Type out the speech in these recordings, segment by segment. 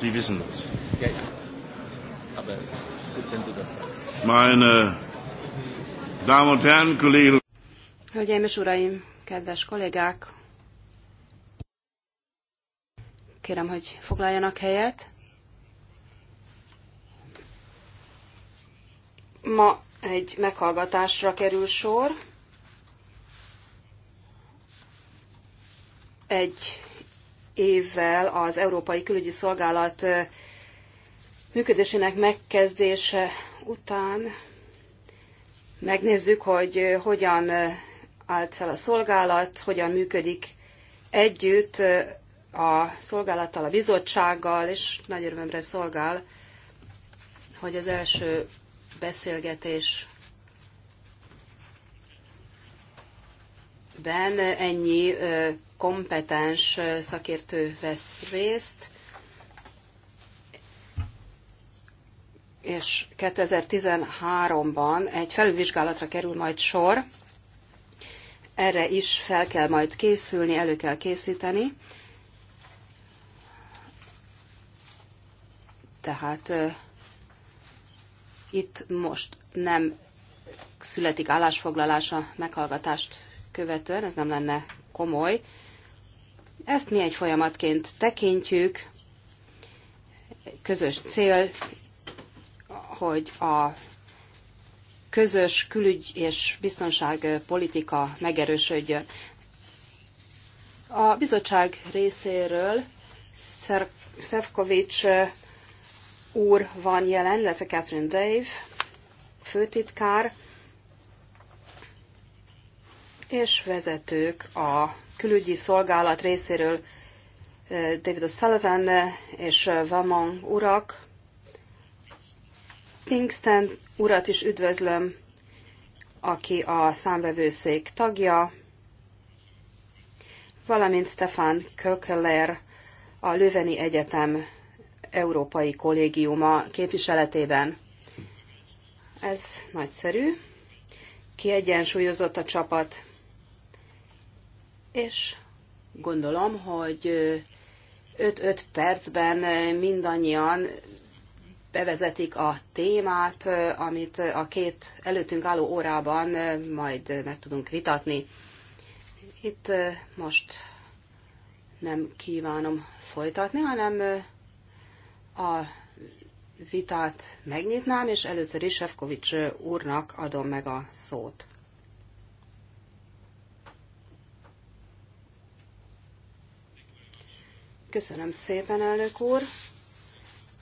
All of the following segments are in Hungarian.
Die wissen das. Ja, ja. Aber es ist gut, wenn du das sagst. Meine Damen und Herren, Kollegen. Hölgyeim és Uraim, kedves kollégák! Kérem, hogy foglaljanak helyet. Ma egy meghallgatásra kerül sor. Egy évvel az Európai Külügyi Szolgálat működésének megkezdése után megnézzük, hogy hogyan állt fel a szolgálat, hogyan működik együtt a szolgálattal, a bizottsággal, és nagy örömömre szolgál, hogy az első beszélgetés ben ennyi kompetens szakértő vesz részt, és 2013-ban egy felülvizsgálatra kerül majd sor. Erre is fel kell majd készülni, elő kell készíteni. Tehát uh, itt most nem születik állásfoglalás a meghallgatást követően, ez nem lenne komoly. Ezt mi egy folyamatként tekintjük, közös cél, hogy a közös külügy és biztonságpolitika megerősödjön. A bizottság részéről Szefkovics úr van jelen, illetve Catherine Dave, főtitkár, és vezetők a külügyi szolgálat részéről David O'Sullivan és Vamon urak. Pinkston urat is üdvözlöm, aki a számvevőszék tagja, valamint Stefan Kökeler, a Löveni Egyetem Európai Kollégiuma képviseletében. Ez nagyszerű. Kiegyensúlyozott a csapat, és gondolom, hogy 5-5 percben mindannyian bevezetik a témát, amit a két előttünk álló órában majd meg tudunk vitatni. Itt most nem kívánom folytatni, hanem a vitát megnyitnám, és először is Sefkovics úrnak adom meg a szót. Köszönöm szépen, elnök úr.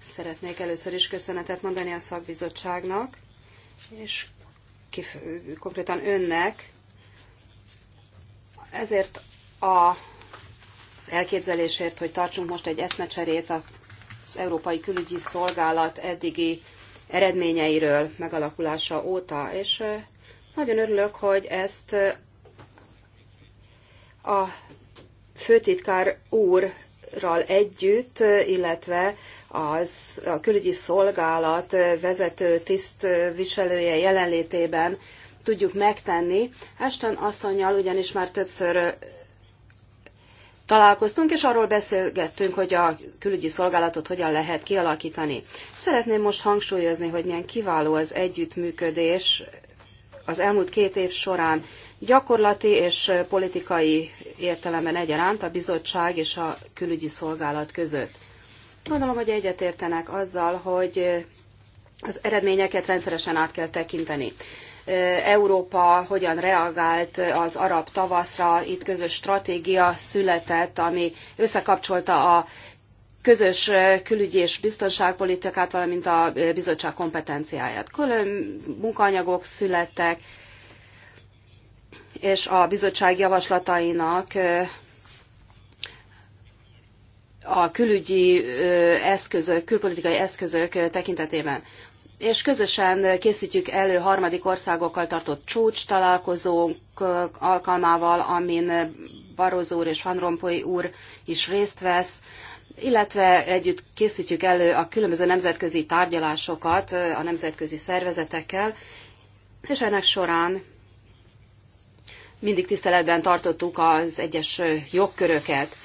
Szeretnék először is köszönetet mondani a szakbizottságnak, és kif- konkrétan önnek, ezért a az elképzelésért, hogy tartsunk most egy eszmecserét az Európai Külügyi Szolgálat eddigi eredményeiről megalakulása óta, és nagyon örülök, hogy ezt a főtitkár úr ral együtt, illetve az a külügyi szolgálat vezető tisztviselője jelenlétében tudjuk megtenni. Ashton asszonyjal ugyanis már többször találkoztunk, és arról beszélgettünk, hogy a külügyi szolgálatot hogyan lehet kialakítani. Szeretném most hangsúlyozni, hogy milyen kiváló az együttműködés az elmúlt két év során gyakorlati és politikai értelemben egyaránt a bizottság és a külügyi szolgálat között. Gondolom, hogy egyetértenek azzal, hogy az eredményeket rendszeresen át kell tekinteni. Európa hogyan reagált az arab tavaszra, itt közös stratégia született, ami összekapcsolta a közös eh, külügyi és biztonságpolitikát, valamint a eh, bizottság kompetenciáját. Külön munkaanyagok születtek, és a bizottság javaslatainak eh, a külügyi eszközök, külpolitikai eszközök tekintetében. És közösen készítjük elő harmadik országokkal tartott csúcs alkalmával, amin Barozó úr és Van Rompuy úr is részt vesz illetve együtt készítjük elő a különböző nemzetközi tárgyalásokat a nemzetközi szervezetekkel, és ennek során mindig tiszteletben tartottuk az egyes jogköröket.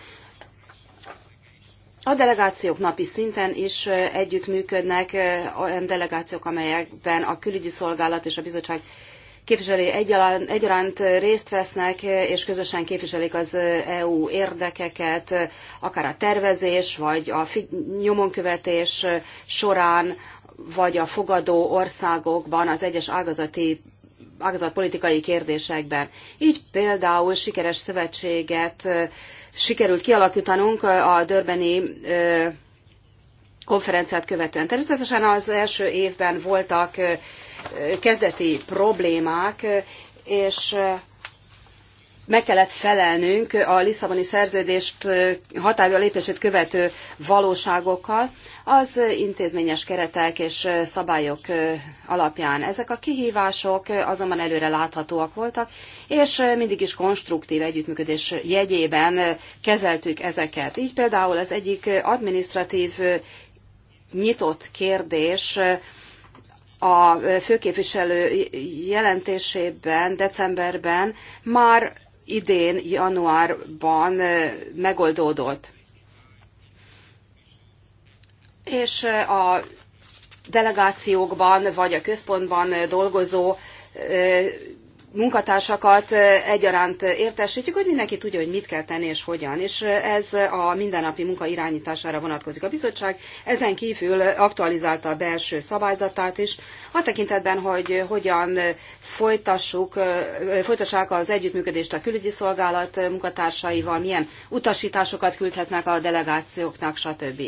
A delegációk napi szinten is együttműködnek olyan delegációk, amelyekben a külügyi szolgálat és a bizottság képviselői egyaránt részt vesznek, és közösen képviselik az EU érdekeket, akár a tervezés, vagy a nyomonkövetés során, vagy a fogadó országokban az egyes ágazati ágazatpolitikai kérdésekben. Így például sikeres szövetséget sikerült kialakítanunk a Dörbeni konferenciát követően. Természetesen az első évben voltak kezdeti problémák, és meg kellett felelnünk a Lisszaboni szerződést hatályba lépését követő valóságokkal az intézményes keretek és szabályok alapján. Ezek a kihívások azonban előre láthatóak voltak, és mindig is konstruktív együttműködés jegyében kezeltük ezeket. Így például az egyik administratív nyitott kérdés, a főképviselő jelentésében decemberben már idén, januárban megoldódott. És a delegációkban vagy a központban dolgozó munkatársakat egyaránt értesítjük, hogy mindenki tudja, hogy mit kell tenni és hogyan. És ez a mindennapi munka irányítására vonatkozik. A bizottság ezen kívül aktualizálta a belső szabályzatát is, a tekintetben, hogy hogyan folytassuk, folytassák az együttműködést a külügyi szolgálat munkatársaival, milyen utasításokat küldhetnek a delegációknak, stb.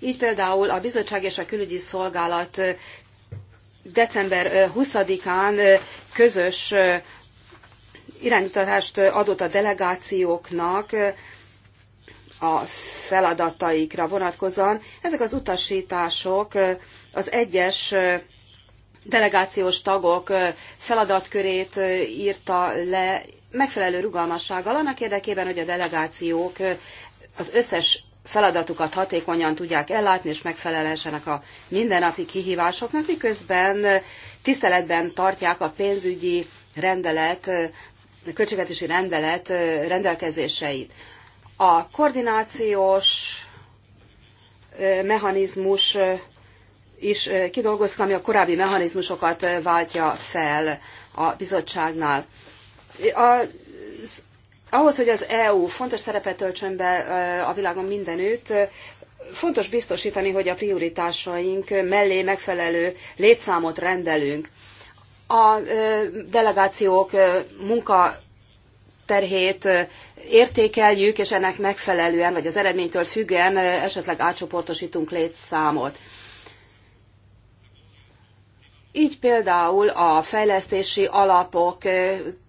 Így például a bizottság és a külügyi szolgálat december 20-án közös iránymutatást adott a delegációknak a feladataikra vonatkozóan. Ezek az utasítások az egyes delegációs tagok feladatkörét írta le megfelelő rugalmassággal annak érdekében, hogy a delegációk az összes feladatukat hatékonyan tudják ellátni, és megfelelhessenek a mindennapi kihívásoknak, miközben tiszteletben tartják a pénzügyi rendelet, költségvetési rendelet rendelkezéseit. A koordinációs mechanizmus is kidolgozik, ami a korábbi mechanizmusokat váltja fel a bizottságnál. A ahhoz, hogy az EU fontos szerepet töltsön be a világon mindenütt, fontos biztosítani, hogy a prioritásaink mellé megfelelő létszámot rendelünk. A delegációk munka terhét értékeljük, és ennek megfelelően, vagy az eredménytől függően esetleg átcsoportosítunk létszámot. Így például a fejlesztési alapok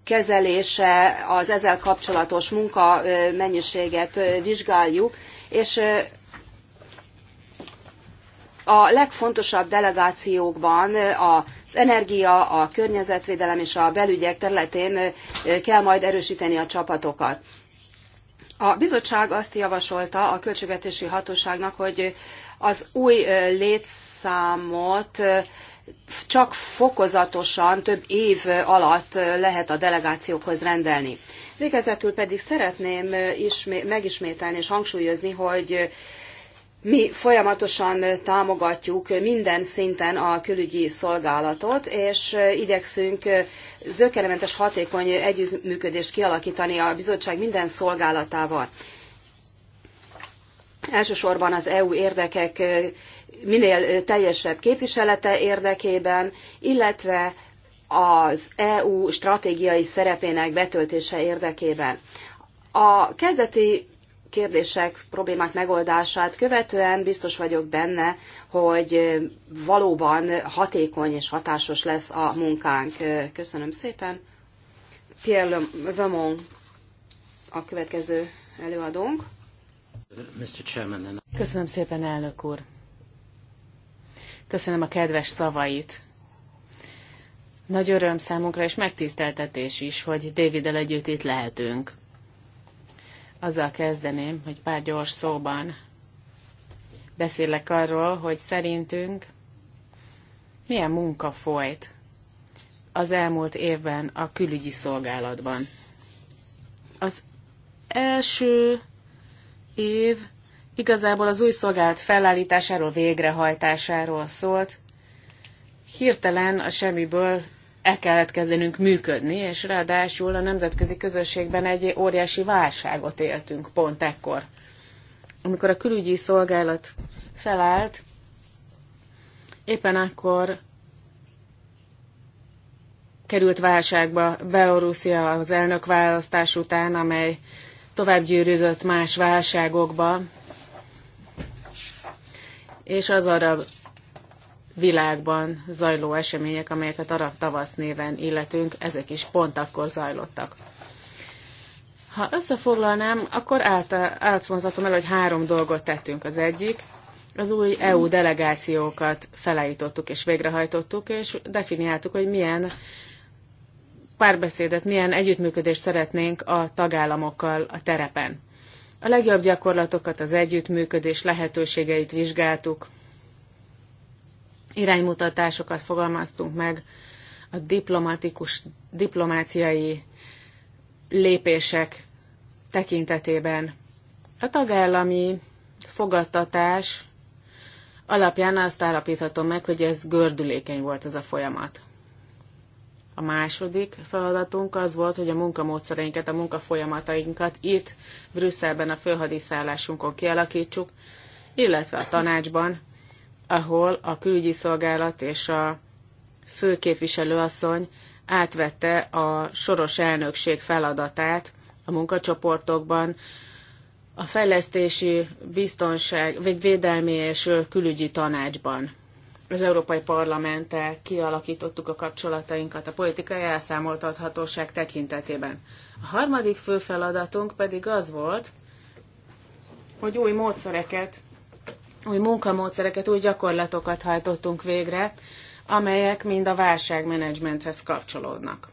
kezelése, az ezzel kapcsolatos munka mennyiséget vizsgáljuk, és a legfontosabb delegációkban az energia, a környezetvédelem és a belügyek területén kell majd erősíteni a csapatokat. A bizottság azt javasolta a költségvetési hatóságnak, hogy az új létszámot csak fokozatosan több év alatt lehet a delegációkhoz rendelni. Végezetül pedig szeretném ismé- megismételni és hangsúlyozni, hogy mi folyamatosan támogatjuk minden szinten a külügyi szolgálatot, és igyekszünk zökkelementes hatékony együttműködést kialakítani a bizottság minden szolgálatával. Elsősorban az EU érdekek minél teljesebb képviselete érdekében, illetve az EU stratégiai szerepének betöltése érdekében. A kezdeti kérdések, problémák megoldását követően biztos vagyok benne, hogy valóban hatékony és hatásos lesz a munkánk. Köszönöm szépen. Pierre Vemon a következő előadónk. Köszönöm szépen, elnök úr. Köszönöm a kedves szavait. Nagy öröm számunkra, és megtiszteltetés is, hogy Daviddel együtt itt lehetünk. Azzal kezdeném, hogy pár gyors szóban beszélek arról, hogy szerintünk milyen munka folyt az elmúlt évben a külügyi szolgálatban. Az első év igazából az új szolgálat felállításáról, végrehajtásáról szólt. Hirtelen a semmiből el kellett kezdenünk működni, és ráadásul a nemzetközi közösségben egy óriási válságot éltünk pont ekkor. Amikor a külügyi szolgálat felállt, éppen akkor került válságba Belorusszia az elnökválasztás után, amely tovább gyűrűzött más válságokba, és az arab világban zajló események, amelyeket arab tavasz néven illetünk, ezek is pont akkor zajlottak. Ha összefoglalnám, akkor átmondhatom el, hogy három dolgot tettünk. Az egyik, az új EU delegációkat felállítottuk és végrehajtottuk, és definiáltuk, hogy milyen párbeszédet, milyen együttműködést szeretnénk a tagállamokkal a terepen. A legjobb gyakorlatokat, az együttműködés lehetőségeit vizsgáltuk, iránymutatásokat fogalmaztunk meg a diplomatikus, diplomáciai lépések tekintetében. A tagállami fogadtatás alapján azt állapíthatom meg, hogy ez gördülékeny volt ez a folyamat. A második feladatunk az volt, hogy a munkamódszereinket, a munkafolyamatainkat itt Brüsszelben a főhadiszállásunkon kialakítsuk, illetve a tanácsban, ahol a külügyi szolgálat és a főképviselőasszony átvette a soros elnökség feladatát a munkacsoportokban, a fejlesztési, biztonság, vagy védelmi és külügyi tanácsban az Európai Parlamenttel kialakítottuk a kapcsolatainkat a politikai elszámoltathatóság tekintetében. A harmadik fő feladatunk pedig az volt, hogy új módszereket, új munkamódszereket, új gyakorlatokat hajtottunk végre, amelyek mind a válságmenedzsmenthez kapcsolódnak.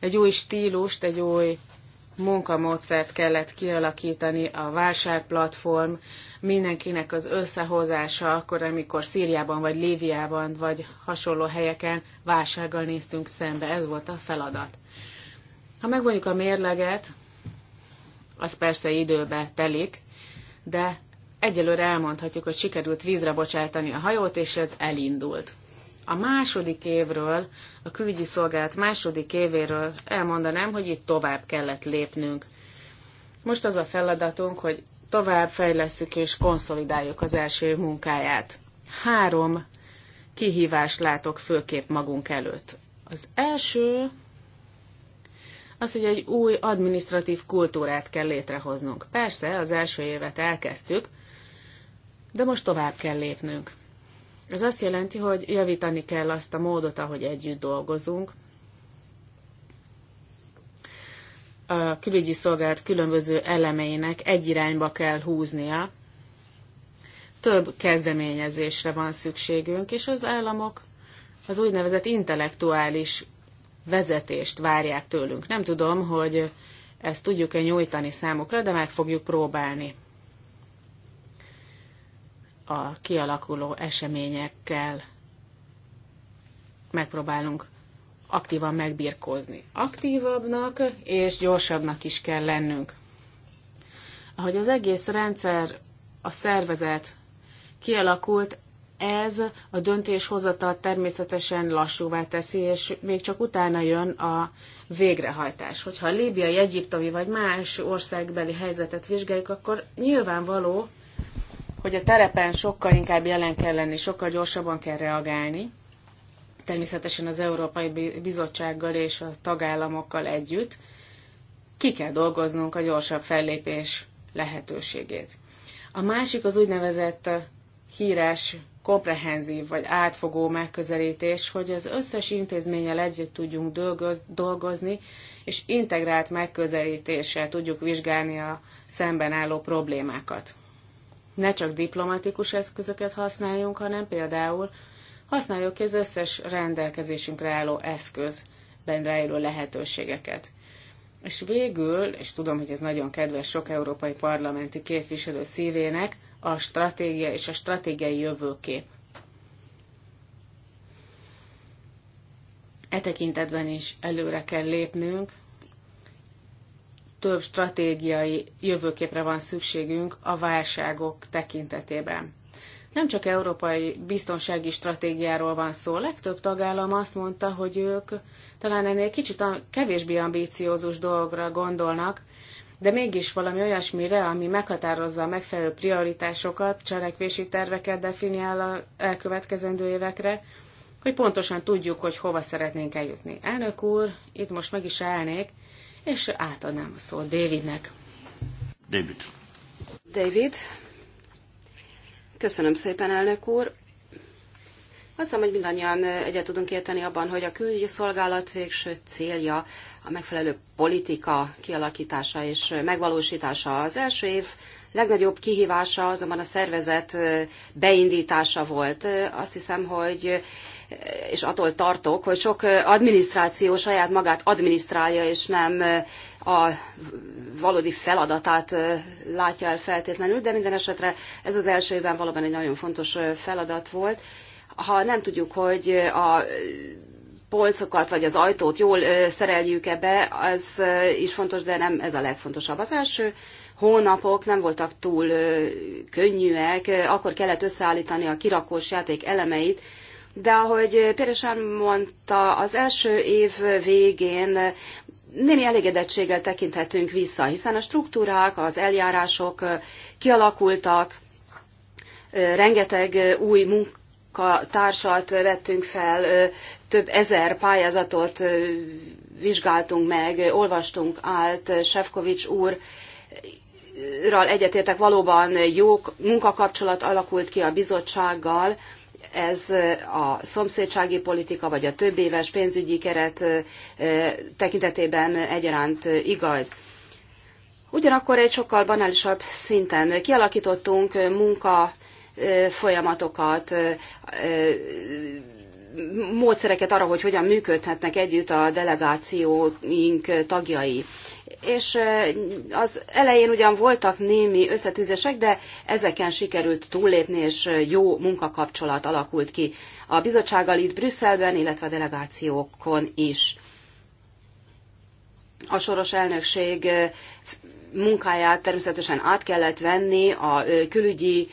Egy új stílust, egy új munkamódszert kellett kialakítani, a válságplatform, mindenkinek az összehozása akkor, amikor Szíriában, vagy Líviában, vagy hasonló helyeken válsággal néztünk szembe. Ez volt a feladat. Ha megvonjuk a mérleget, az persze időbe telik, de egyelőre elmondhatjuk, hogy sikerült vízre bocsájtani a hajót, és ez elindult. A második évről, a külügyi szolgált második évéről elmondanám, hogy itt tovább kellett lépnünk. Most az a feladatunk, hogy tovább fejleszük és konszolidáljuk az első év munkáját. Három kihívást látok főképp magunk előtt. Az első az, hogy egy új administratív kultúrát kell létrehoznunk. Persze, az első évet elkezdtük, de most tovább kell lépnünk. Ez azt jelenti, hogy javítani kell azt a módot, ahogy együtt dolgozunk, a külügyi szolgálat különböző elemeinek egy irányba kell húznia. Több kezdeményezésre van szükségünk, és az államok az úgynevezett intellektuális vezetést várják tőlünk. Nem tudom, hogy ezt tudjuk-e nyújtani számukra, de meg fogjuk próbálni a kialakuló eseményekkel megpróbálunk aktívan megbirkózni. Aktívabbnak és gyorsabbnak is kell lennünk. Ahogy az egész rendszer, a szervezet kialakult, ez a döntéshozatal természetesen lassúvá teszi, és még csak utána jön a végrehajtás. Hogyha a líbiai, egyiptomi vagy más országbeli helyzetet vizsgáljuk, akkor nyilvánvaló, hogy a terepen sokkal inkább jelen kell lenni, sokkal gyorsabban kell reagálni, természetesen az Európai Bizottsággal és a tagállamokkal együtt ki kell dolgoznunk a gyorsabb fellépés lehetőségét. A másik az úgynevezett híres komprehenzív vagy átfogó megközelítés, hogy az összes intézménnyel együtt tudjunk dolgozni, és integrált megközelítéssel tudjuk vizsgálni a szemben álló problémákat. Ne csak diplomatikus eszközöket használjunk, hanem például használjuk ki az összes rendelkezésünkre álló eszközben rejlő lehetőségeket. És végül, és tudom, hogy ez nagyon kedves sok európai parlamenti képviselő szívének, a stratégia és a stratégiai jövőkép. E tekintetben is előre kell lépnünk, több stratégiai jövőképre van szükségünk a válságok tekintetében. Nem csak európai biztonsági stratégiáról van szó, legtöbb tagállam azt mondta, hogy ők talán ennél kicsit kevésbé ambíciózus dolgra gondolnak, de mégis valami olyasmire, ami meghatározza a megfelelő prioritásokat, cselekvési terveket definiál a elkövetkezendő évekre, hogy pontosan tudjuk, hogy hova szeretnénk eljutni. Elnök úr, itt most meg is állnék, és átadnám a szót Davidnek. David. David. Köszönöm szépen, elnök úr. Azt hiszem, hogy mindannyian egyet tudunk érteni abban, hogy a külügyi szolgálat végső célja a megfelelő politika kialakítása és megvalósítása. Az első év legnagyobb kihívása azonban a szervezet beindítása volt. Azt hiszem, hogy és attól tartok, hogy sok adminisztráció saját magát adminisztrálja, és nem a valódi feladatát látja el feltétlenül, de minden esetre ez az első évben valóban egy nagyon fontos feladat volt. Ha nem tudjuk, hogy a polcokat vagy az ajtót jól szereljük-e be, az is fontos, de nem ez a legfontosabb. Az első hónapok nem voltak túl könnyűek, akkor kellett összeállítani a kirakós játék elemeit, de ahogy Péresán mondta, az első év végén némi elégedettséggel tekinthetünk vissza, hiszen a struktúrák, az eljárások kialakultak, rengeteg új munkatársat vettünk fel, több ezer pályázatot vizsgáltunk meg, olvastunk át, Sefkovics úr egyetértek valóban jó munkakapcsolat alakult ki a bizottsággal, ez a szomszédsági politika vagy a több éves pénzügyi keret tekintetében egyaránt igaz. Ugyanakkor egy sokkal banálisabb szinten kialakítottunk munka folyamatokat, módszereket arra, hogy hogyan működhetnek együtt a delegációink tagjai. És az elején ugyan voltak némi összetűzések, de ezeken sikerült túllépni, és jó munkakapcsolat alakult ki a bizottsággal itt Brüsszelben, illetve a delegációkon is. A soros elnökség munkáját természetesen át kellett venni a külügyi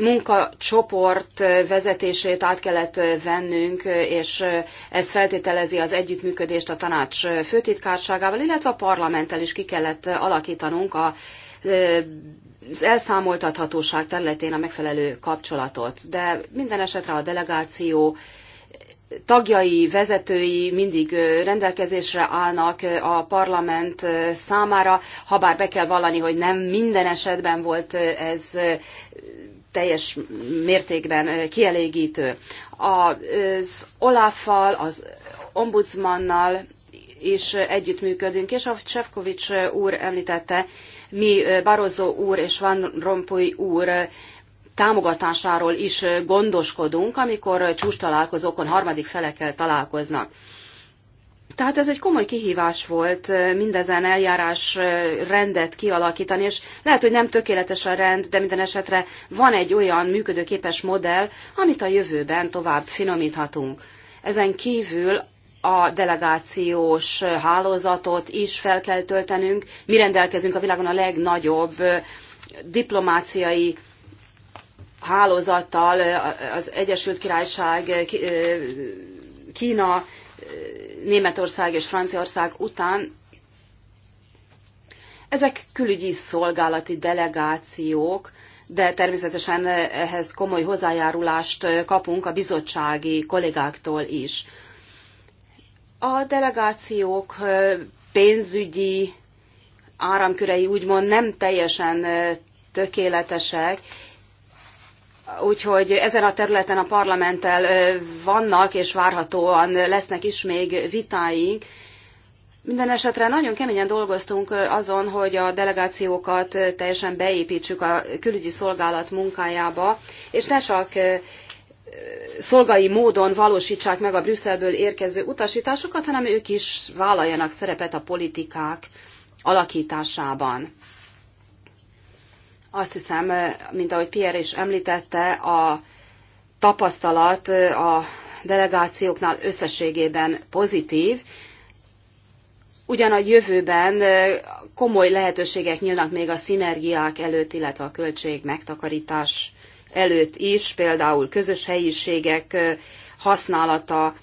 munkacsoport vezetését át kellett vennünk, és ez feltételezi az együttműködést a tanács főtitkárságával, illetve a parlamenttel is ki kellett alakítanunk a az elszámoltathatóság területén a megfelelő kapcsolatot. De minden esetre a delegáció tagjai, vezetői mindig rendelkezésre állnak a parlament számára, habár be kell vallani, hogy nem minden esetben volt ez teljes mértékben kielégítő. Az Olaffal, az ombudsmannal is együttműködünk, és ahogy Csefkovics úr említette, mi Barozó úr és Van Rompuy úr támogatásáról is gondoskodunk, amikor csúcstalálkozókon harmadik felekkel találkoznak. Tehát ez egy komoly kihívás volt mindezen eljárás rendet kialakítani, és lehet, hogy nem tökéletes a rend, de minden esetre van egy olyan működőképes modell, amit a jövőben tovább finomíthatunk. Ezen kívül a delegációs hálózatot is fel kell töltenünk. Mi rendelkezünk a világon a legnagyobb diplomáciai hálózattal, az Egyesült Királyság, Kína, Németország és Franciaország után ezek külügyi szolgálati delegációk, de természetesen ehhez komoly hozzájárulást kapunk a bizottsági kollégáktól is. A delegációk pénzügyi áramkörei úgymond nem teljesen tökéletesek, Úgyhogy ezen a területen a parlamenttel vannak, és várhatóan lesznek is még vitáink. Minden esetre nagyon keményen dolgoztunk azon, hogy a delegációkat teljesen beépítsük a külügyi szolgálat munkájába, és ne csak szolgai módon valósítsák meg a Brüsszelből érkező utasításokat, hanem ők is vállaljanak szerepet a politikák alakításában. Azt hiszem, mint ahogy Pierre is említette, a tapasztalat a delegációknál összességében pozitív, ugyan a jövőben komoly lehetőségek nyílnak még a szinergiák előtt, illetve a költség megtakarítás előtt is, például közös helyiségek használata,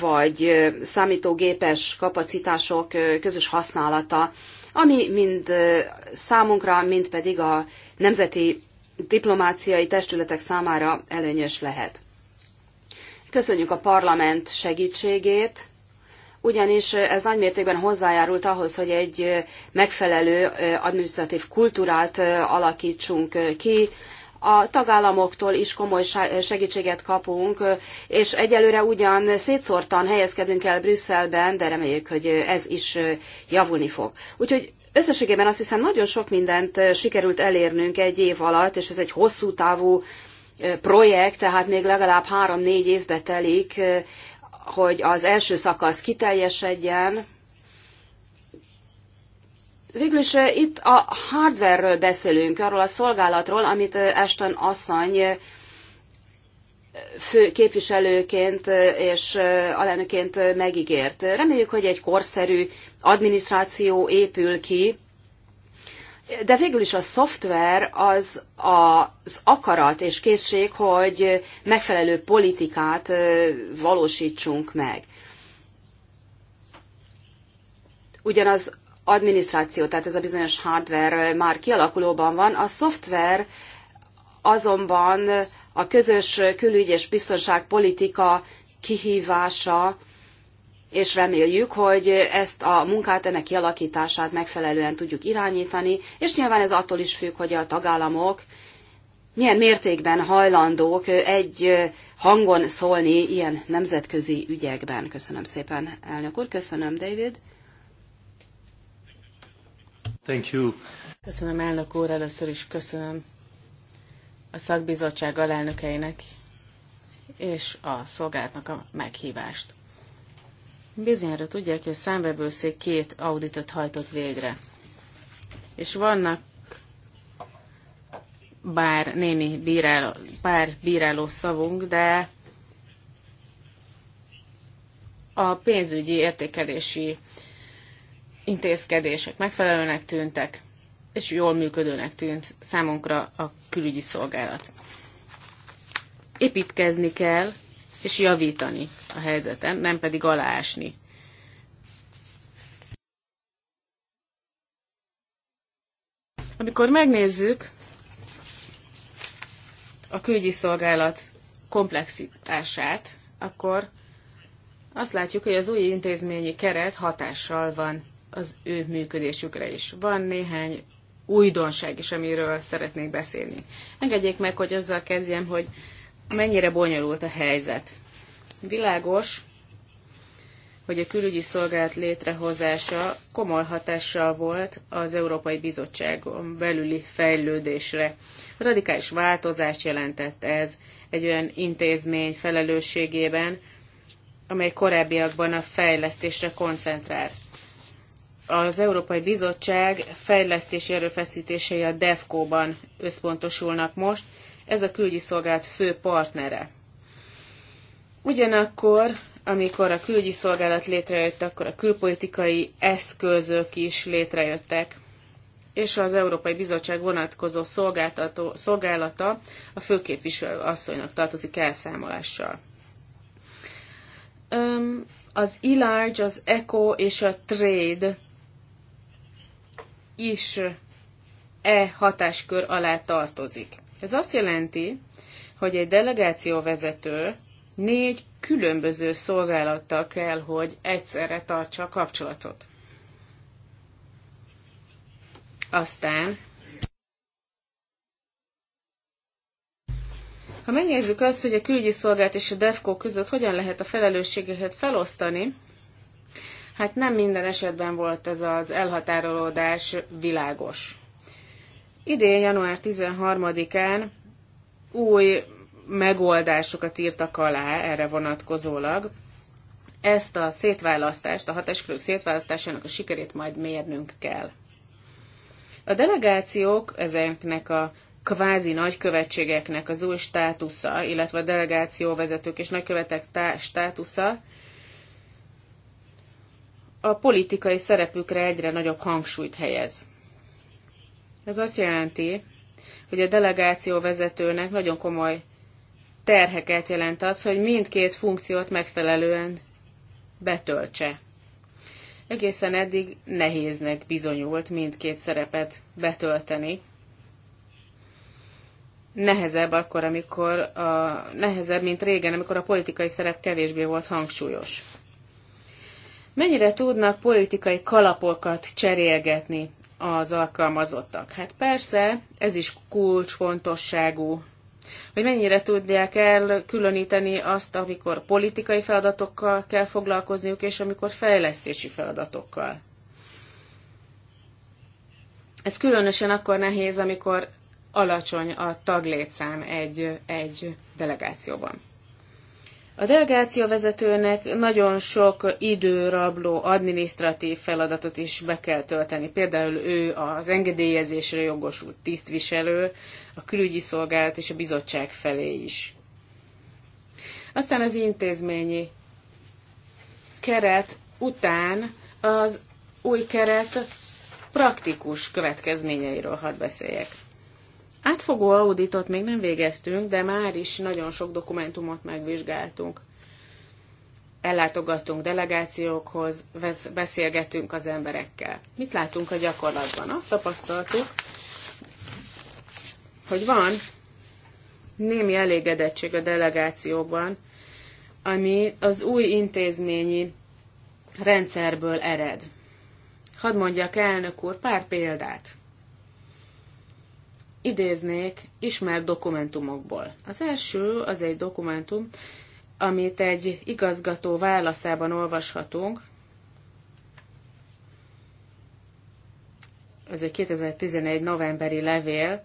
vagy számítógépes kapacitások közös használata ami mind számunkra, mind pedig a nemzeti diplomáciai testületek számára előnyös lehet. Köszönjük a parlament segítségét, ugyanis ez nagymértékben hozzájárult ahhoz, hogy egy megfelelő administratív kultúrát alakítsunk ki, a tagállamoktól is komoly segítséget kapunk, és egyelőre ugyan szétszórtan helyezkedünk el Brüsszelben, de reméljük, hogy ez is javulni fog. Úgyhogy összességében azt hiszem nagyon sok mindent sikerült elérnünk egy év alatt, és ez egy hosszú távú projekt, tehát még legalább három-négy évbe telik, hogy az első szakasz kiteljesedjen, Végül is eh, itt a hardware beszélünk, arról a szolgálatról, amit eh, Aston asszony eh, fő képviselőként és alelnöként megígért. Reméljük, hogy egy korszerű adminisztráció épül ki, de végül is a szoftver az az akarat és készség, hogy megfelelő politikát valósítsunk meg. Ugyanaz adminisztráció, tehát ez a bizonyos hardware már kialakulóban van, a szoftver azonban a közös külügy és biztonságpolitika kihívása, és reméljük, hogy ezt a munkát, ennek kialakítását megfelelően tudjuk irányítani, és nyilván ez attól is függ, hogy a tagállamok milyen mértékben hajlandók egy hangon szólni ilyen nemzetközi ügyekben. Köszönöm szépen, elnök úr, köszönöm, David. Thank you. Köszönöm elnök úr, először is köszönöm a szakbizottság alelnökeinek és a szolgálatnak a meghívást. Bizonyára tudják, hogy a számvevőszék két auditot hajtott végre. És vannak bár némi bíráló, pár bíráló szavunk, de a pénzügyi értékelési intézkedések megfelelőnek tűntek, és jól működőnek tűnt számunkra a külügyi szolgálat. Építkezni kell, és javítani a helyzeten, nem pedig aláásni. Amikor megnézzük a külügyi szolgálat komplexitását, akkor azt látjuk, hogy az új intézményi keret hatással van az ő működésükre is. Van néhány újdonság is, amiről szeretnék beszélni. Engedjék meg, hogy azzal kezdjem, hogy mennyire bonyolult a helyzet. Világos, hogy a külügyi szolgálat létrehozása komoly hatással volt az Európai Bizottságon belüli fejlődésre. Radikális változást jelentett ez egy olyan intézmény felelősségében, amely korábbiakban a fejlesztésre koncentrált az Európai Bizottság fejlesztési erőfeszítései a DEFCO-ban összpontosulnak most, ez a külügyi szolgálat fő partnere. Ugyanakkor, amikor a külügyi szolgálat létrejött, akkor a külpolitikai eszközök is létrejöttek, és az Európai Bizottság vonatkozó szolgálata a főképviselő asszonynak tartozik elszámolással. az elarge, az eco és a trade is e hatáskör alá tartozik. Ez azt jelenti, hogy egy delegáció vezető négy különböző szolgálattal kell, hogy egyszerre tartsa a kapcsolatot. Aztán, ha megnézzük azt, hogy a külügyi szolgált és a DEFCO között hogyan lehet a felelősségeket felosztani, Hát nem minden esetben volt ez az elhatárolódás világos. Idén, január 13-án új megoldásokat írtak alá erre vonatkozólag. Ezt a szétválasztást, a hatáskörök szétválasztásának a sikerét majd mérnünk kell. A delegációk ezeknek a kvázi nagykövetségeknek az új státusza, illetve a delegációvezetők és nagykövetek tá- státusza a politikai szerepükre egyre nagyobb hangsúlyt helyez. Ez azt jelenti, hogy a delegáció vezetőnek nagyon komoly terheket jelent az, hogy mindkét funkciót megfelelően betöltse. Egészen eddig nehéznek bizonyult mindkét szerepet betölteni. Nehezebb akkor, amikor a, nehezebb, mint régen, amikor a politikai szerep kevésbé volt hangsúlyos. Mennyire tudnak politikai kalapokat cserélgetni az alkalmazottak? Hát persze, ez is kulcsfontosságú hogy mennyire tudják el különíteni azt, amikor politikai feladatokkal kell foglalkozniuk, és amikor fejlesztési feladatokkal. Ez különösen akkor nehéz, amikor alacsony a taglétszám egy, egy delegációban. A delegáció vezetőnek nagyon sok időrabló adminisztratív feladatot is be kell tölteni. Például ő az engedélyezésre jogosult tisztviselő, a külügyi szolgálat és a bizottság felé is. Aztán az intézményi keret után az új keret praktikus következményeiről hadd beszéljek. Átfogó auditot még nem végeztünk, de már is nagyon sok dokumentumot megvizsgáltunk. Ellátogattunk delegációkhoz, beszélgetünk az emberekkel. Mit látunk a gyakorlatban? Azt tapasztaltuk, hogy van némi elégedettség a delegációban, ami az új intézményi rendszerből ered. Hadd mondjak elnök úr pár példát idéznék ismert dokumentumokból. Az első az egy dokumentum, amit egy igazgató válaszában olvashatunk. Ez egy 2011. novemberi levél,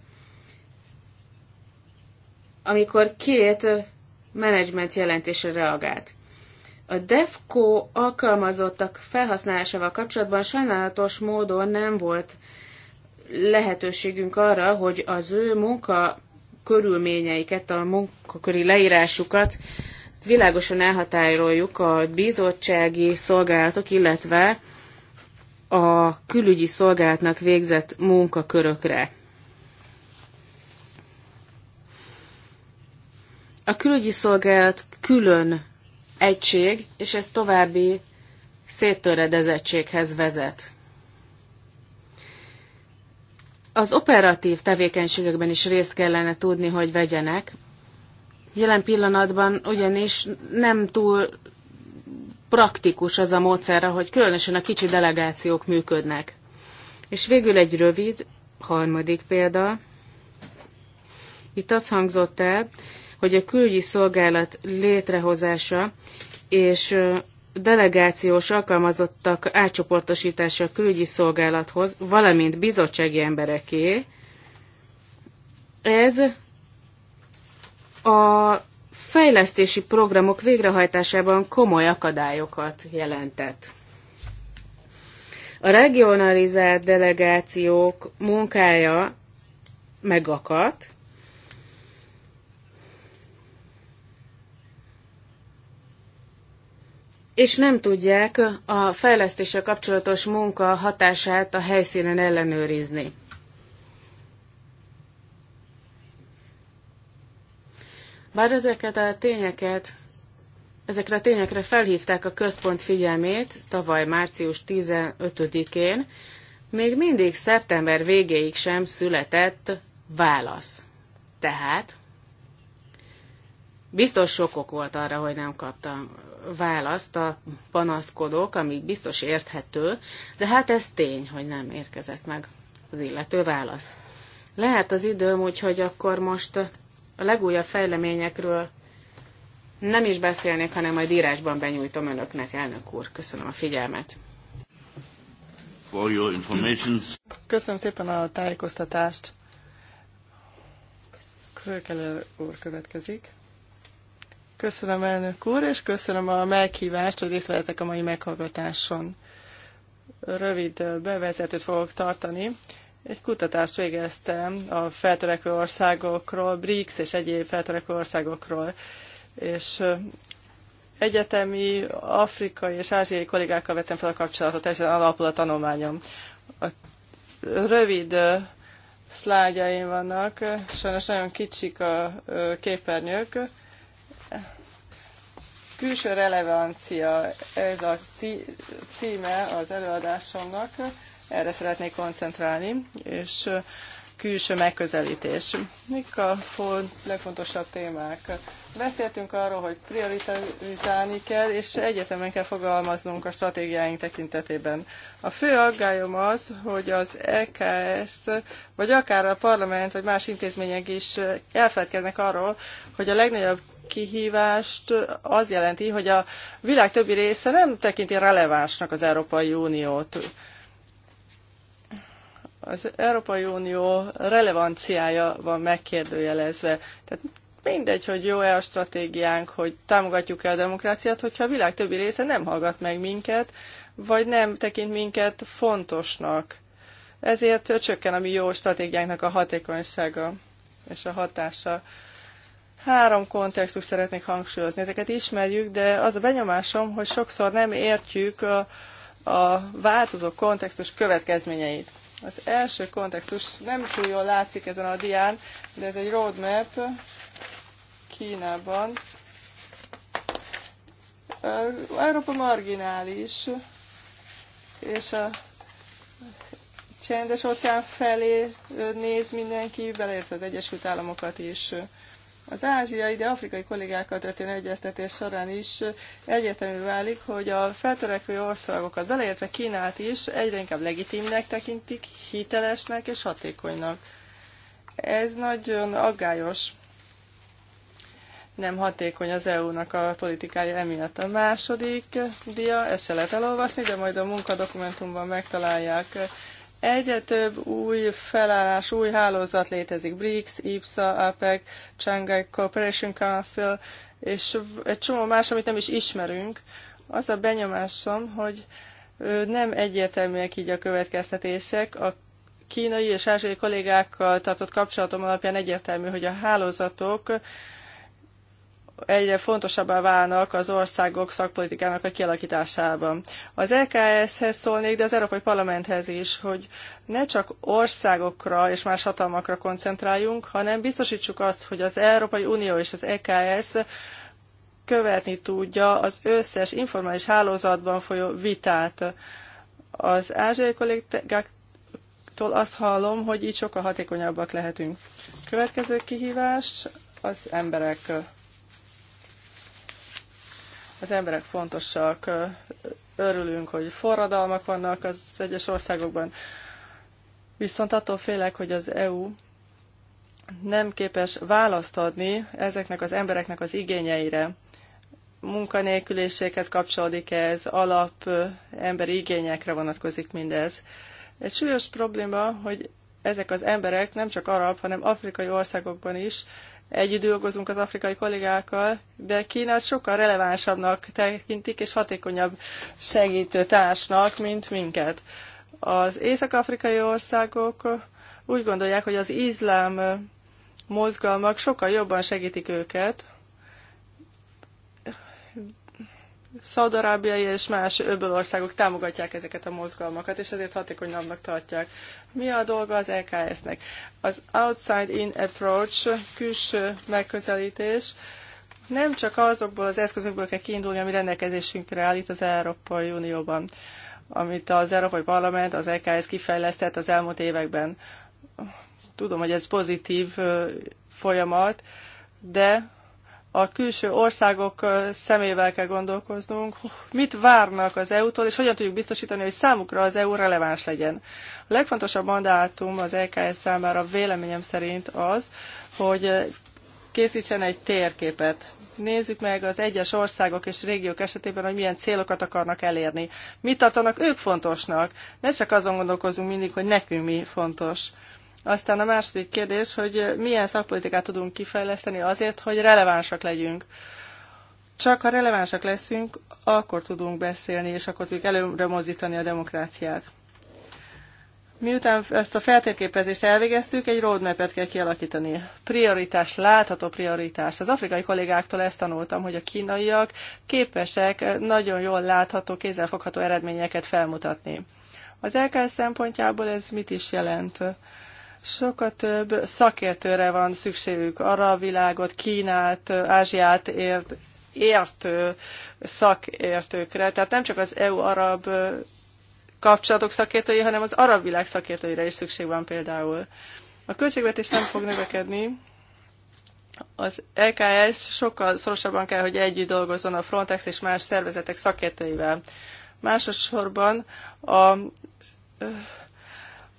amikor két menedzsment jelentésre reagált. A DEFCO alkalmazottak felhasználásával kapcsolatban sajnálatos módon nem volt lehetőségünk arra, hogy az ő munka körülményeiket, a munkaköri leírásukat világosan elhatároljuk a bizottsági szolgálatok, illetve a külügyi szolgálatnak végzett munkakörökre. A külügyi szolgálat külön egység, és ez további széttöredezettséghez vezet az operatív tevékenységekben is részt kellene tudni, hogy vegyenek. Jelen pillanatban ugyanis nem túl praktikus az a módszer, hogy különösen a kicsi delegációk működnek. És végül egy rövid, harmadik példa. Itt az hangzott el, hogy a külügyi szolgálat létrehozása és delegációs alkalmazottak átcsoportosítása a külügyi szolgálathoz, valamint bizottsági embereké, ez a fejlesztési programok végrehajtásában komoly akadályokat jelentett. A regionalizált delegációk munkája megakadt, és nem tudják a fejlesztéssel kapcsolatos munka hatását a helyszínen ellenőrizni. Bár ezeket a tényeket, ezekre a tényekre felhívták a központ figyelmét tavaly március 15-én, még mindig szeptember végéig sem született válasz. Tehát biztos sok ok volt arra, hogy nem kaptam választ a panaszkodók, ami biztos érthető, de hát ez tény, hogy nem érkezett meg az illető válasz. Lehet az időm, úgyhogy akkor most a legújabb fejleményekről nem is beszélnék, hanem majd írásban benyújtom önöknek, elnök úr. Köszönöm a figyelmet. For your information. Köszönöm szépen a tájékoztatást. Krökelő úr következik. Köszönöm, elnök úr, és köszönöm a meghívást, hogy részt vehetek a mai meghallgatáson. Rövid bevezetőt fogok tartani. Egy kutatást végeztem a feltörekvő országokról, BRICS és egyéb feltörekvő országokról, és egyetemi, afrikai és ázsiai kollégákkal vettem fel a kapcsolatot, ez alapul a tanulmányom. A rövid szlágyaim vannak, sajnos nagyon kicsik a képernyők, Külső relevancia, ez a címe az előadásomnak, erre szeretnék koncentrálni, és külső megközelítés. Mik a legfontosabb témák? Beszéltünk arról, hogy prioritizálni kell, és egyetemen kell fogalmaznunk a stratégiáink tekintetében. A fő aggályom az, hogy az EKS, vagy akár a parlament, vagy más intézmények is elfelelkeznek arról, hogy a legnagyobb kihívást az jelenti, hogy a világ többi része nem tekinti relevánsnak az Európai Uniót. Az Európai Unió relevanciája van megkérdőjelezve. Tehát mindegy, hogy jó-e a stratégiánk, hogy támogatjuk-e a demokráciát, hogyha a világ többi része nem hallgat meg minket, vagy nem tekint minket fontosnak. Ezért csökken a mi jó stratégiánknak a hatékonysága és a hatása. Három kontextus szeretnék hangsúlyozni. Ezeket ismerjük, de az a benyomásom, hogy sokszor nem értjük a, a változó kontextus következményeit. Az első kontextus nem túl jól látszik ezen a dián, de ez egy roadmap Kínában. Európa marginális, és a csendes óceán felé néz mindenki, beleértve az Egyesült Államokat is. Az ázsiai, de afrikai kollégákkal történő egyeztetés során is egyértelmű válik, hogy a feltörekvő országokat, beleértve Kínát is, egyre inkább legitimnek tekintik, hitelesnek és hatékonynak. Ez nagyon aggályos. Nem hatékony az EU-nak a politikája emiatt. A második dia, ezt se lehet elolvasni, de majd a munkadokumentumban megtalálják Egyre több új felállás, új hálózat létezik. BRICS, IPSA, APEC, Shanghai Cooperation Council, és egy csomó más, amit nem is ismerünk. Az a benyomásom, hogy nem egyértelműek így a következtetések. A kínai és ázsiai kollégákkal tartott kapcsolatom alapján egyértelmű, hogy a hálózatok egyre fontosabbá válnak az országok szakpolitikának a kialakításában. Az EKS-hez szólnék, de az Európai Parlamenthez is, hogy ne csak országokra és más hatalmakra koncentráljunk, hanem biztosítsuk azt, hogy az Európai Unió és az EKS követni tudja az összes informális hálózatban folyó vitát. Az ázsiai kollégáktól azt hallom, hogy így sokkal hatékonyabbak lehetünk. Következő kihívás az emberek az emberek fontosak, örülünk, hogy forradalmak vannak az egyes országokban, viszont attól félek, hogy az EU nem képes választ adni ezeknek az embereknek az igényeire. Munkanélküliséghez kapcsolódik ez, alap emberi igényekre vonatkozik mindez. Egy súlyos probléma, hogy ezek az emberek nem csak arab, hanem afrikai országokban is együtt dolgozunk az afrikai kollégákkal, de Kínát sokkal relevánsabbnak tekintik és hatékonyabb segítő társnak, mint minket. Az észak-afrikai országok úgy gondolják, hogy az izlám mozgalmak sokkal jobban segítik őket, szaudarábiai és más országok támogatják ezeket a mozgalmakat, és ezért hatékonyabbnak tartják. Mi a dolga az EKS-nek? Az outside-in approach, külső megközelítés, nem csak azokból az eszközökből kell kiindulni, ami rendelkezésünkre állít az Európai Unióban, amit az Európai Parlament, az EKS kifejlesztett az elmúlt években. Tudom, hogy ez pozitív folyamat, de a külső országok szemével kell gondolkoznunk, mit várnak az EU-tól, és hogyan tudjuk biztosítani, hogy számukra az EU releváns legyen. A legfontosabb mandátum az EKS számára véleményem szerint az, hogy készítsen egy térképet. Nézzük meg az egyes országok és régiók esetében, hogy milyen célokat akarnak elérni. Mit tartanak ők fontosnak? Ne csak azon gondolkozunk mindig, hogy nekünk mi fontos. Aztán a második kérdés, hogy milyen szakpolitikát tudunk kifejleszteni azért, hogy relevánsak legyünk. Csak ha relevánsak leszünk, akkor tudunk beszélni, és akkor tudjuk előre mozdítani a demokráciát. Miután ezt a feltérképezést elvégeztük, egy roadmap-et kell kialakítani. Prioritás, látható prioritás. Az afrikai kollégáktól ezt tanultam, hogy a kínaiak képesek nagyon jól látható, kézzelfogható eredményeket felmutatni. Az LKS szempontjából ez mit is jelent? sokkal több szakértőre van szükségük, arra a világot, Kínát, Ázsiát ért, értő szakértőkre. Tehát nem csak az EU-arab kapcsolatok szakértői, hanem az arab világ szakértőire is szükség van például. A költségvetés nem fog növekedni, az EKS sokkal szorosabban kell, hogy együtt dolgozzon a Frontex és más szervezetek szakértőivel. Másodszorban a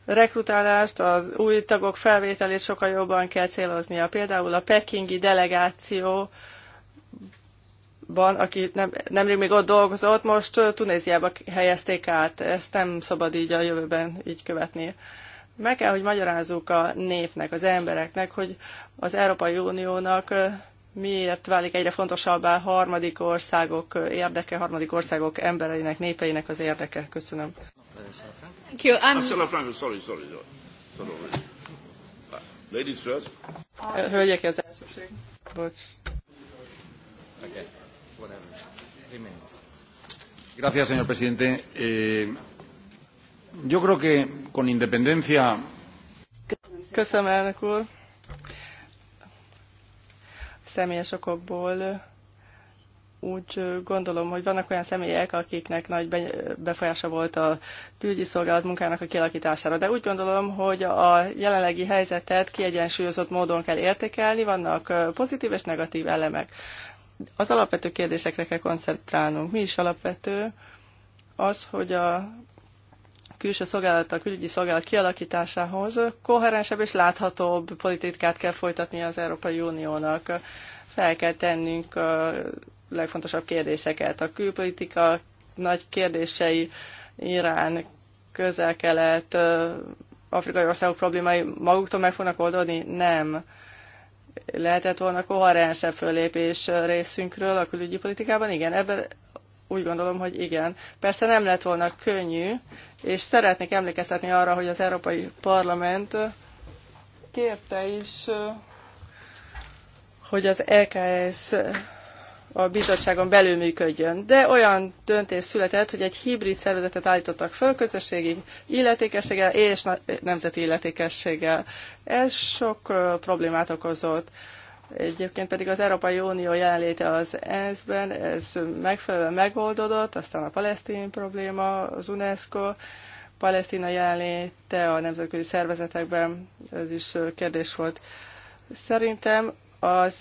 rekrutálást, az új tagok felvételét sokkal jobban kell céloznia. Például a pekingi delegáció aki nem, nemrég még ott dolgozott, most Tunéziába helyezték át. Ezt nem szabad így a jövőben így követni. Meg kell, hogy magyarázzuk a népnek, az embereknek, hogy az Európai Uniónak miért válik egyre fontosabbá harmadik országok érdeke, harmadik országok embereinek, népeinek az érdeke. Köszönöm. Thank you. I'm... Sorry, sorry, sorry. sorry. Uh, ladies first. Uh, hölgyek az elsőség. Bocs. Okay. Whatever. Three Gracias, señor presidente. Eh, yo creo que con independencia. Köszönöm, elnök úr. Személyes okokból úgy gondolom, hogy vannak olyan személyek, akiknek nagy befolyása volt a külügyi szolgálat munkának a kialakítására. De úgy gondolom, hogy a jelenlegi helyzetet kiegyensúlyozott módon kell értékelni, vannak pozitív és negatív elemek. Az alapvető kérdésekre kell koncentrálnunk. Mi is alapvető? Az, hogy a külső szolgálat, a külügyi szolgálat kialakításához koherensebb és láthatóbb politikát kell folytatni az Európai Uniónak. Fel kell tennünk legfontosabb kérdéseket. A külpolitika nagy kérdései Irán, közel-kelet, afrikai országok problémái maguktól meg fognak oldódni? Nem. Lehetett volna koherensebb fölépés részünkről a külügyi politikában? Igen, ebben úgy gondolom, hogy igen. Persze nem lett volna könnyű, és szeretnék emlékeztetni arra, hogy az Európai Parlament kérte is, hogy az EKS a bizottságon belül működjön. De olyan döntés született, hogy egy hibrid szervezetet állítottak föl közösségi illetékességgel és nemzeti illetékességgel. Ez sok problémát okozott. Egyébként pedig az Európai Unió jelenléte az ENSZ-ben, ez megfelelően megoldódott, aztán a palesztin probléma, az UNESCO, Palesztina jelenléte a nemzetközi szervezetekben, ez is kérdés volt. Szerintem az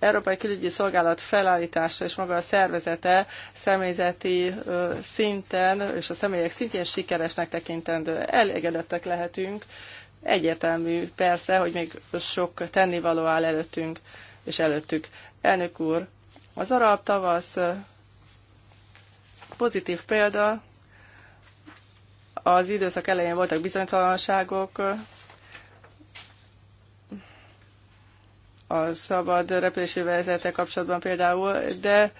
Európai Külügyi Szolgálat felállítása és maga a szervezete személyzeti szinten és a személyek szintjén sikeresnek tekintendő. Elégedettek lehetünk. Egyértelmű persze, hogy még sok tennivaló áll előttünk és előttük. Elnök úr, az arab tavasz pozitív példa, az időszak elején voltak bizonytalanságok, a szabad repülési vezetek kapcsolatban például, de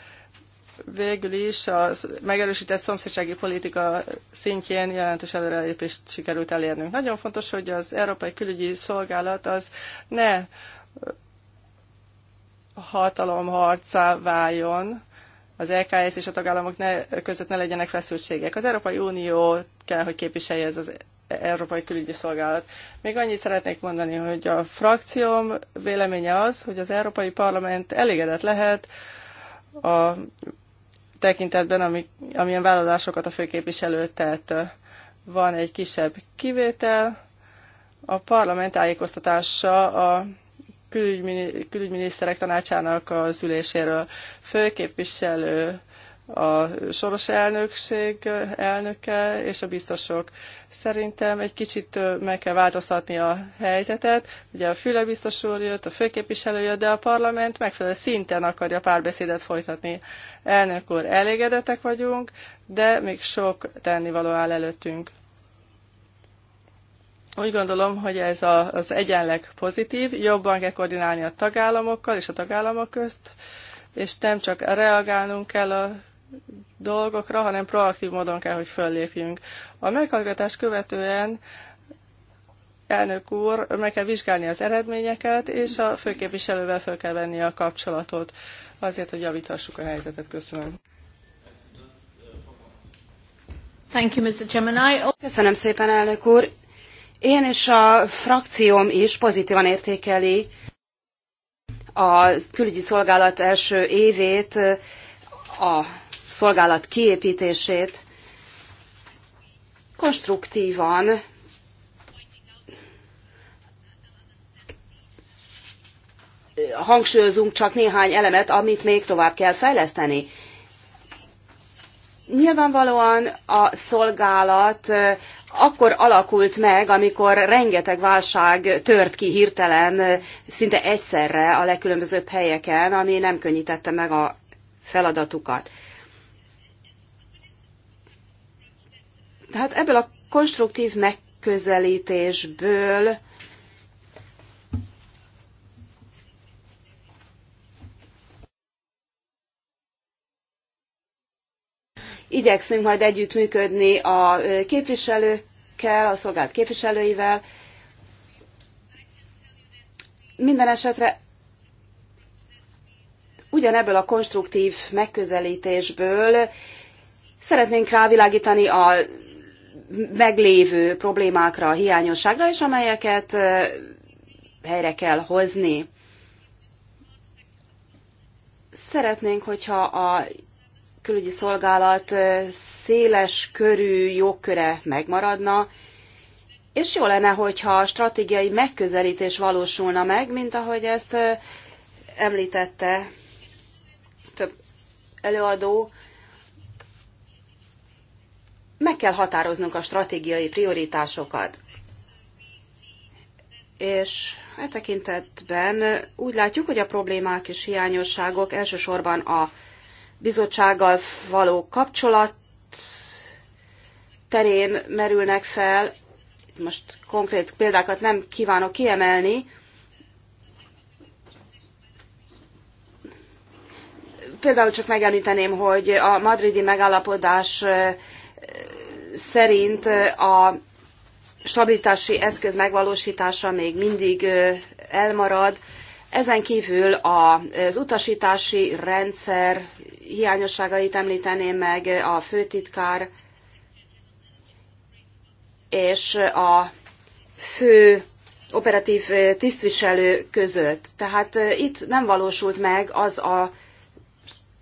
végül is a megerősített szomszédsági politika szintjén jelentős előrelépést sikerült elérnünk. Nagyon fontos, hogy az Európai Külügyi Szolgálat az ne hatalomharcá váljon, az EKS és a tagállamok ne, között ne legyenek feszültségek. Az Európai Unió kell, hogy képviselje ez az Európai Külügyi Szolgálat. Még annyit szeretnék mondani, hogy a frakcióm véleménye az, hogy az Európai Parlament elégedett lehet a tekintetben, ami, amilyen vállalásokat a főképviselő tett. Van egy kisebb kivétel, a parlament tájékoztatása a külügyminiszterek tanácsának az üléséről. Főképviselő a soros elnökség elnöke és a biztosok. Szerintem egy kicsit meg kell változtatni a helyzetet. Ugye a Füle biztos úr jött, a főképviselő jött, de a parlament megfelelő szinten akarja párbeszédet folytatni. Elnök úr, elégedettek vagyunk, de még sok tennivaló áll előttünk. Úgy gondolom, hogy ez a, az egyenleg pozitív, jobban kell koordinálni a tagállamokkal és a tagállamok közt, és nem csak reagálnunk kell a dolgokra, hanem proaktív módon kell, hogy föllépjünk. A meghallgatás követően elnök úr, meg kell vizsgálni az eredményeket, és a főképviselővel föl kell venni a kapcsolatot azért, hogy javíthassuk a helyzetet. Köszönöm. Thank you, Mr. Chairman. I... Köszönöm szépen, elnök úr. Én és a frakcióm is pozitívan értékeli a külügyi szolgálat első évét, a szolgálat kiépítését konstruktívan hangsúlyozunk csak néhány elemet, amit még tovább kell fejleszteni. Nyilvánvalóan a szolgálat akkor alakult meg, amikor rengeteg válság tört ki hirtelen, szinte egyszerre a legkülönbözőbb helyeken, ami nem könnyítette meg a feladatukat. Tehát ebből a konstruktív megközelítésből igyekszünk majd együttműködni a képviselőkkel, a szolgált képviselőivel. Minden esetre ugyanebből a konstruktív megközelítésből szeretnénk rávilágítani a meglévő problémákra, hiányosságra, és amelyeket helyre kell hozni. Szeretnénk, hogyha a külügyi szolgálat széles körű jogköre megmaradna, és jó lenne, hogyha a stratégiai megközelítés valósulna meg, mint ahogy ezt említette több előadó, meg kell határoznunk a stratégiai prioritásokat. És e tekintetben úgy látjuk, hogy a problémák és hiányosságok elsősorban a bizottsággal való kapcsolat terén merülnek fel. Most konkrét példákat nem kívánok kiemelni. Például csak megemlíteném, hogy a madridi megállapodás szerint a stabilitási eszköz megvalósítása még mindig elmarad. Ezen kívül az utasítási rendszer hiányosságait említeném meg, a főtitkár és a fő operatív tisztviselő között. Tehát itt nem valósult meg az a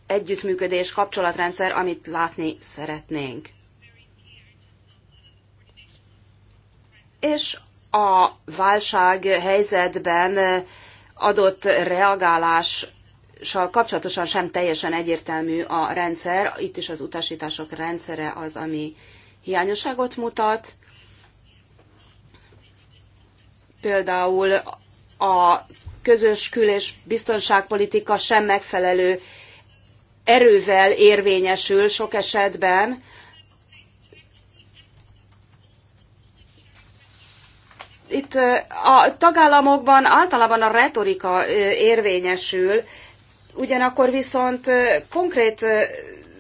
együttműködés, kapcsolatrendszer, amit látni szeretnénk. és a válság helyzetben eh, adott reagálással kapcsolatosan sem teljesen egyértelmű a rendszer. Itt is az utasítások rendszere az, ami hiányosságot mutat. Például a közös kül- és biztonságpolitika sem megfelelő erővel érvényesül sok esetben, itt a tagállamokban általában a retorika érvényesül, ugyanakkor viszont konkrét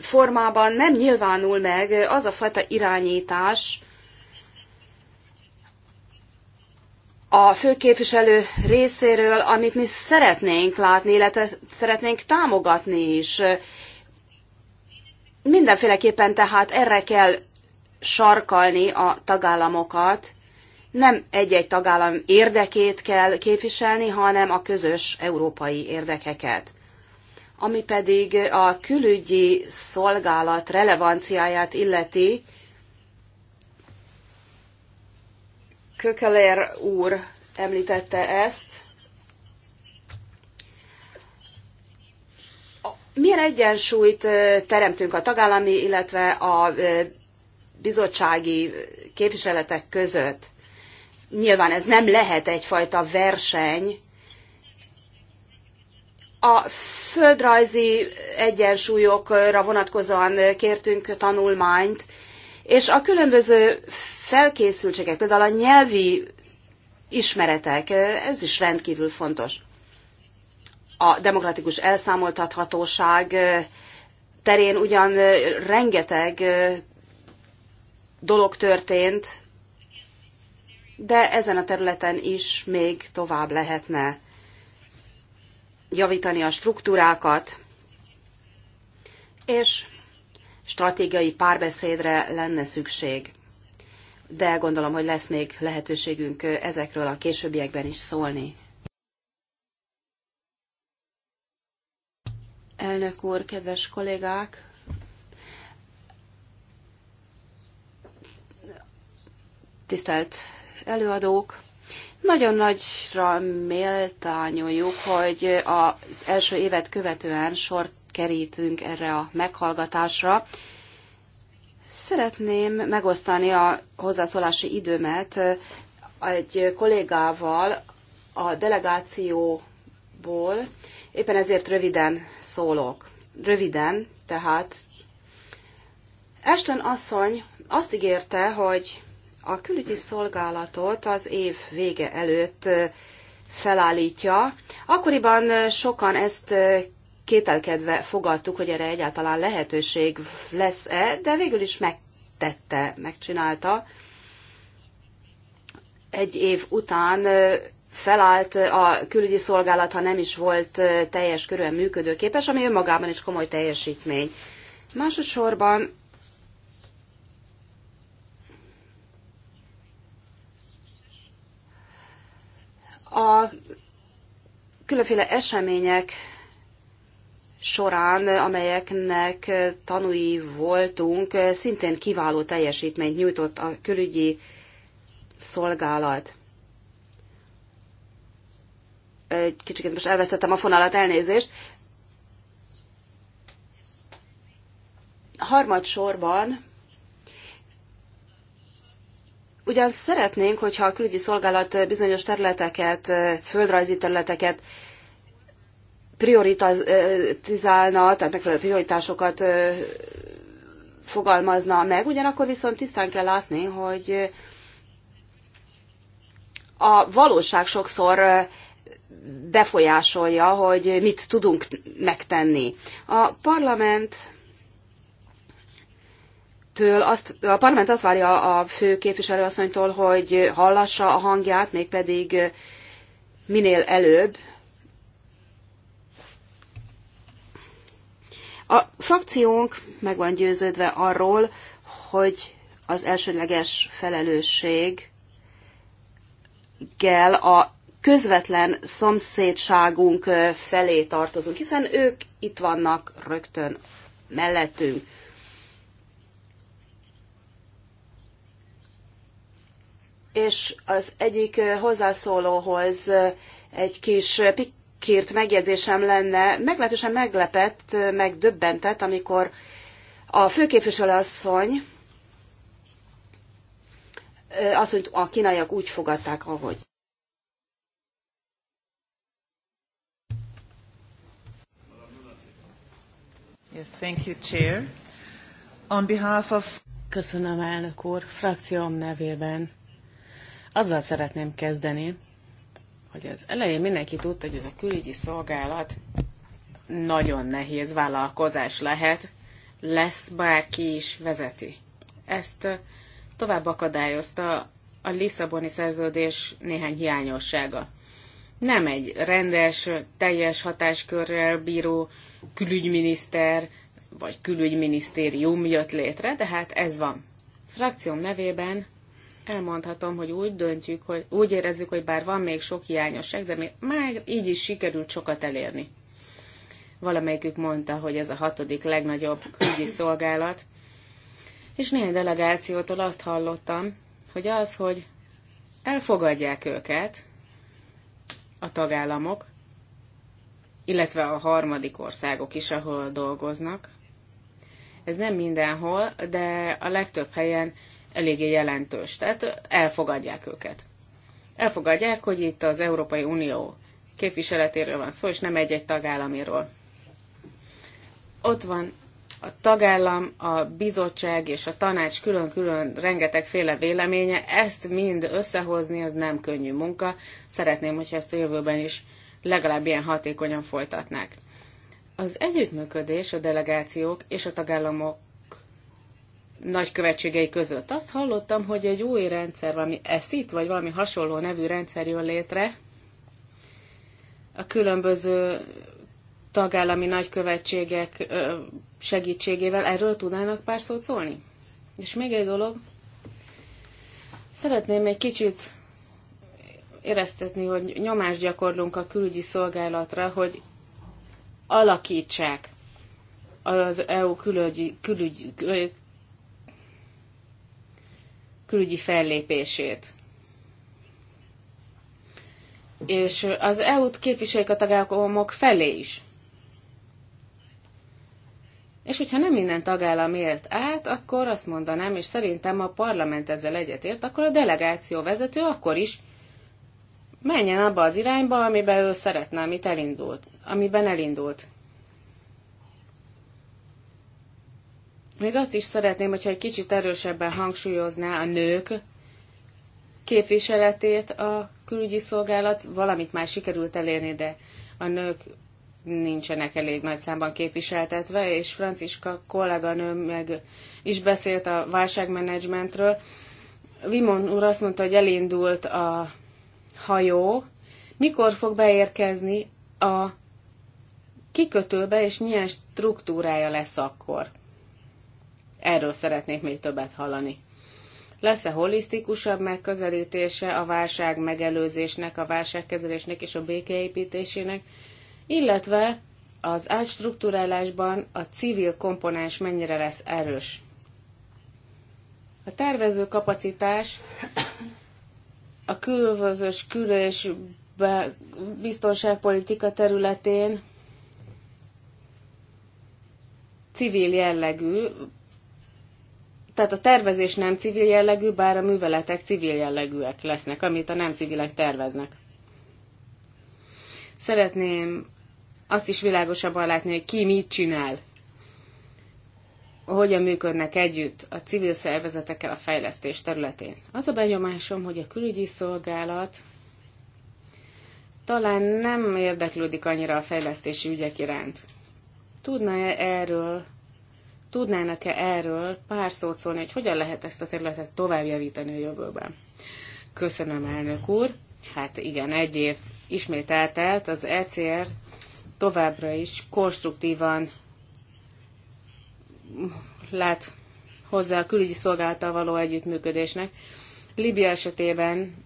formában nem nyilvánul meg az a fajta irányítás a főképviselő részéről, amit mi szeretnénk látni, illetve szeretnénk támogatni is. Mindenféleképpen tehát erre kell sarkalni a tagállamokat, nem egy-egy tagállam érdekét kell képviselni, hanem a közös európai érdekeket. Ami pedig a külügyi szolgálat relevanciáját illeti, Kökeler úr említette ezt. Milyen egyensúlyt teremtünk a tagállami, illetve a bizottsági képviseletek között? nyilván ez nem lehet egyfajta verseny. A földrajzi egyensúlyokra vonatkozóan kértünk tanulmányt, és a különböző felkészültségek, például a nyelvi ismeretek, ez is rendkívül fontos. A demokratikus elszámoltathatóság terén ugyan rengeteg dolog történt, de ezen a területen is még tovább lehetne javítani a struktúrákat, és stratégiai párbeszédre lenne szükség. De gondolom, hogy lesz még lehetőségünk ezekről a későbbiekben is szólni. Elnök úr, kedves kollégák! Tisztelt előadók. Nagyon nagyra méltányoljuk, hogy az első évet követően sort kerítünk erre a meghallgatásra. Szeretném megosztani a hozzászólási időmet egy kollégával a delegációból, éppen ezért röviden szólok. Röviden, tehát Ashton asszony azt ígérte, hogy a külügyi szolgálatot az év vége előtt felállítja. Akkoriban sokan ezt kételkedve fogadtuk, hogy erre egyáltalán lehetőség lesz-e, de végül is megtette, megcsinálta. Egy év után felállt a külügyi szolgálat, ha nem is volt teljes körülön működőképes, ami önmagában is komoly teljesítmény. Másodszorban A különféle események során, amelyeknek tanúi voltunk, szintén kiváló teljesítményt nyújtott a külügyi szolgálat. Egy kicsit most elvesztettem a fonalat, elnézést. Harmadsorban Ugyan szeretnénk, hogyha a külügyi szolgálat bizonyos területeket, földrajzi területeket prioritizálna, tehát megfelelő prioritásokat fogalmazna meg, ugyanakkor viszont tisztán kell látni, hogy a valóság sokszor befolyásolja, hogy mit tudunk megtenni. A parlament Től azt, a parlament azt várja a fő képviselőasszonytól, hogy hallassa a hangját, mégpedig minél előbb. A frakciónk meg van győződve arról, hogy az elsődleges felelősséggel a közvetlen szomszédságunk felé tartozunk, hiszen ők itt vannak rögtön mellettünk. és az egyik hozzászólóhoz egy kis pikkírt megjegyzésem lenne. Meglehetősen meglepett, megdöbbentett, amikor a főképviselő asszony, azt, hogy a kínaiak úgy fogadták, ahogy. Yes, thank you, Chair. On behalf of... Köszönöm, elnök úr. Frakcióm nevében azzal szeretném kezdeni, hogy az elején mindenki tudta, hogy ez a külügyi szolgálat nagyon nehéz vállalkozás lehet, lesz bárki is vezeti. Ezt tovább akadályozta a Lisszaboni szerződés néhány hiányossága. Nem egy rendes, teljes hatáskörrel bíró külügyminiszter vagy külügyminisztérium jött létre, de hát ez van. Frakcióm nevében elmondhatom, hogy úgy döntjük, hogy úgy érezzük, hogy bár van még sok hiányosság, de még már így is sikerült sokat elérni. Valamelyikük mondta, hogy ez a hatodik legnagyobb ügyi szolgálat, és néhány delegációtól azt hallottam, hogy az, hogy elfogadják őket a tagállamok, illetve a harmadik országok is, ahol dolgoznak. Ez nem mindenhol, de a legtöbb helyen eléggé jelentős, tehát elfogadják őket. Elfogadják, hogy itt az Európai Unió képviseletéről van szó, és nem egy-egy tagállamiról. Ott van a tagállam, a bizottság és a tanács külön-külön rengetegféle véleménye, ezt mind összehozni, az nem könnyű munka. Szeretném, hogyha ezt a jövőben is legalább ilyen hatékonyan folytatnák. Az együttműködés a delegációk és a tagállamok nagykövetségei között. Azt hallottam, hogy egy új rendszer, valami eszit, vagy valami hasonló nevű rendszer jön létre a különböző tagállami nagykövetségek segítségével. Erről tudnának pár szót szólni? És még egy dolog, szeretném egy kicsit éreztetni, hogy nyomást gyakorlunk a külügyi szolgálatra, hogy alakítsák az EU külügyi, külügyi, külügyi fellépését. És az EU-t képviselik a tagállamok felé is. És hogyha nem minden tagállam élt át, akkor azt mondanám, és szerintem a parlament ezzel egyetért, akkor a delegáció vezető akkor is menjen abba az irányba, amiben ő szeretne, amit elindult, amiben elindult. Még azt is szeretném, hogyha egy kicsit erősebben hangsúlyozná a nők képviseletét a külügyi szolgálat, valamit már sikerült elérni, de a nők nincsenek elég nagy számban képviseltetve, és Franciska kolléganő meg is beszélt a válságmenedzsmentről. Vimon úr azt mondta, hogy elindult a hajó. Mikor fog beérkezni a kikötőbe, és milyen struktúrája lesz akkor? Erről szeretnék még többet hallani. Lesz-e holisztikusabb megközelítése a válság megelőzésnek, a válságkezelésnek és a békeépítésének, illetve az átstruktúrálásban a civil komponens mennyire lesz erős? A tervező kapacitás a külvözös külös biztonságpolitika területén civil jellegű, tehát a tervezés nem civil jellegű, bár a műveletek civil jellegűek lesznek, amit a nem civilek terveznek. Szeretném azt is világosabban látni, hogy ki mit csinál, hogyan működnek együtt a civil szervezetekkel a fejlesztés területén. Az a benyomásom, hogy a külügyi szolgálat talán nem érdeklődik annyira a fejlesztési ügyek iránt. Tudna -e erről Tudnának-e erről pár szót szólni, hogy hogyan lehet ezt a területet tovább javítani a jövőben? Köszönöm, elnök úr. Hát igen, egy év ismét eltelt, az ECR továbbra is konstruktívan lát hozzá a külügyi szolgálattal való együttműködésnek. Libia esetében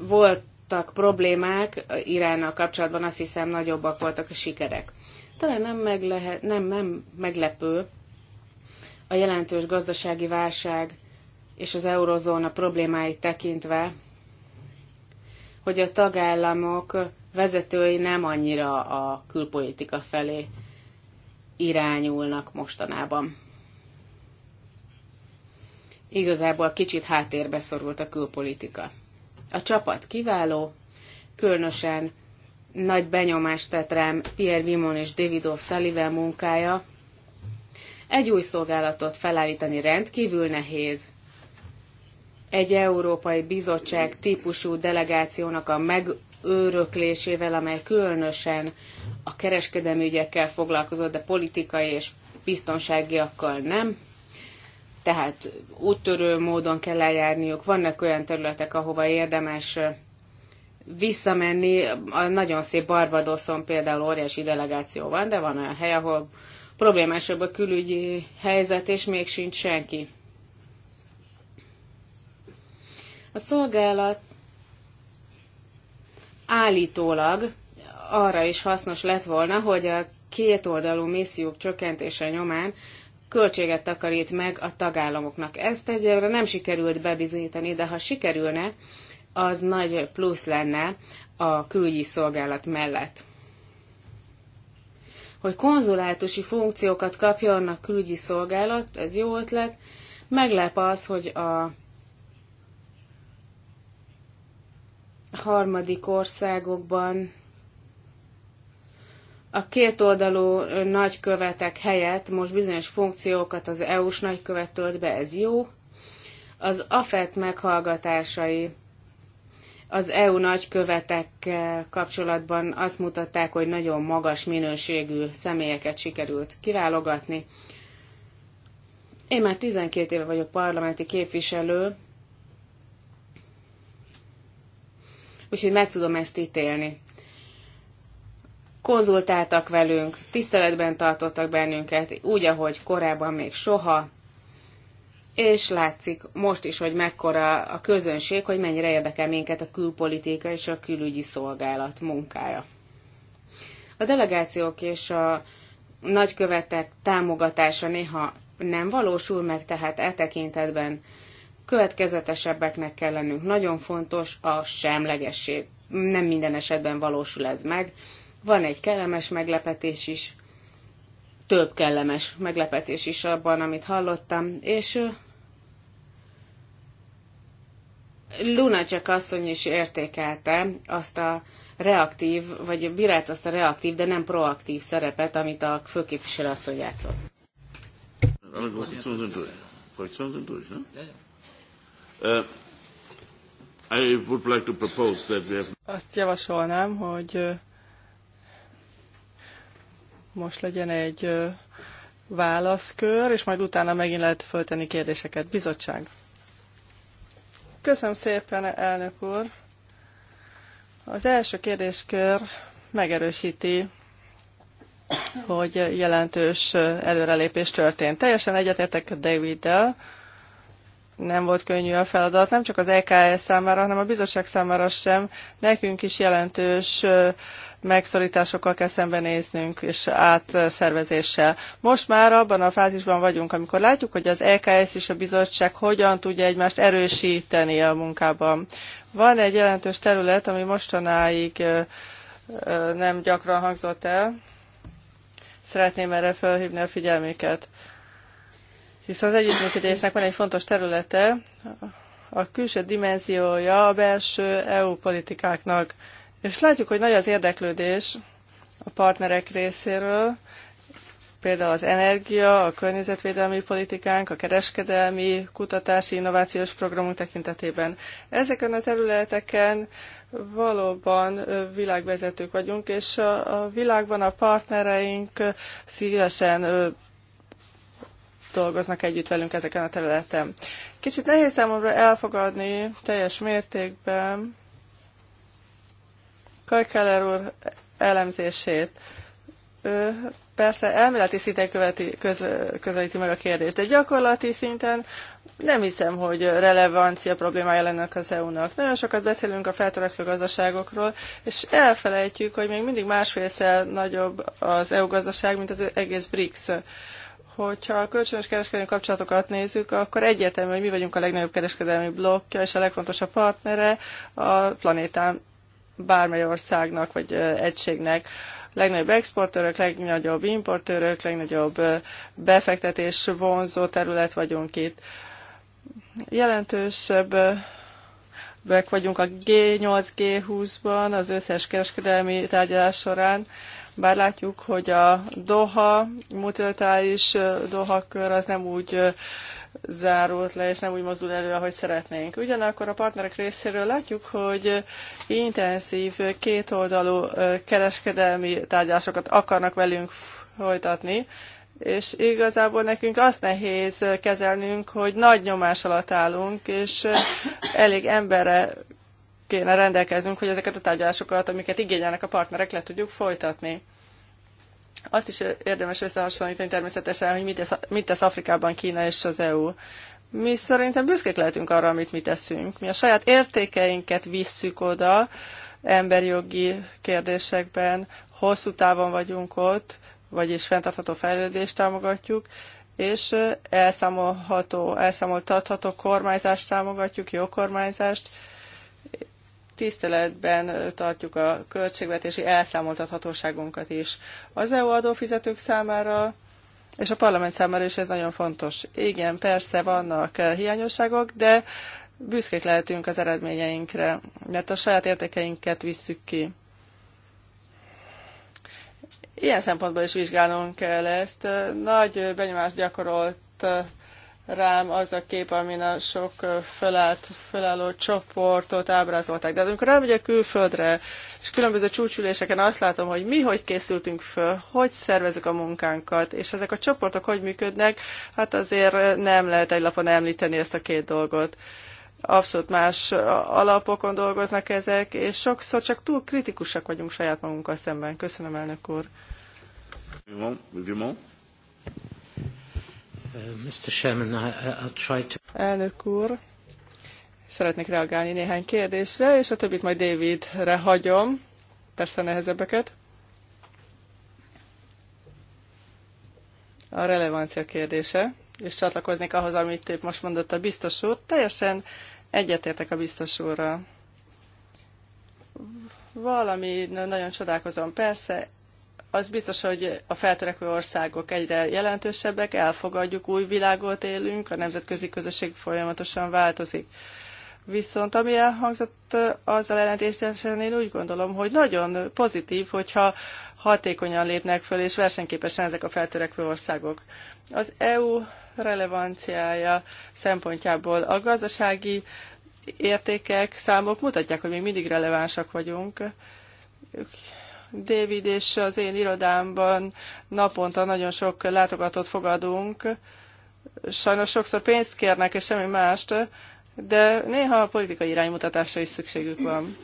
voltak problémák, Iránnal kapcsolatban azt hiszem nagyobbak voltak a sikerek. Talán nem, meglehet, nem, nem meglepő, a jelentős gazdasági válság és az eurozóna problémáit tekintve, hogy a tagállamok vezetői nem annyira a külpolitika felé irányulnak mostanában. Igazából kicsit háttérbe szorult a külpolitika. A csapat kiváló, különösen nagy benyomást tett rám Pierre Vimon és David O'Sullivan munkája, egy új szolgálatot felállítani rendkívül nehéz. Egy Európai Bizottság típusú delegációnak a megőröklésével, amely különösen a kereskedelmi ügyekkel foglalkozott, de politikai és biztonságiakkal nem. Tehát úttörő módon kell eljárniuk. Vannak olyan területek, ahova érdemes visszamenni. A nagyon szép Barbadoson például óriási delegáció van, de van olyan hely, ahol problémásabb a külügyi helyzet, és még sincs senki. A szolgálat állítólag arra is hasznos lett volna, hogy a két oldalú missziók csökkentése nyomán költséget takarít meg a tagállamoknak. Ezt egyelőre nem sikerült bebizonyítani, de ha sikerülne, az nagy plusz lenne a külügyi szolgálat mellett hogy konzulátusi funkciókat kapjon a külügyi szolgálat, ez jó ötlet. Meglep az, hogy a harmadik országokban a kétoldalú nagykövetek helyett most bizonyos funkciókat az EU-s nagykövet tölt be, ez jó. Az AFET meghallgatásai az EU nagykövetek kapcsolatban azt mutatták, hogy nagyon magas minőségű személyeket sikerült kiválogatni. Én már 12 éve vagyok parlamenti képviselő, úgyhogy meg tudom ezt ítélni. Konzultáltak velünk, tiszteletben tartottak bennünket, úgy, ahogy korábban még soha, és látszik most is, hogy mekkora a közönség, hogy mennyire érdekel minket a külpolitika és a külügyi szolgálat munkája. A delegációk és a nagykövetek támogatása néha nem valósul meg, tehát e tekintetben következetesebbeknek kell lennünk. Nagyon fontos a semlegesség. Nem minden esetben valósul ez meg. Van egy kellemes meglepetés is, több kellemes meglepetés is abban, amit hallottam, és Luna csak asszony is értékelte azt a reaktív, vagy bírált azt a reaktív, de nem proaktív szerepet, amit a főképviselő asszony játszott. Azt javasolnám, hogy most legyen egy válaszkör, és majd utána megint lehet föltenni kérdéseket. Bizottság. Köszönöm szépen, elnök úr. Az első kérdéskör megerősíti, hogy jelentős előrelépés történt. Teljesen egyetértek David-del, nem volt könnyű a feladat, nem csak az EKS számára, hanem a bizottság számára sem. Nekünk is jelentős megszorításokkal kell szembenéznünk, és átszervezéssel. Most már abban a fázisban vagyunk, amikor látjuk, hogy az EKS és a bizottság hogyan tudja egymást erősíteni a munkában. Van egy jelentős terület, ami mostanáig nem gyakran hangzott el. Szeretném erre felhívni a figyelmüket. Hiszen az együttműködésnek van egy fontos területe, a külső dimenziója a belső EU politikáknak. És látjuk, hogy nagy az érdeklődés a partnerek részéről, például az energia, a környezetvédelmi politikánk, a kereskedelmi, kutatási, innovációs programunk tekintetében. Ezeken a területeken valóban világvezetők vagyunk, és a világban a partnereink szívesen dolgoznak együtt velünk ezeken a területen. Kicsit nehéz számomra elfogadni teljes mértékben Kajkeller úr elemzését. Ő persze elméleti szinten követi, köz, közelíti meg a kérdést, de gyakorlati szinten nem hiszem, hogy relevancia problémája lenne az EU-nak. Nagyon sokat beszélünk a feltörekvő gazdaságokról, és elfelejtjük, hogy még mindig másfélszer nagyobb az EU gazdaság, mint az egész BRICS hogyha a kölcsönös kereskedelmi kapcsolatokat nézzük, akkor egyértelmű, hogy mi vagyunk a legnagyobb kereskedelmi blokkja és a legfontosabb partnere a planétán bármely országnak vagy egységnek. Legnagyobb exportőrök, legnagyobb importőrök, legnagyobb befektetés vonzó terület vagyunk itt. Jelentősebb vagyunk a G8-G20-ban az összes kereskedelmi tárgyalás során bár látjuk, hogy a Doha, multilaterális Doha kör az nem úgy zárult le, és nem úgy mozdul elő, ahogy szeretnénk. Ugyanakkor a partnerek részéről látjuk, hogy intenzív, kétoldalú kereskedelmi tárgyásokat akarnak velünk folytatni, és igazából nekünk azt nehéz kezelnünk, hogy nagy nyomás alatt állunk, és elég emberre kéne rendelkeznünk, hogy ezeket a tárgyalásokat, amiket igényelnek a partnerek, le tudjuk folytatni. Azt is érdemes összehasonlítani természetesen, hogy mit tesz, mit tesz Afrikában Kína és az EU. Mi szerintem büszkék lehetünk arra, amit mi teszünk. Mi a saját értékeinket visszük oda, emberjogi kérdésekben, hosszú távon vagyunk ott, vagyis fenntartható fejlődést támogatjuk, és elszámolható, elszámoltatható kormányzást támogatjuk, jó kormányzást, tiszteletben tartjuk a költségvetési elszámoltathatóságunkat is. Az EU adófizetők számára és a parlament számára is ez nagyon fontos. Igen, persze vannak hiányosságok, de büszkék lehetünk az eredményeinkre, mert a saját értékeinket visszük ki. Ilyen szempontból is vizsgálnunk kell ezt. Nagy benyomást gyakorolt rám az a kép, amin a sok fölállt, fölálló csoportot ábrázolták. De amikor elmegyek külföldre, és különböző csúcsüléseken azt látom, hogy mi hogy készültünk föl, hogy szervezük a munkánkat, és ezek a csoportok hogy működnek, hát azért nem lehet egy lapon említeni ezt a két dolgot. Abszolút más alapokon dolgoznak ezek, és sokszor csak túl kritikusak vagyunk saját magunkkal szemben. Köszönöm, elnök úr. Vimon. vivons. Elnök úr, szeretnék reagálni néhány kérdésre, és a többit majd Davidre hagyom, persze nehezebbeket. A relevancia kérdése, és csatlakoznék ahhoz, amit épp most mondott a biztos úr. Teljesen egyetértek a biztos úrral. Valami nagyon csodálkozom. Persze az biztos, hogy a feltörekvő országok egyre jelentősebbek, elfogadjuk, új világot élünk, a nemzetközi közösség folyamatosan változik. Viszont ami elhangzott azzal ellentétesen, én úgy gondolom, hogy nagyon pozitív, hogyha hatékonyan lépnek föl, és versenyképesen ezek a feltörekvő országok. Az EU relevanciája szempontjából a gazdasági értékek, számok mutatják, hogy még mindig relevánsak vagyunk David és az én irodámban naponta nagyon sok látogatót fogadunk. Sajnos sokszor pénzt kérnek, és semmi mást, de néha a politikai iránymutatásra is szükségük van.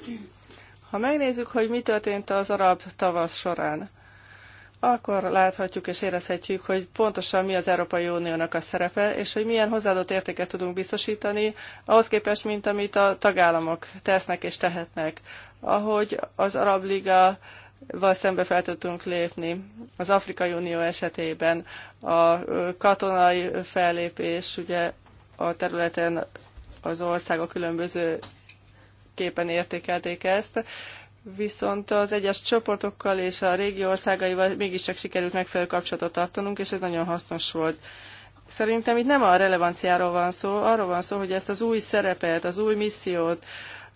Ha megnézzük, hogy mi történt az arab tavasz során, akkor láthatjuk és érezhetjük, hogy pontosan mi az Európai Uniónak a szerepe, és hogy milyen hozzáadott értéket tudunk biztosítani, ahhoz képest, mint amit a tagállamok tesznek és tehetnek. Ahogy az Arab Liga val szembe fel tudtunk lépni. Az Afrikai Unió esetében a katonai fellépés ugye a területen az országok különböző képen értékelték ezt, viszont az egyes csoportokkal és a régi országaival mégiscsak sikerült megfelelő kapcsolatot tartanunk, és ez nagyon hasznos volt. Szerintem itt nem a relevanciáról van szó, arról van szó, hogy ezt az új szerepet, az új missziót,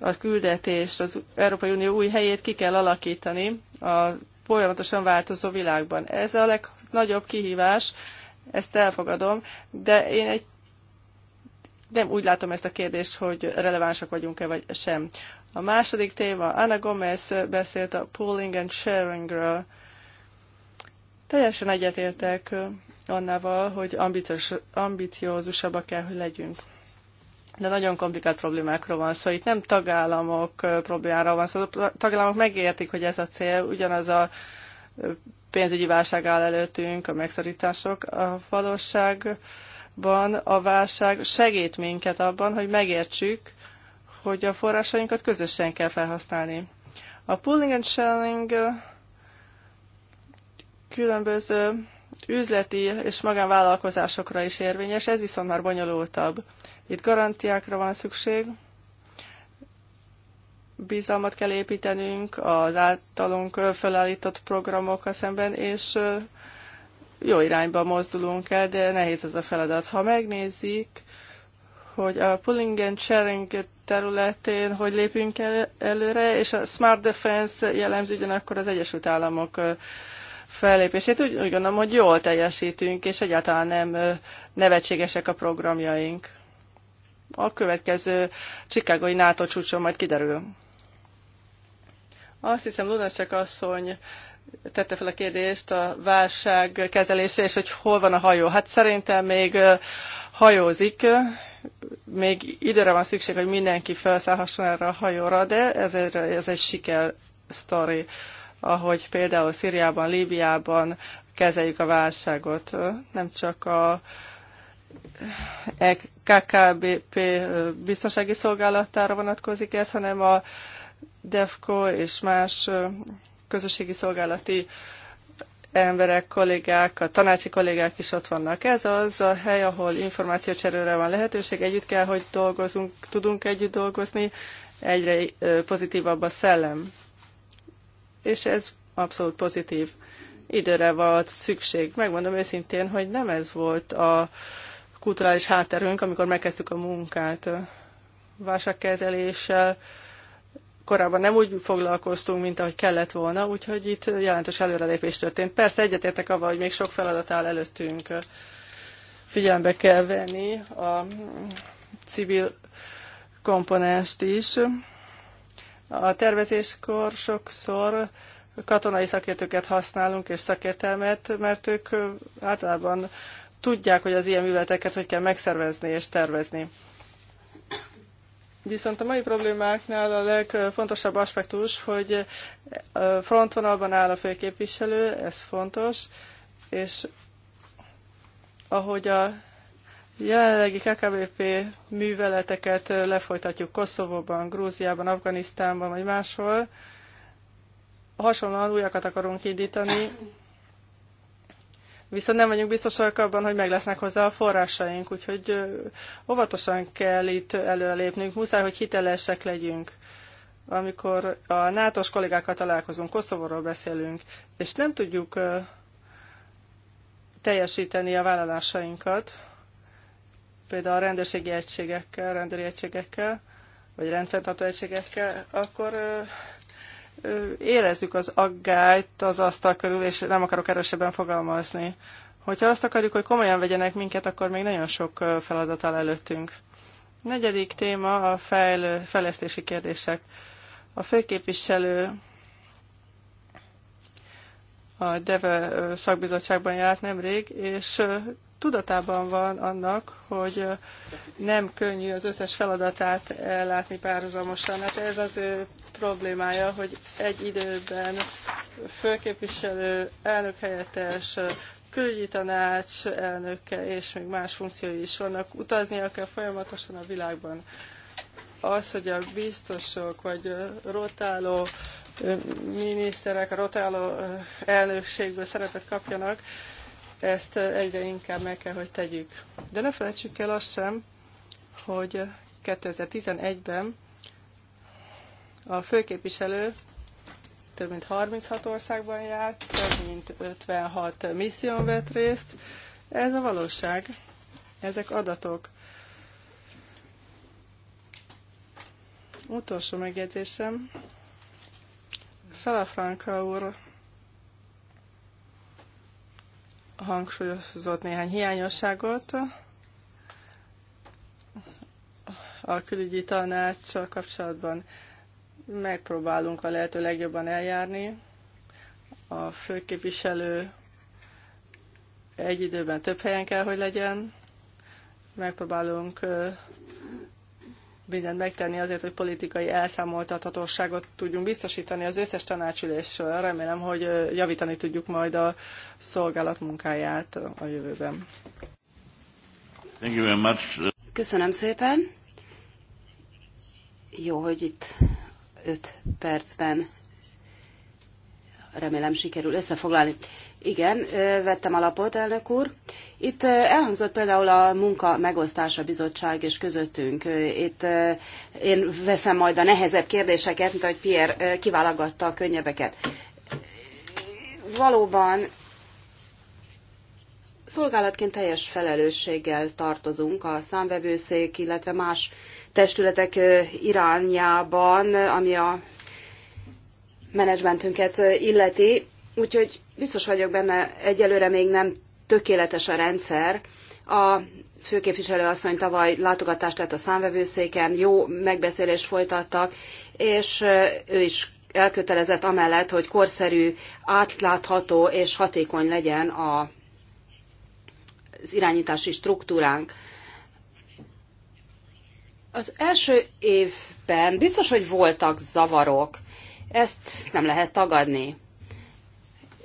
a küldetést, az Európai Unió új helyét ki kell alakítani a folyamatosan változó világban. Ez a legnagyobb kihívás, ezt elfogadom, de én egy nem úgy látom ezt a kérdést, hogy relevánsak vagyunk-e vagy sem. A második téma, Anna Gomez beszélt a pooling and sharingről. Teljesen egyetértek annával, hogy ambiciózusabbak kell, hogy legyünk de nagyon komplikált problémákról van szó. Szóval itt nem tagállamok problémára van szó. Szóval a tagállamok megértik, hogy ez a cél, ugyanaz a pénzügyi válság áll előttünk, a megszorítások. A valóságban a válság segít minket abban, hogy megértsük, hogy a forrásainkat közösen kell felhasználni. A pooling and shelling különböző üzleti és magánvállalkozásokra is érvényes, ez viszont már bonyolultabb. Itt garantiákra van szükség, bizalmat kell építenünk az általunk felállított programokkal szemben, és jó irányba mozdulunk el, de nehéz ez a feladat. Ha megnézik, hogy a pulling and sharing területén hogy lépünk el, előre, és a smart defense jellemző ugyanakkor az Egyesült Államok fellépését. Úgy, úgy gondolom, hogy jól teljesítünk, és egyáltalán nem nevetségesek a programjaink a következő Csikágoi NATO csúcson majd kiderül. Azt hiszem, Lunacek asszony tette fel a kérdést a válság kezelése, és hogy hol van a hajó. Hát szerintem még hajózik, még időre van szükség, hogy mindenki felszállhasson erre a hajóra, de ez egy, ez egy siker sztori, ahogy például Szíriában, Líbiában kezeljük a válságot. Nem csak a KKBP biztonsági szolgálatára vonatkozik ez, hanem a DEFCO és más közösségi szolgálati emberek, kollégák, a tanácsi kollégák is ott vannak. Ez az a hely, ahol információcserőre van lehetőség, együtt kell, hogy dolgozunk, tudunk együtt dolgozni, egyre pozitívabb a szellem. És ez abszolút pozitív. Időre volt szükség. Megmondom őszintén, hogy nem ez volt a kulturális hátterünk, amikor megkezdtük a munkát. Válságkezeléssel korábban nem úgy foglalkoztunk, mint ahogy kellett volna, úgyhogy itt jelentős előrelépés történt. Persze egyetértek avval, hogy még sok feladat áll előttünk. Figyelembe kell venni a civil komponenst is. A tervezéskor sokszor katonai szakértőket használunk, és szakértelmet, mert ők általában tudják, hogy az ilyen műveleteket hogy kell megszervezni és tervezni. Viszont a mai problémáknál a legfontosabb aspektus, hogy frontvonalban áll a főképviselő, ez fontos, és ahogy a jelenlegi KKBP műveleteket lefolytatjuk Koszovóban, Grúziában, Afganisztánban vagy máshol, hasonlóan újakat akarunk indítani, Viszont nem vagyunk biztosak abban, hogy meg lesznek hozzá a forrásaink, úgyhogy óvatosan kell itt előrelépnünk, muszáj, hogy hitelesek legyünk. Amikor a NATO-s kollégákkal találkozunk, Koszovóról beszélünk, és nem tudjuk teljesíteni a vállalásainkat, például a rendőrségi egységekkel, rendőri egységekkel, vagy rendfenntartó egységekkel, akkor érezzük az aggályt az asztal körül, és nem akarok erősebben fogalmazni. Hogyha azt akarjuk, hogy komolyan vegyenek minket, akkor még nagyon sok feladat áll előttünk. Negyedik téma a fejlő, fejlesztési kérdések. A főképviselő a DEVE szakbizottságban járt nemrég, és tudatában van annak, hogy nem könnyű az összes feladatát ellátni párhuzamosan. Hát ez az ő problémája, hogy egy időben főképviselő, helyettes, külügyi tanács elnöke és még más funkciói is vannak. Utaznia kell folyamatosan a világban. Az, hogy a biztosok vagy rotáló miniszterek a rotáló elnökségből szerepet kapjanak, ezt egyre inkább meg kell, hogy tegyük. De ne felejtsük el azt sem, hogy 2011-ben a főképviselő több mint 36 országban járt, több mint 56 misszión vett részt. Ez a valóság, ezek adatok. Utolsó megjegyzésem. Salafranca úr hangsúlyozott néhány hiányosságot. A külügyi tanácssal kapcsolatban megpróbálunk a lehető legjobban eljárni. A főképviselő egy időben több helyen kell, hogy legyen. Megpróbálunk mindent megtenni azért, hogy politikai elszámoltathatóságot tudjunk biztosítani az összes tanácsülésről. Remélem, hogy javítani tudjuk majd a szolgálat munkáját a jövőben. Thank you very much. Köszönöm szépen. Jó, hogy itt 5 percben remélem sikerül összefoglalni. Igen, vettem alapot, elnök úr. Itt elhangzott például a munka megosztása bizottság és közöttünk. Itt én veszem majd a nehezebb kérdéseket, mint ahogy Pierre kiválogatta a könnyebbeket. Valóban szolgálatként teljes felelősséggel tartozunk a számvevőszék, illetve más testületek irányában, ami a menedzsmentünket illeti. Úgyhogy Biztos vagyok benne, egyelőre még nem tökéletes a rendszer. A főképviselő asszony tavaly látogatást tett a számvevőszéken, jó megbeszélést folytattak, és ő is elkötelezett amellett, hogy korszerű, átlátható és hatékony legyen a, az irányítási struktúránk. Az első évben biztos, hogy voltak zavarok, ezt nem lehet tagadni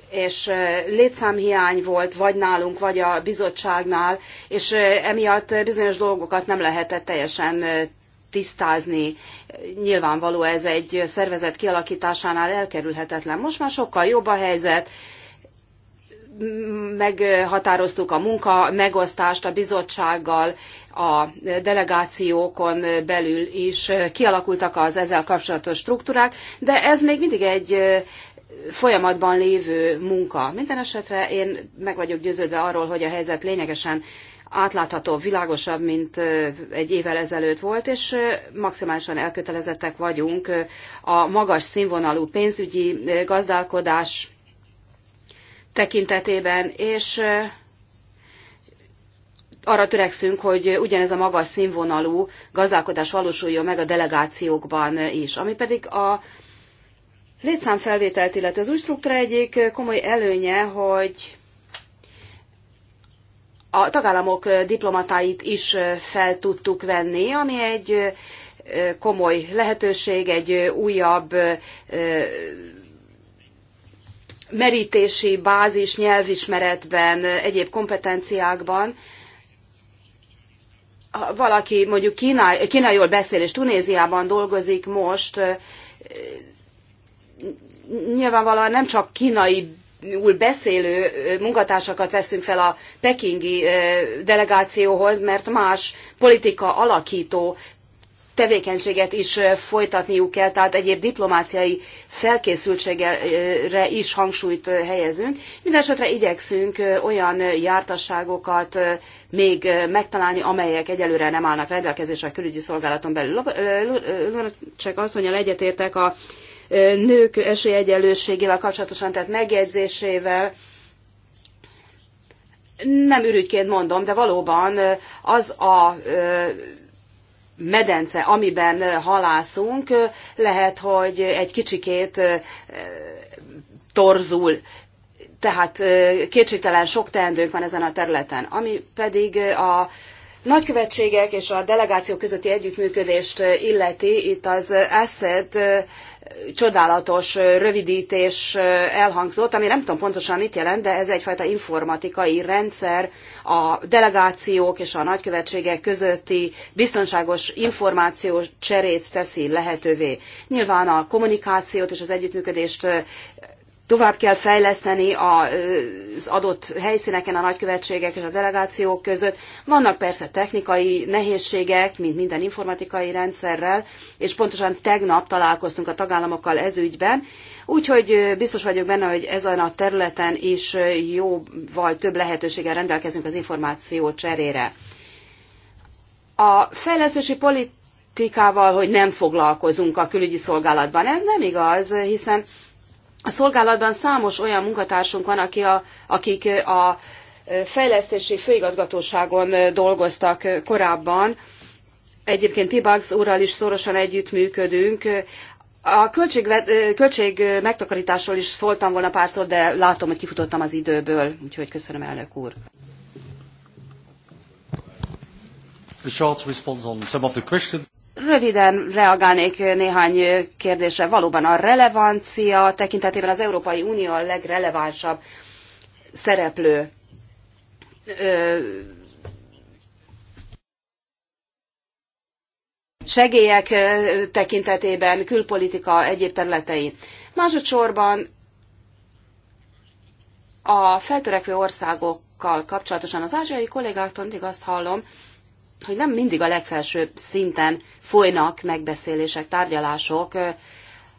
és létszámhiány volt vagy nálunk, vagy a bizottságnál, és emiatt bizonyos dolgokat nem lehetett teljesen tisztázni. Nyilvánvaló ez egy szervezet kialakításánál elkerülhetetlen. Most már sokkal jobb a helyzet, meghatároztuk a munka megosztást a bizottsággal, a delegációkon belül is kialakultak az ezzel kapcsolatos struktúrák, de ez még mindig egy folyamatban lévő munka. Minden esetre én meg vagyok győződve arról, hogy a helyzet lényegesen átlátható, világosabb, mint egy évvel ezelőtt volt, és maximálisan elkötelezettek vagyunk a magas színvonalú pénzügyi gazdálkodás tekintetében, és arra törekszünk, hogy ugyanez a magas színvonalú gazdálkodás valósuljon meg a delegációkban is, ami pedig a létszámfelvételt illetve Az új struktúra egyik komoly előnye, hogy a tagállamok diplomatáit is fel tudtuk venni, ami egy komoly lehetőség, egy újabb merítési bázis nyelvismeretben, egyéb kompetenciákban. Ha valaki mondjuk Kína, kínaiul beszél és Tunéziában dolgozik most, nyilvánvalóan nem csak kínai beszélő munkatársakat veszünk fel a pekingi delegációhoz, mert más politika alakító tevékenységet is folytatniuk kell, tehát egyéb diplomáciai felkészültségre is hangsúlyt helyezünk. Mindenesetre igyekszünk olyan jártasságokat még megtalálni, amelyek egyelőre nem állnak rendelkezésre a külügyi szolgálaton belül. Csak azt mondja, egyetértek a nők esélyegyenlőségével kapcsolatosan, tehát megjegyzésével, nem ürügyként mondom, de valóban az a medence, amiben halászunk, lehet, hogy egy kicsikét torzul. Tehát kétségtelen sok teendőnk van ezen a területen. Ami pedig a nagykövetségek és a delegáció közötti együttműködést illeti, itt az ASZED csodálatos rövidítés elhangzott, ami nem tudom pontosan mit jelent, de ez egyfajta informatikai rendszer a delegációk és a nagykövetségek közötti biztonságos információs cserét teszi lehetővé. Nyilván a kommunikációt és az együttműködést tovább kell fejleszteni az adott helyszíneken a nagykövetségek és a delegációk között. Vannak persze technikai nehézségek, mint minden informatikai rendszerrel, és pontosan tegnap találkoztunk a tagállamokkal ezügyben, úgyhogy biztos vagyok benne, hogy ezen a területen is jóval több lehetőséggel rendelkezünk az információ cserére. A fejlesztési politikával, hogy nem foglalkozunk a külügyi szolgálatban, ez nem igaz, hiszen a szolgálatban számos olyan munkatársunk van, aki a, akik a fejlesztési főigazgatóságon dolgoztak korábban. Egyébként Pibax úrral is szorosan együttműködünk. A költség, költség megtakarításról is szóltam volna párszor, de látom, hogy kifutottam az időből, úgyhogy köszönöm, elnök úr. short response on some of the questions. Röviden reagálnék néhány kérdésre. Valóban a relevancia tekintetében az Európai Unió a legrelevánsabb szereplő. Segélyek tekintetében, külpolitika egyéb területei. Másodszorban a feltörekvő országokkal kapcsolatosan az ázsiai kollégáktól mindig azt hallom, hogy nem mindig a legfelsőbb szinten folynak megbeszélések, tárgyalások,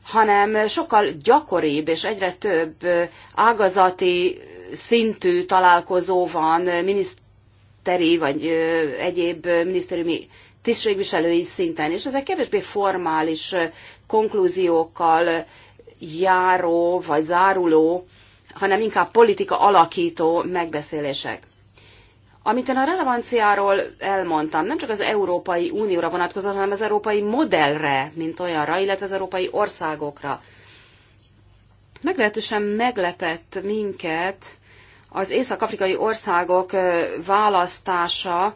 hanem sokkal gyakoribb és egyre több ágazati szintű találkozó van, miniszteri vagy egyéb minisztériumi tisztségviselői szinten, és ezek kevésbé formális konklúziókkal járó vagy záruló, hanem inkább politika alakító megbeszélések. Amit én a relevanciáról elmondtam, nem csak az Európai Unióra vonatkozott, hanem az európai modellre, mint olyanra, illetve az európai országokra. Meglehetősen meglepett minket az észak-afrikai országok választása,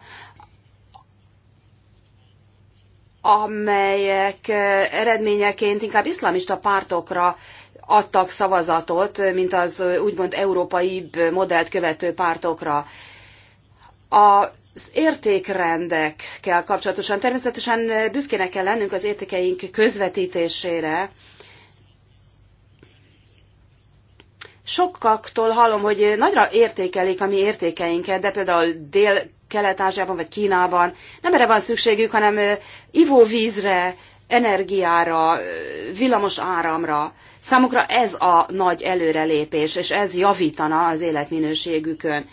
amelyek eredményeként inkább iszlamista pártokra adtak szavazatot, mint az úgymond európai modellt követő pártokra az értékrendekkel kapcsolatosan természetesen büszkének kell lennünk az értékeink közvetítésére. Sokaktól hallom, hogy nagyra értékelik a mi értékeinket, de például dél Kelet-Ázsiában vagy Kínában nem erre van szükségük, hanem ivóvízre, energiára, villamos áramra. Számukra ez a nagy előrelépés, és ez javítana az életminőségükön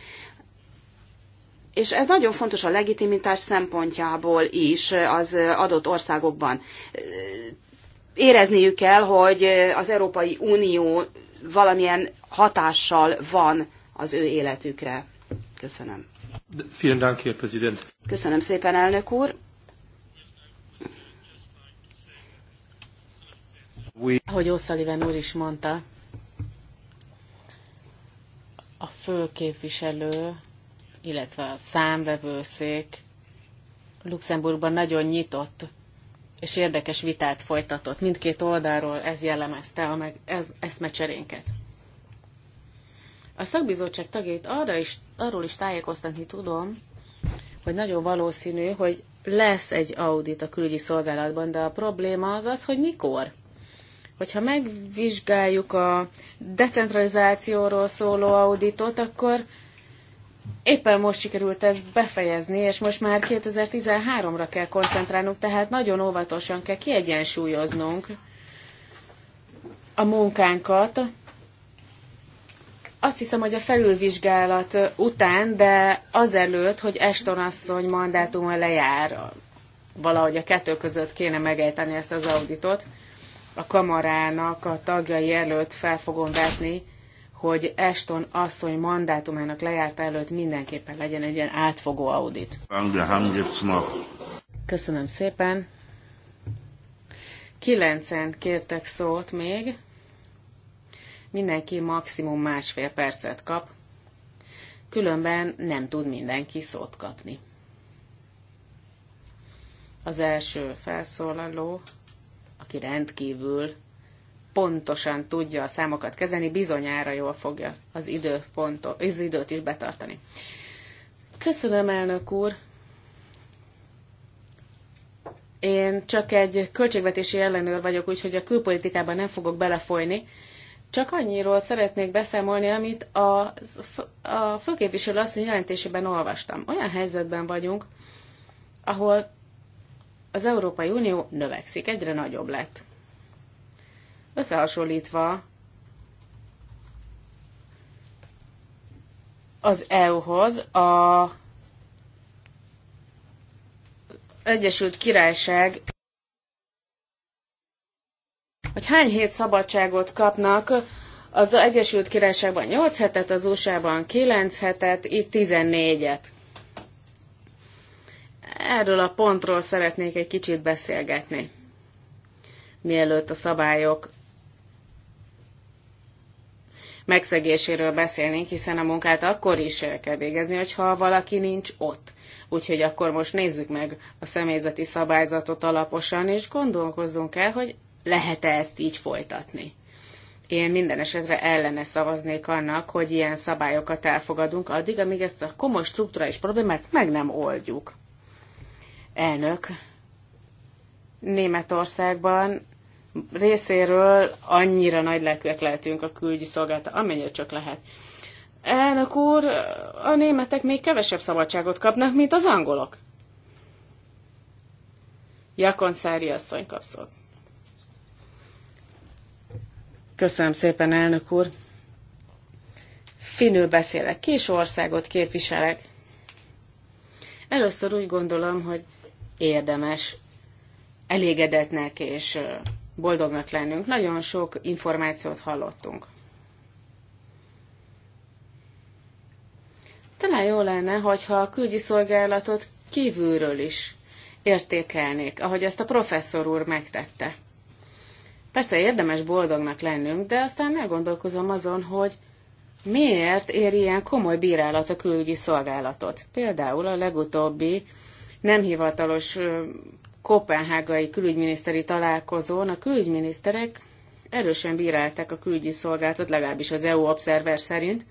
és ez nagyon fontos a legitimitás szempontjából is eh, az eh, adott országokban. Eh, érezniük kell, hogy az Európai Unió valamilyen hatással van az ő életükre. Köszönöm. Vielen Dank, Herr Präsident. Köszönöm szépen, elnök úr. Ahogy Oszaliven úr is mondta, a főképviselő illetve a számvevőszék Luxemburgban nagyon nyitott és érdekes vitát folytatott. Mindkét oldalról ez jellemezte a meg ez eszmecserénket. A szakbizottság tagjait arra is, arról is tájékoztatni tudom, hogy nagyon valószínű, hogy lesz egy audit a külügyi szolgálatban, de a probléma az az, hogy mikor. Hogyha megvizsgáljuk a decentralizációról szóló auditot, akkor Éppen most sikerült ezt befejezni, és most már 2013-ra kell koncentrálnunk, tehát nagyon óvatosan kell kiegyensúlyoznunk a munkánkat. Azt hiszem, hogy a felülvizsgálat után, de azelőtt, hogy Eston asszony mandátuma lejár, valahogy a kettő között kéne megejteni ezt az auditot, a kamarának a tagjai előtt fel fogom vetni hogy Eston asszony mandátumának lejárta előtt mindenképpen legyen egy ilyen átfogó audit. Köszönöm szépen. Kilencen kértek szót még. Mindenki maximum másfél percet kap. Különben nem tud mindenki szót kapni. Az első felszólaló, aki rendkívül pontosan tudja a számokat kezelni, bizonyára jól fogja az, időpontot, az időt is betartani. Köszönöm, elnök úr! Én csak egy költségvetési ellenőr vagyok, úgyhogy a külpolitikában nem fogok belefolyni. Csak annyiról szeretnék beszámolni, amit a, a főképviselő asszony jelentésében olvastam. Olyan helyzetben vagyunk, ahol az Európai Unió növekszik, egyre nagyobb lett. Összehasonlítva az EU-hoz a Egyesült Királyság hogy hány hét szabadságot kapnak, az Egyesült Királyságban 8 hetet, az USA-ban 9 hetet, itt 14-et. Erről a pontról szeretnék egy kicsit beszélgetni, mielőtt a szabályok megszegéséről beszélnénk, hiszen a munkát akkor is el kell végezni, hogyha valaki nincs ott. Úgyhogy akkor most nézzük meg a személyzeti szabályzatot alaposan, és gondolkozzunk el, hogy lehet-e ezt így folytatni. Én minden esetre ellene szavaznék annak, hogy ilyen szabályokat elfogadunk addig, amíg ezt a komoly struktúrális problémát meg nem oldjuk. Elnök, Németországban részéről annyira nagy lelkűek lehetünk a külügyi szolgáltat, amennyire csak lehet. Elnök úr, a németek még kevesebb szabadságot kapnak, mint az angolok. Jakon Szári asszony kapszott. Köszönöm szépen, elnök úr. Finül beszélek, kis országot képviselek. Először úgy gondolom, hogy érdemes elégedetnek és boldognak lennünk. Nagyon sok információt hallottunk. Talán jó lenne, hogyha a külgyi szolgálatot kívülről is értékelnék, ahogy ezt a professzor úr megtette. Persze érdemes boldognak lennünk, de aztán elgondolkozom azon, hogy miért ér ilyen komoly bírálat a külügyi szolgálatot. Például a legutóbbi nem hivatalos kopenhágai külügyminiszteri találkozón a külügyminiszterek erősen bírálták a külügyi szolgáltat, legalábbis az EU Observer szerint,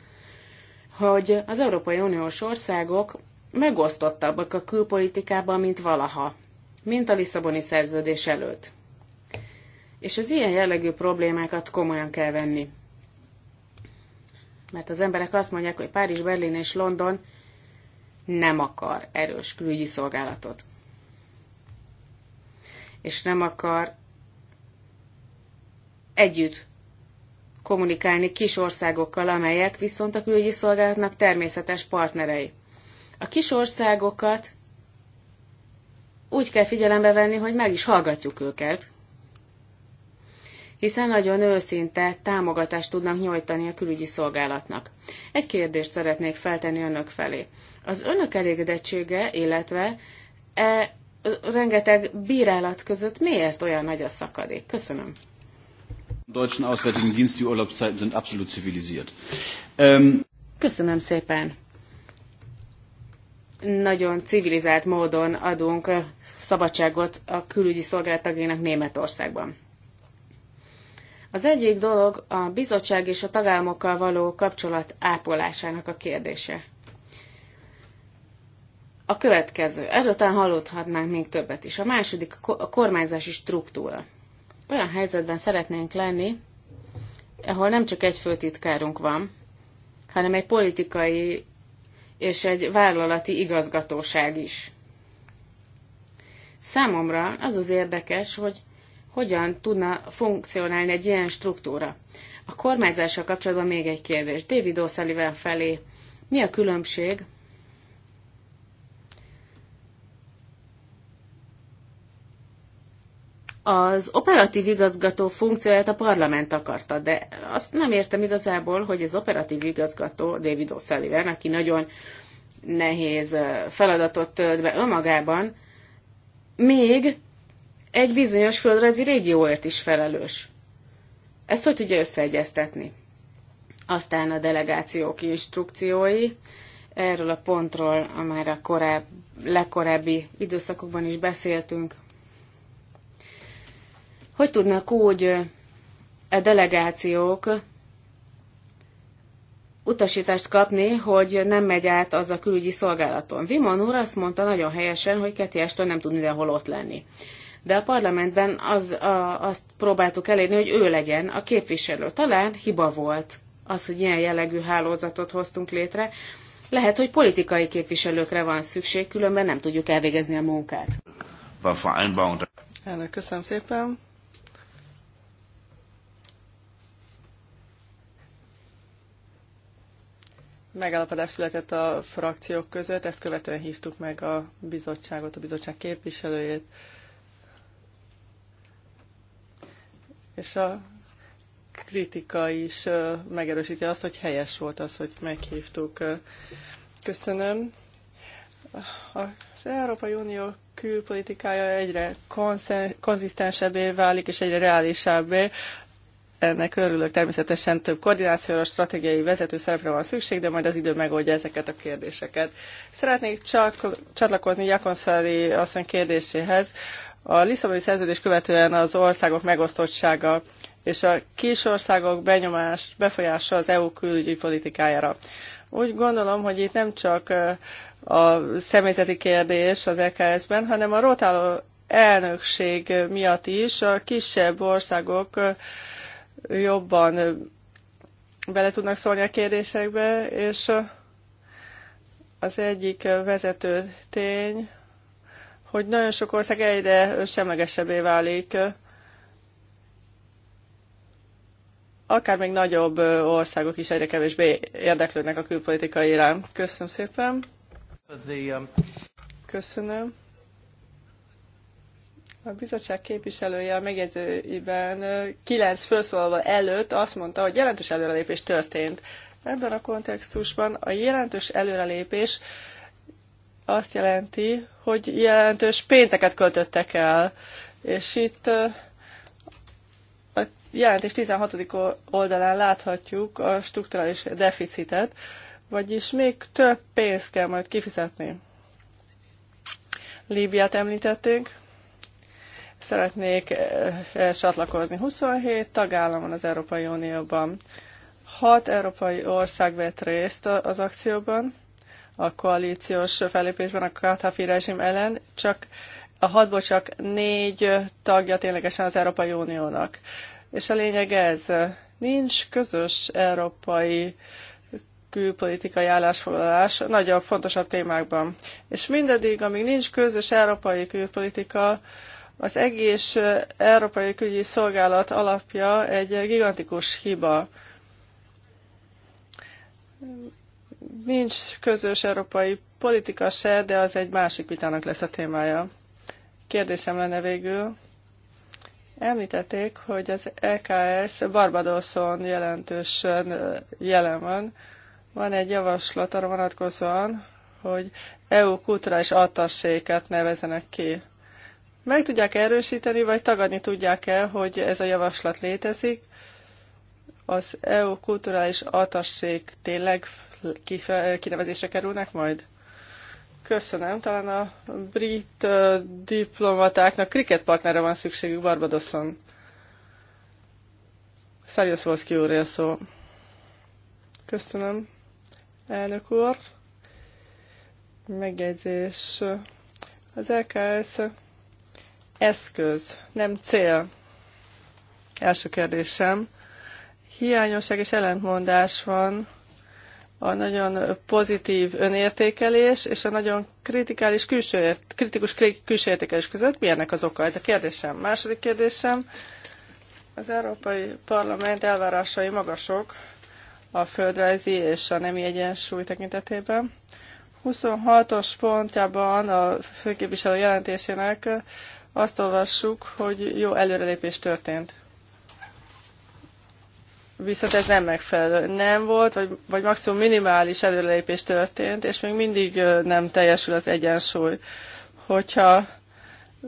hogy az Európai Uniós országok megosztottabbak a külpolitikában, mint valaha, mint a Lisszaboni szerződés előtt. És az ilyen jellegű problémákat komolyan kell venni. Mert az emberek azt mondják, hogy Párizs, Berlin és London nem akar erős külügyi szolgálatot és nem akar együtt kommunikálni kis országokkal, amelyek viszont a külügyi szolgálatnak természetes partnerei. A kis országokat úgy kell figyelembe venni, hogy meg is hallgatjuk őket, hiszen nagyon őszinte támogatást tudnak nyújtani a külügyi szolgálatnak. Egy kérdést szeretnék feltenni önök felé. Az önök elégedettsége, illetve e rengeteg bírálat között miért olyan nagy a szakadék? Köszönöm. Deutschen Auswärtigen Dienst, die Urlaubszeiten sind absolut zivilisiert. Ähm... Köszönöm szépen. Nagyon civilizált módon adunk szabadságot a külügyi szolgáltagének Németországban. Az egyik dolog a bizottság és a tagállamokkal való kapcsolat ápolásának a kérdése a következő, ezután hallódhatnánk még többet is. A második a kormányzási struktúra. Olyan helyzetben szeretnénk lenni, ahol nem csak egy főtitkárunk van, hanem egy politikai és egy vállalati igazgatóság is. Számomra az az érdekes, hogy hogyan tudna funkcionálni egy ilyen struktúra. A kormányzással kapcsolatban még egy kérdés. David O'Sullivan felé mi a különbség az operatív igazgató funkcióját a parlament akarta, de azt nem értem igazából, hogy az operatív igazgató David O'Sullivan, aki nagyon nehéz feladatot tölt be önmagában, még egy bizonyos földrajzi régióért is felelős. Ezt hogy tudja összeegyeztetni? Aztán a delegációk instrukciói. Erről a pontról már a korábbi, legkorábbi időszakokban is beszéltünk. Hogy tudnak úgy a e delegációk utasítást kapni, hogy nem megy át az a külügyi szolgálaton. Vimon úr azt mondta nagyon helyesen, hogy Keti Ashton nem tud mindenhol ott lenni. De a parlamentben az, a, azt próbáltuk elérni, hogy ő legyen a képviselő. Talán hiba volt az, hogy ilyen jellegű hálózatot hoztunk létre. Lehet, hogy politikai képviselőkre van szükség, különben nem tudjuk elvégezni a munkát. Elnök, köszönöm szépen. megállapodás született a frakciók között, ezt követően hívtuk meg a bizottságot, a bizottság képviselőjét. És a kritika is megerősíti azt, hogy helyes volt az, hogy meghívtuk. Köszönöm. Az Európai Unió külpolitikája egyre konzisztensebbé válik, és egyre reálisabbé. Ennek örülök, természetesen több koordinációra, stratégiai vezető szerepre van szükség, de majd az idő megoldja ezeket a kérdéseket. Szeretnék csak csatlakozni Jakonszári asszony kérdéséhez. A Lisszaboni szerződés követően az országok megosztottsága és a kis országok benyomás, befolyása az EU külügyi politikájára. Úgy gondolom, hogy itt nem csak eh, a személyzeti kérdés az EKS-ben, hanem a rotáló elnökség miatt is a kisebb országok eh, jobban bele tudnak szólni a kérdésekbe, és az egyik vezető tény, hogy nagyon sok ország egyre semlegesebbé válik, akár még nagyobb országok is egyre kevésbé érdeklődnek a külpolitikai iránt. Köszönöm szépen. Um, Köszönöm. A bizottság képviselője a megjegyzőiben kilenc felszólalva előtt azt mondta, hogy jelentős előrelépés történt. Ebben a kontextusban a jelentős előrelépés azt jelenti, hogy jelentős pénzeket költöttek el. És itt a jelentés 16. oldalán láthatjuk a strukturális deficitet, vagyis még több pénzt kell majd kifizetni. Líbiát említették szeretnék eh, eh, csatlakozni. 27 tagállam van az Európai Unióban. Hat európai ország vett részt az akcióban, a koalíciós felépésben a Kadhafi rezsim ellen, csak a hatból csak négy tagja ténylegesen az Európai Uniónak. És a lényeg ez, nincs közös európai külpolitikai állásfoglalás nagyobb, fontosabb témákban. És mindaddig, amíg nincs közös európai külpolitika, az egész Európai Ügyi Szolgálat alapja egy gigantikus hiba. Nincs közös európai politika se, de az egy másik vitának lesz a témája. Kérdésem lenne végül. Említették, hogy az EKS Barbadoson jelentősen jelen van. Van egy javaslat arra vonatkozóan, hogy EU kulturális attasséket nevezenek ki. Meg tudják erősíteni, vagy tagadni tudják el, hogy ez a javaslat létezik? Az EU kulturális atasség tényleg kinevezésre kerülnek majd? Köszönöm. Talán a brit diplomatáknak kriketpartnere van szükségük Barbadoson. Szerjusz Volszki úr szó. Köszönöm, elnök úr. Megjegyzés. Az LKS e eszköz, nem cél. Első kérdésem. Hiányosság és ellentmondás van a nagyon pozitív önértékelés és a nagyon kritikális külső ért, kritikus külső értékelés között. Mi ennek az oka? Ez a kérdésem. Második kérdésem. Az Európai Parlament elvárásai magasok a földrajzi és a nemi egyensúly tekintetében. 26-os pontjában a főképviselő jelentésének azt olvassuk, hogy jó előrelépés történt. Viszont ez nem megfelelő. Nem volt, vagy, vagy maximum minimális előrelépés történt, és még mindig nem teljesül az egyensúly. Hogyha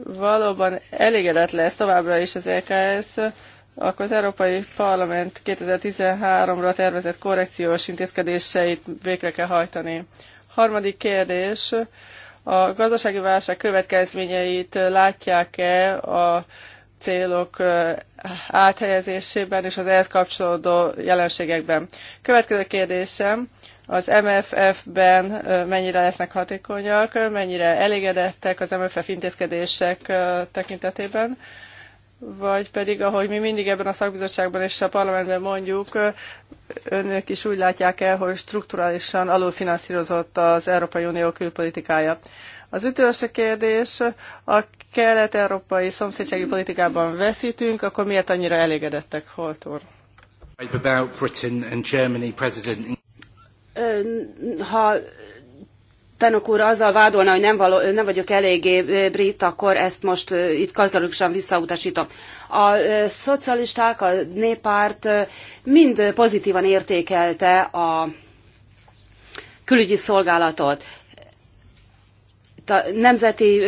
valóban elégedett lesz továbbra is az EKS, akkor az Európai Parlament 2013-ra tervezett korrekciós intézkedéseit végre kell hajtani. Harmadik kérdés, a gazdasági válság következményeit látják-e a célok áthelyezésében és az ehhez kapcsolódó jelenségekben. Következő kérdésem, az MFF-ben mennyire lesznek hatékonyak, mennyire elégedettek az MFF intézkedések tekintetében, vagy pedig, ahogy mi mindig ebben a szakbizottságban és a parlamentben mondjuk, önök is úgy látják el, hogy strukturálisan alulfinanszírozott az Európai Unió külpolitikája. Az utolsó kérdés, a kelet-európai szomszédsági politikában veszítünk, akkor miért annyira elégedettek, Holtor? Ha Tenok úr azzal vádolna, hogy nem, való, nem vagyok eléggé brit, akkor ezt most itt kategorikusan visszautasítom. A szocialisták, a néppárt mind pozitívan értékelte a külügyi szolgálatot a nemzeti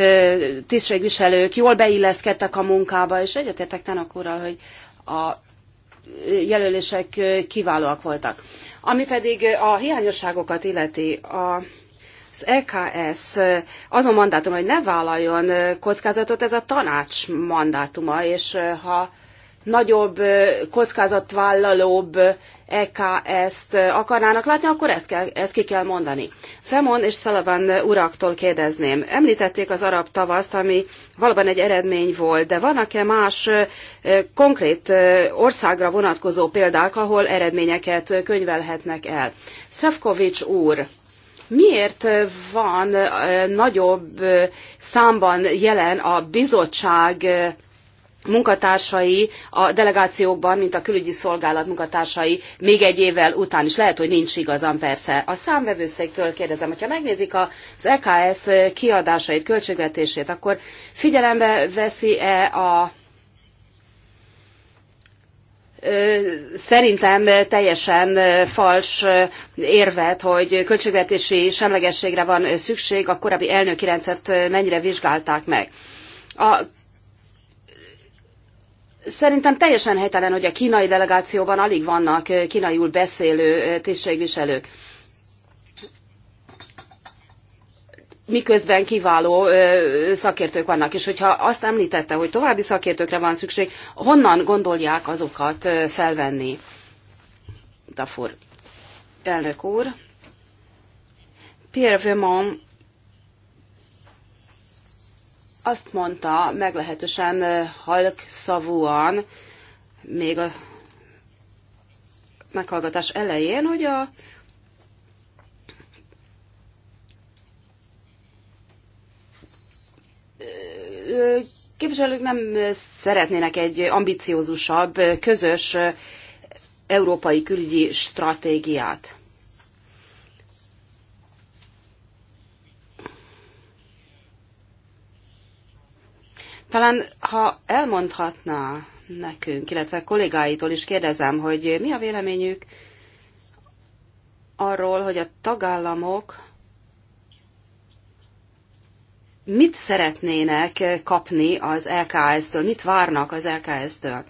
tisztségviselők jól beilleszkedtek a munkába, és egyetértek Tanak úrral, hogy a jelölések kiválóak voltak. Ami pedig a hiányosságokat illeti, a EKS azon mandátum, hogy ne vállaljon kockázatot, ez a tanács mandátuma, és ha nagyobb, kockázatvállalóbb EKS-t akarnának látni, akkor ezt, kell, ezt ki kell mondani. Femon és Sullivan uraktól kérdezném. Említették az arab tavaszt, ami valóban egy eredmény volt, de vannak-e más konkrét országra vonatkozó példák, ahol eredményeket könyvelhetnek el? Szefkovics úr, miért van nagyobb számban jelen a bizottság munkatársai a delegációkban, mint a külügyi szolgálat munkatársai még egy évvel után is. Lehet, hogy nincs igazam persze. A számvevőszéktől kérdezem, hogyha megnézik az EKS kiadásait, költségvetését, akkor figyelembe veszi-e a szerintem teljesen fals érvet, hogy költségvetési semlegességre van szükség, a korábbi elnöki rendszert mennyire vizsgálták meg. A Szerintem teljesen helytelen, hogy a kínai delegációban alig vannak kínaiul beszélő tisztségviselők. miközben kiváló szakértők vannak. És hogyha azt említette, hogy további szakértőkre van szükség, honnan gondolják azokat felvenni? Dafur. Elnök úr. Pierre azt mondta meglehetősen halk szavúan, még a meghallgatás elején, hogy a képviselők nem szeretnének egy ambiciózusabb, közös európai külügyi stratégiát. Talán, ha elmondhatná nekünk, illetve kollégáitól is kérdezem, hogy mi a véleményük arról, hogy a tagállamok mit szeretnének kapni az LKS-től, mit várnak az LKS-től.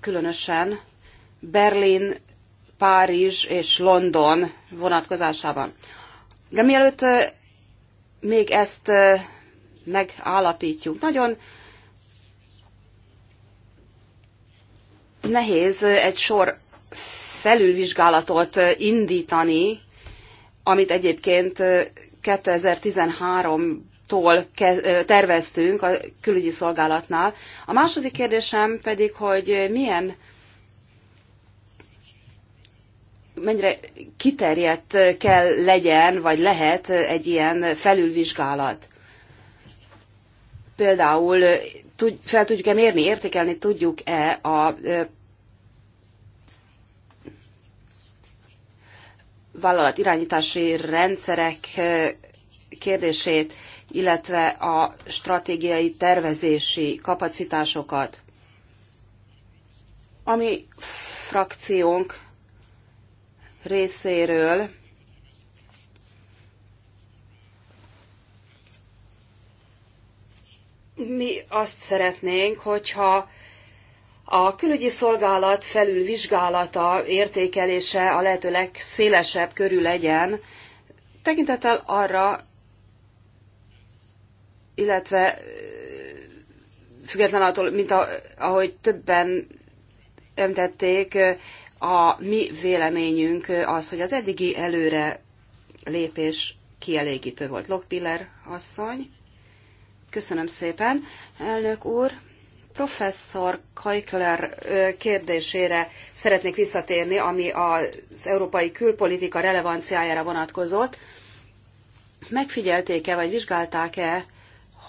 Különösen Berlin, Párizs és London vonatkozásában. De mielőtt még ezt megállapítjuk, nagyon nehéz egy sor felülvizsgálatot indítani, amit egyébként 2013 tól terveztünk a külügyi szolgálatnál. A második kérdésem pedig, hogy milyen mennyire kiterjedt kell legyen, vagy lehet egy ilyen felülvizsgálat. Például fel tudjuk-e mérni, értékelni tudjuk-e a vállalat irányítási rendszerek eh, kérdését, illetve a stratégiai tervezési kapacitásokat. Ami frakciónk részéről mi azt szeretnénk, hogyha a külügyi szolgálat felülvizsgálata, értékelése a lehető legszélesebb körű legyen, tekintettel arra, illetve független attól, mint a, ahogy többen említették, a mi véleményünk az, hogy az eddigi előre lépés kielégítő volt. Lokpiller asszony, köszönöm szépen, elnök úr. Professzor Kaikler kérdésére szeretnék visszatérni, ami az európai külpolitika relevanciájára vonatkozott. Megfigyelték-e, vagy vizsgálták-e,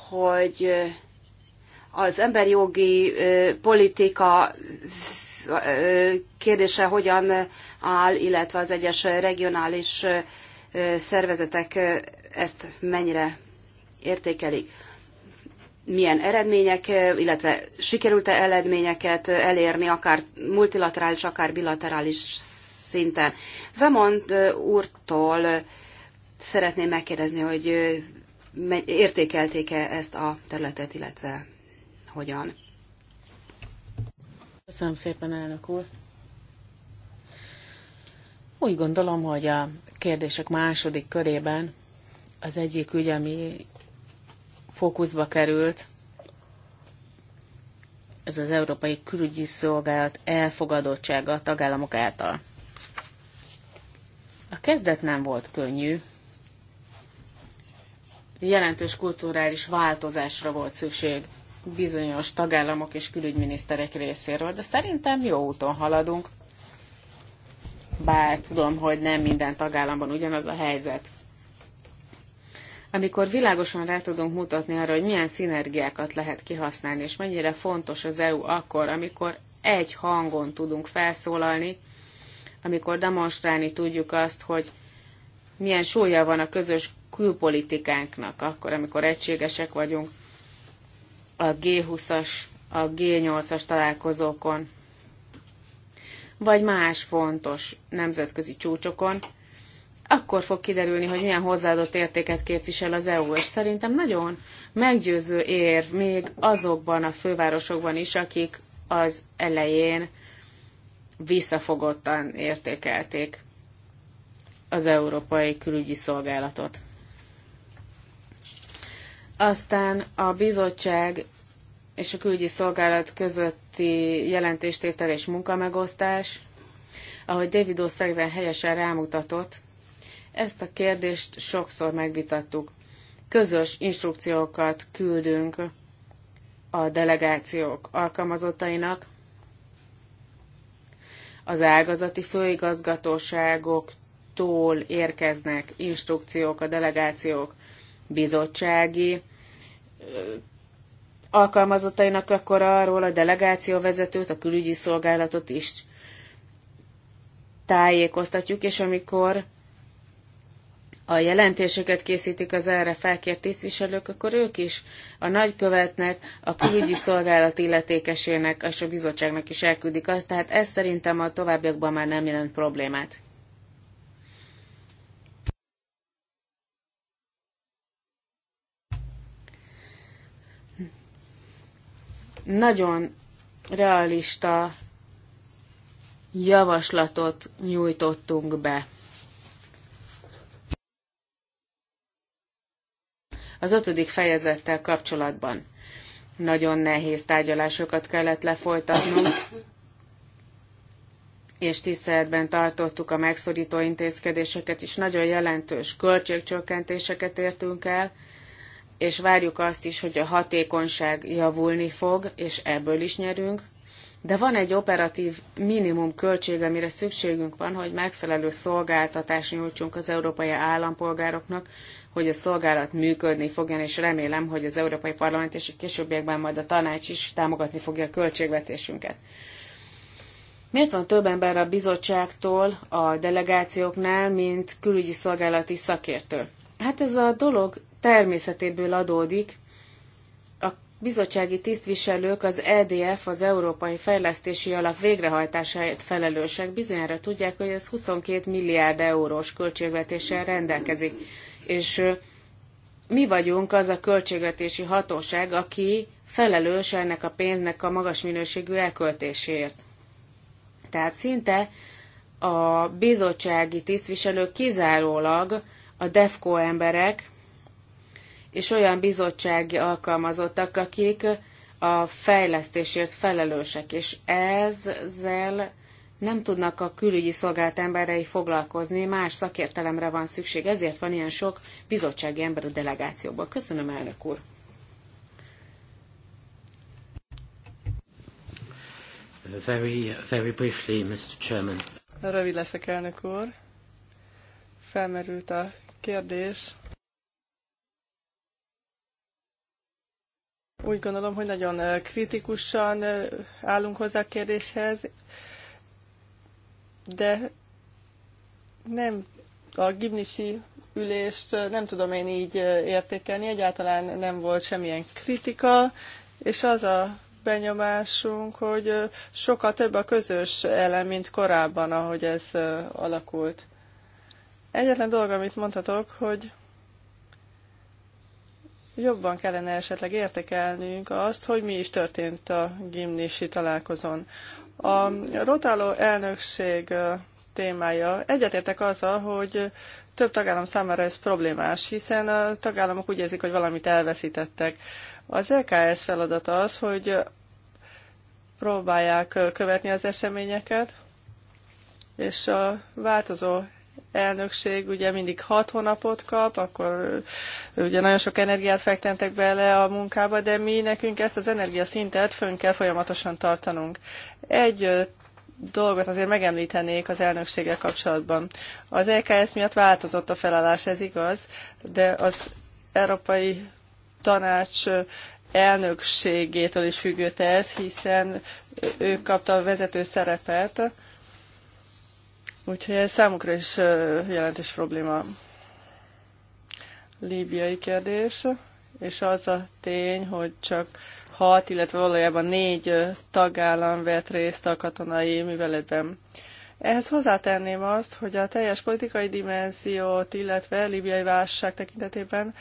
hogy az emberjogi politika kérdése hogyan áll, illetve az egyes regionális szervezetek ezt mennyire értékelik milyen eredmények, illetve sikerült-e eredményeket elérni, akár multilaterális, akár bilaterális szinten. Vemont úrtól szeretném megkérdezni, hogy értékelték-e ezt a területet, illetve hogyan. Köszönöm szépen, elnök úr. Úgy gondolom, hogy a kérdések második körében az egyik ügy, ami fókuszba került. Ez az Európai Külügyi Szolgálat elfogadottsága a tagállamok által. A kezdet nem volt könnyű. Jelentős kulturális változásra volt szükség bizonyos tagállamok és külügyminiszterek részéről, de szerintem jó úton haladunk. Bár tudom, hogy nem minden tagállamban ugyanaz a helyzet amikor világosan rá tudunk mutatni arra, hogy milyen szinergiákat lehet kihasználni, és mennyire fontos az EU akkor, amikor egy hangon tudunk felszólalni, amikor demonstrálni tudjuk azt, hogy milyen súlya van a közös külpolitikánknak, akkor, amikor egységesek vagyunk a G20-as, a G8-as találkozókon, vagy más fontos nemzetközi csúcsokon, akkor fog kiderülni, hogy milyen hozzáadott értéket képvisel az EU, és szerintem nagyon meggyőző érv még azokban a fővárosokban is, akik az elején visszafogottan értékelték az Európai Külügyi Szolgálatot. Aztán a bizottság és a külügyi szolgálat közötti jelentéstétel és munkamegosztás, ahogy David O'Sullivan helyesen rámutatott, ezt a kérdést sokszor megvitattuk. Közös instrukciókat küldünk a delegációk alkalmazottainak, az ágazati főigazgatóságoktól érkeznek instrukciók a delegációk bizottsági alkalmazottainak, akkor arról a delegáció vezetőt, a külügyi szolgálatot is tájékoztatjuk, és amikor a jelentéseket készítik az erre felkért tisztviselők, akkor ők is a nagykövetnek, a külügyi szolgálat illetékesének és a bizottságnak is elküldik azt, tehát ez szerintem a továbbiakban már nem jelent problémát. Nagyon realista javaslatot nyújtottunk be az ötödik fejezettel kapcsolatban. Nagyon nehéz tárgyalásokat kellett lefolytatnunk, és tiszteletben tartottuk a megszorító intézkedéseket is, nagyon jelentős költségcsökkentéseket értünk el, és várjuk azt is, hogy a hatékonyság javulni fog, és ebből is nyerünk. De van egy operatív minimum költség, amire szükségünk van, hogy megfelelő szolgáltatást nyújtsunk az európai állampolgároknak, hogy a szolgálat működni fogjon, és remélem, hogy az Európai Parlament és a későbbiekben majd a tanács is támogatni fogja a költségvetésünket. Miért van több ember a bizottságtól, a delegációknál, mint külügyi szolgálati szakértő? Hát ez a dolog természetéből adódik. A bizottsági tisztviselők az EDF, az Európai Fejlesztési Alap végrehajtásáért felelősek. Bizonyára tudják, hogy ez 22 milliárd eurós költségvetéssel rendelkezik és mi vagyunk az a költségvetési hatóság, aki felelős ennek a pénznek a magas minőségű elköltéséért. Tehát szinte a bizottsági tisztviselők kizárólag a DEFCO emberek, és olyan bizottsági alkalmazottak, akik a fejlesztésért felelősek, és ezzel nem tudnak a külügyi szolgált emberei foglalkozni, más szakértelemre van szükség, ezért van ilyen sok bizottsági ember a delegációban. Köszönöm, elnök úr! Very, very briefly, Mr. Chairman. Rövid leszek, elnök úr. Felmerült a kérdés. Úgy gondolom, hogy nagyon kritikusan állunk hozzá a kérdéshez de nem a gimnisi ülést nem tudom én így értékelni, egyáltalán nem volt semmilyen kritika, és az a benyomásunk, hogy sokkal több a közös elem, mint korábban, ahogy ez alakult. Egyetlen dolog, amit mondhatok, hogy jobban kellene esetleg értékelnünk azt, hogy mi is történt a gimnisi találkozón. A rotáló elnökség témája egyetértek azzal, hogy több tagállam számára ez problémás, hiszen a tagállamok úgy érzik, hogy valamit elveszítettek. Az LKS feladata az, hogy próbálják követni az eseményeket, és a változó elnökség ugye mindig hat hónapot kap, akkor ugye nagyon sok energiát fektentek bele a munkába, de mi nekünk ezt az energiaszintet fönn kell folyamatosan tartanunk. Egy dolgot azért megemlítenék az elnökséggel kapcsolatban. Az EKS miatt változott a felállás, ez igaz, de az Európai Tanács elnökségétől is függött ez, hiszen ő kapta a vezető szerepet, Úgyhogy ez számukra is jelentős probléma. Líbiai kérdés, és az a tény, hogy csak hat, illetve valójában négy tagállam vett részt a katonai műveletben. Ehhez hozzátenném azt, hogy a teljes politikai dimenziót, illetve líbiai válság tekintetében,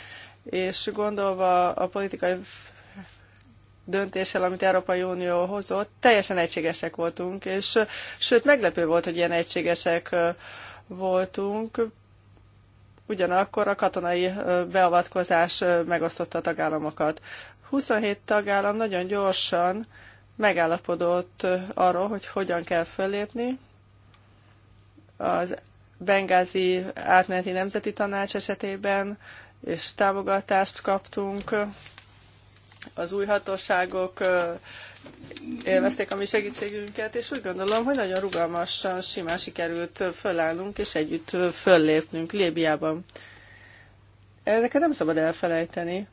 és gondolva a politikai döntéssel, amit Európai Unió hozott, teljesen egységesek voltunk, és sőt meglepő volt, hogy ilyen egységesek voltunk. Ugyanakkor a katonai beavatkozás megosztotta a tagállamokat. 27 tagállam nagyon gyorsan megállapodott arról, hogy hogyan kell fölépni. Az Bengázi átmeneti nemzeti tanács esetében és támogatást kaptunk az új hatóságok élvezték a mi segítségünket, és úgy gondolom, hogy nagyon rugalmasan, simán sikerült fölállnunk és együtt föllépnünk Lébiában. Ezeket nem szabad elfelejteni.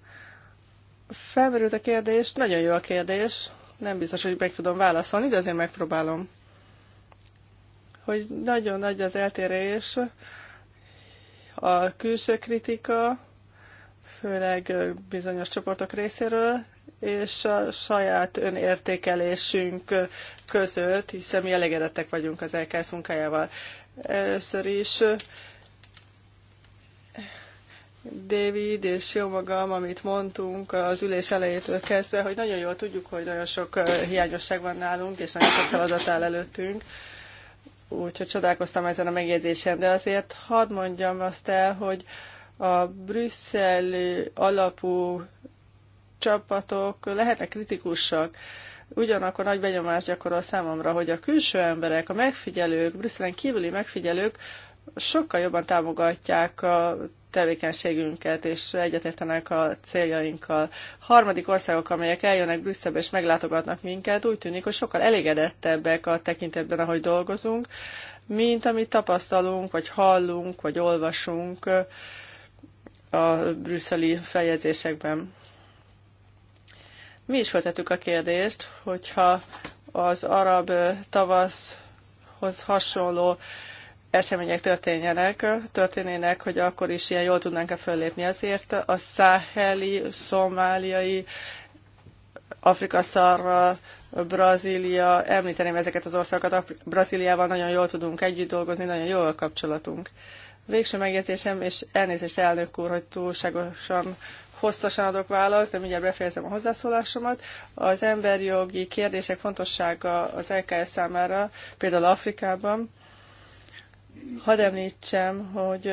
Felmerült a kérdés, nagyon jó a kérdés, nem biztos, hogy meg tudom válaszolni, de azért megpróbálom. Hogy nagyon nagy az eltérés, a külső kritika, főleg bizonyos csoportok részéről, és a saját önértékelésünk között, hiszen mi elégedettek vagyunk az LKS munkájával. Először is David és jó magam, amit mondtunk az ülés elejétől kezdve, hogy nagyon jól tudjuk, hogy nagyon sok hiányosság van nálunk, és nagyon sok feladat áll előttünk. Úgyhogy csodálkoztam ezen a megjegyzésen, de azért hadd mondjam azt el, hogy a Brüsszel alapú csapatok lehetnek kritikusak, ugyanakkor nagy benyomást gyakorol számomra, hogy a külső emberek, a megfigyelők, Brüsszelen kívüli megfigyelők sokkal jobban támogatják a tevékenységünket, és egyetértenek a céljainkkal. Harmadik országok, amelyek eljönnek Brüsszelbe és meglátogatnak minket, úgy tűnik, hogy sokkal elégedettebbek a tekintetben, ahogy dolgozunk, mint amit tapasztalunk, vagy hallunk, vagy olvasunk a brüsszeli feljegyzésekben. Mi is feltettük a kérdést, hogyha az arab tavaszhoz hasonló események történjenek, történének, hogy akkor is ilyen jól tudnánk-e föllépni. Ezért a száheli, szomáliai, Afrika szarra, Brazília, említeném ezeket az országokat, Brazíliával nagyon jól tudunk együtt dolgozni, nagyon jó a kapcsolatunk. Végső megjegyzésem, és elnézést elnök úr, hogy túlságosan hosszasan adok választ, de mindjárt befejezem a hozzászólásomat. Az emberjogi kérdések fontossága az LKS számára, például Afrikában. Hadd említsem, hogy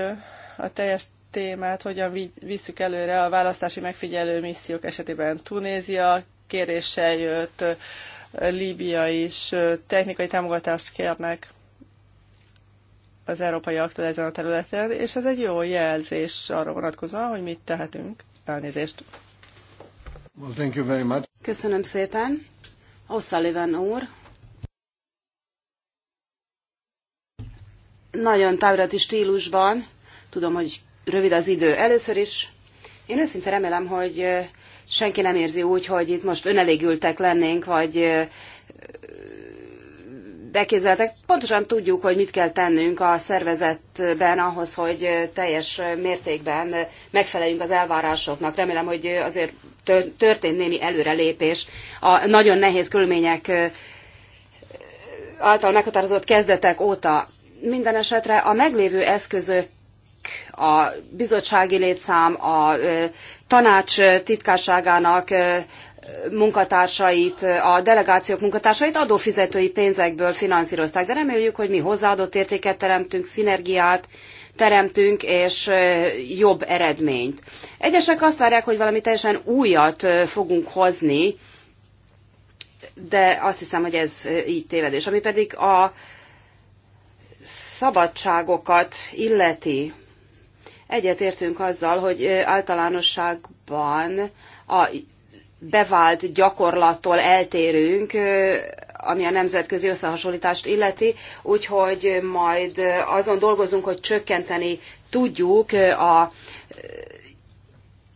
a teljes témát hogyan visszük előre a választási megfigyelő missziók esetében. Tunézia kéréssel jött, Líbia is technikai támogatást kérnek az európai aktor ezen a területen, és ez egy jó jelzés arra vonatkozóan, hogy mit tehetünk. Elnézést. Well, thank you very much. Köszönöm szépen. O'Sullivan úr. Nagyon távirati stílusban, tudom, hogy rövid az idő. Először is én őszinte remélem, hogy senki nem érzi úgy, hogy itt most önelégültek lennénk, vagy elképzeltek. Pontosan tudjuk, hogy mit kell tennünk a szervezetben ahhoz, hogy teljes mértékben megfeleljünk az elvárásoknak. Remélem, hogy azért történt némi előrelépés a nagyon nehéz körülmények által meghatározott kezdetek óta. Minden esetre a meglévő eszközök a bizottsági létszám, a tanács titkárságának munkatársait, a delegációk munkatársait adófizetői pénzekből finanszírozták, de reméljük, hogy mi hozzáadott értéket teremtünk, szinergiát teremtünk, és jobb eredményt. Egyesek azt várják, hogy valami teljesen újat fogunk hozni, de azt hiszem, hogy ez így tévedés. Ami pedig a szabadságokat illeti, egyetértünk azzal, hogy általánosságban a bevált gyakorlattól eltérünk, ami a nemzetközi összehasonlítást illeti, úgyhogy majd azon dolgozunk, hogy csökkenteni tudjuk a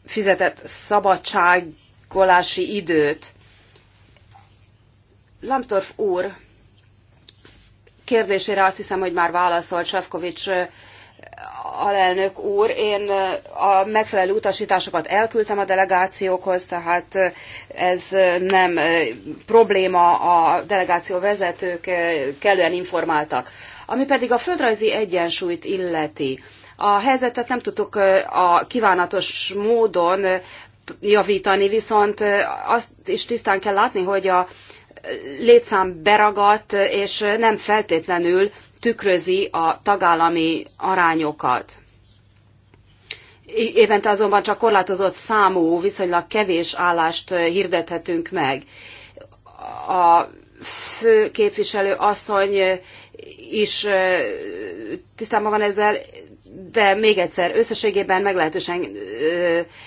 fizetett szabadságolási időt. Lambsdorff úr kérdésére azt hiszem, hogy már válaszolt Sefcovics alelnök úr, én eh, a megfelelő utasításokat elküldtem a delegációkhoz, tehát eh, ez eh, nem probléma, a delegáció vezetők kellően informáltak. Ami pedig a földrajzi egyensúlyt illeti, a helyzetet nem tudtuk a kívánatos módon javítani, viszont azt is tisztán kell látni, hogy a létszám beragadt, és nem feltétlenül tükrözi a tagállami arányokat. Évente azonban csak korlátozott számú, viszonylag kevés állást hirdethetünk meg. A fő képviselő asszony is tisztában van ezzel, de még egyszer, összességében meglehetősen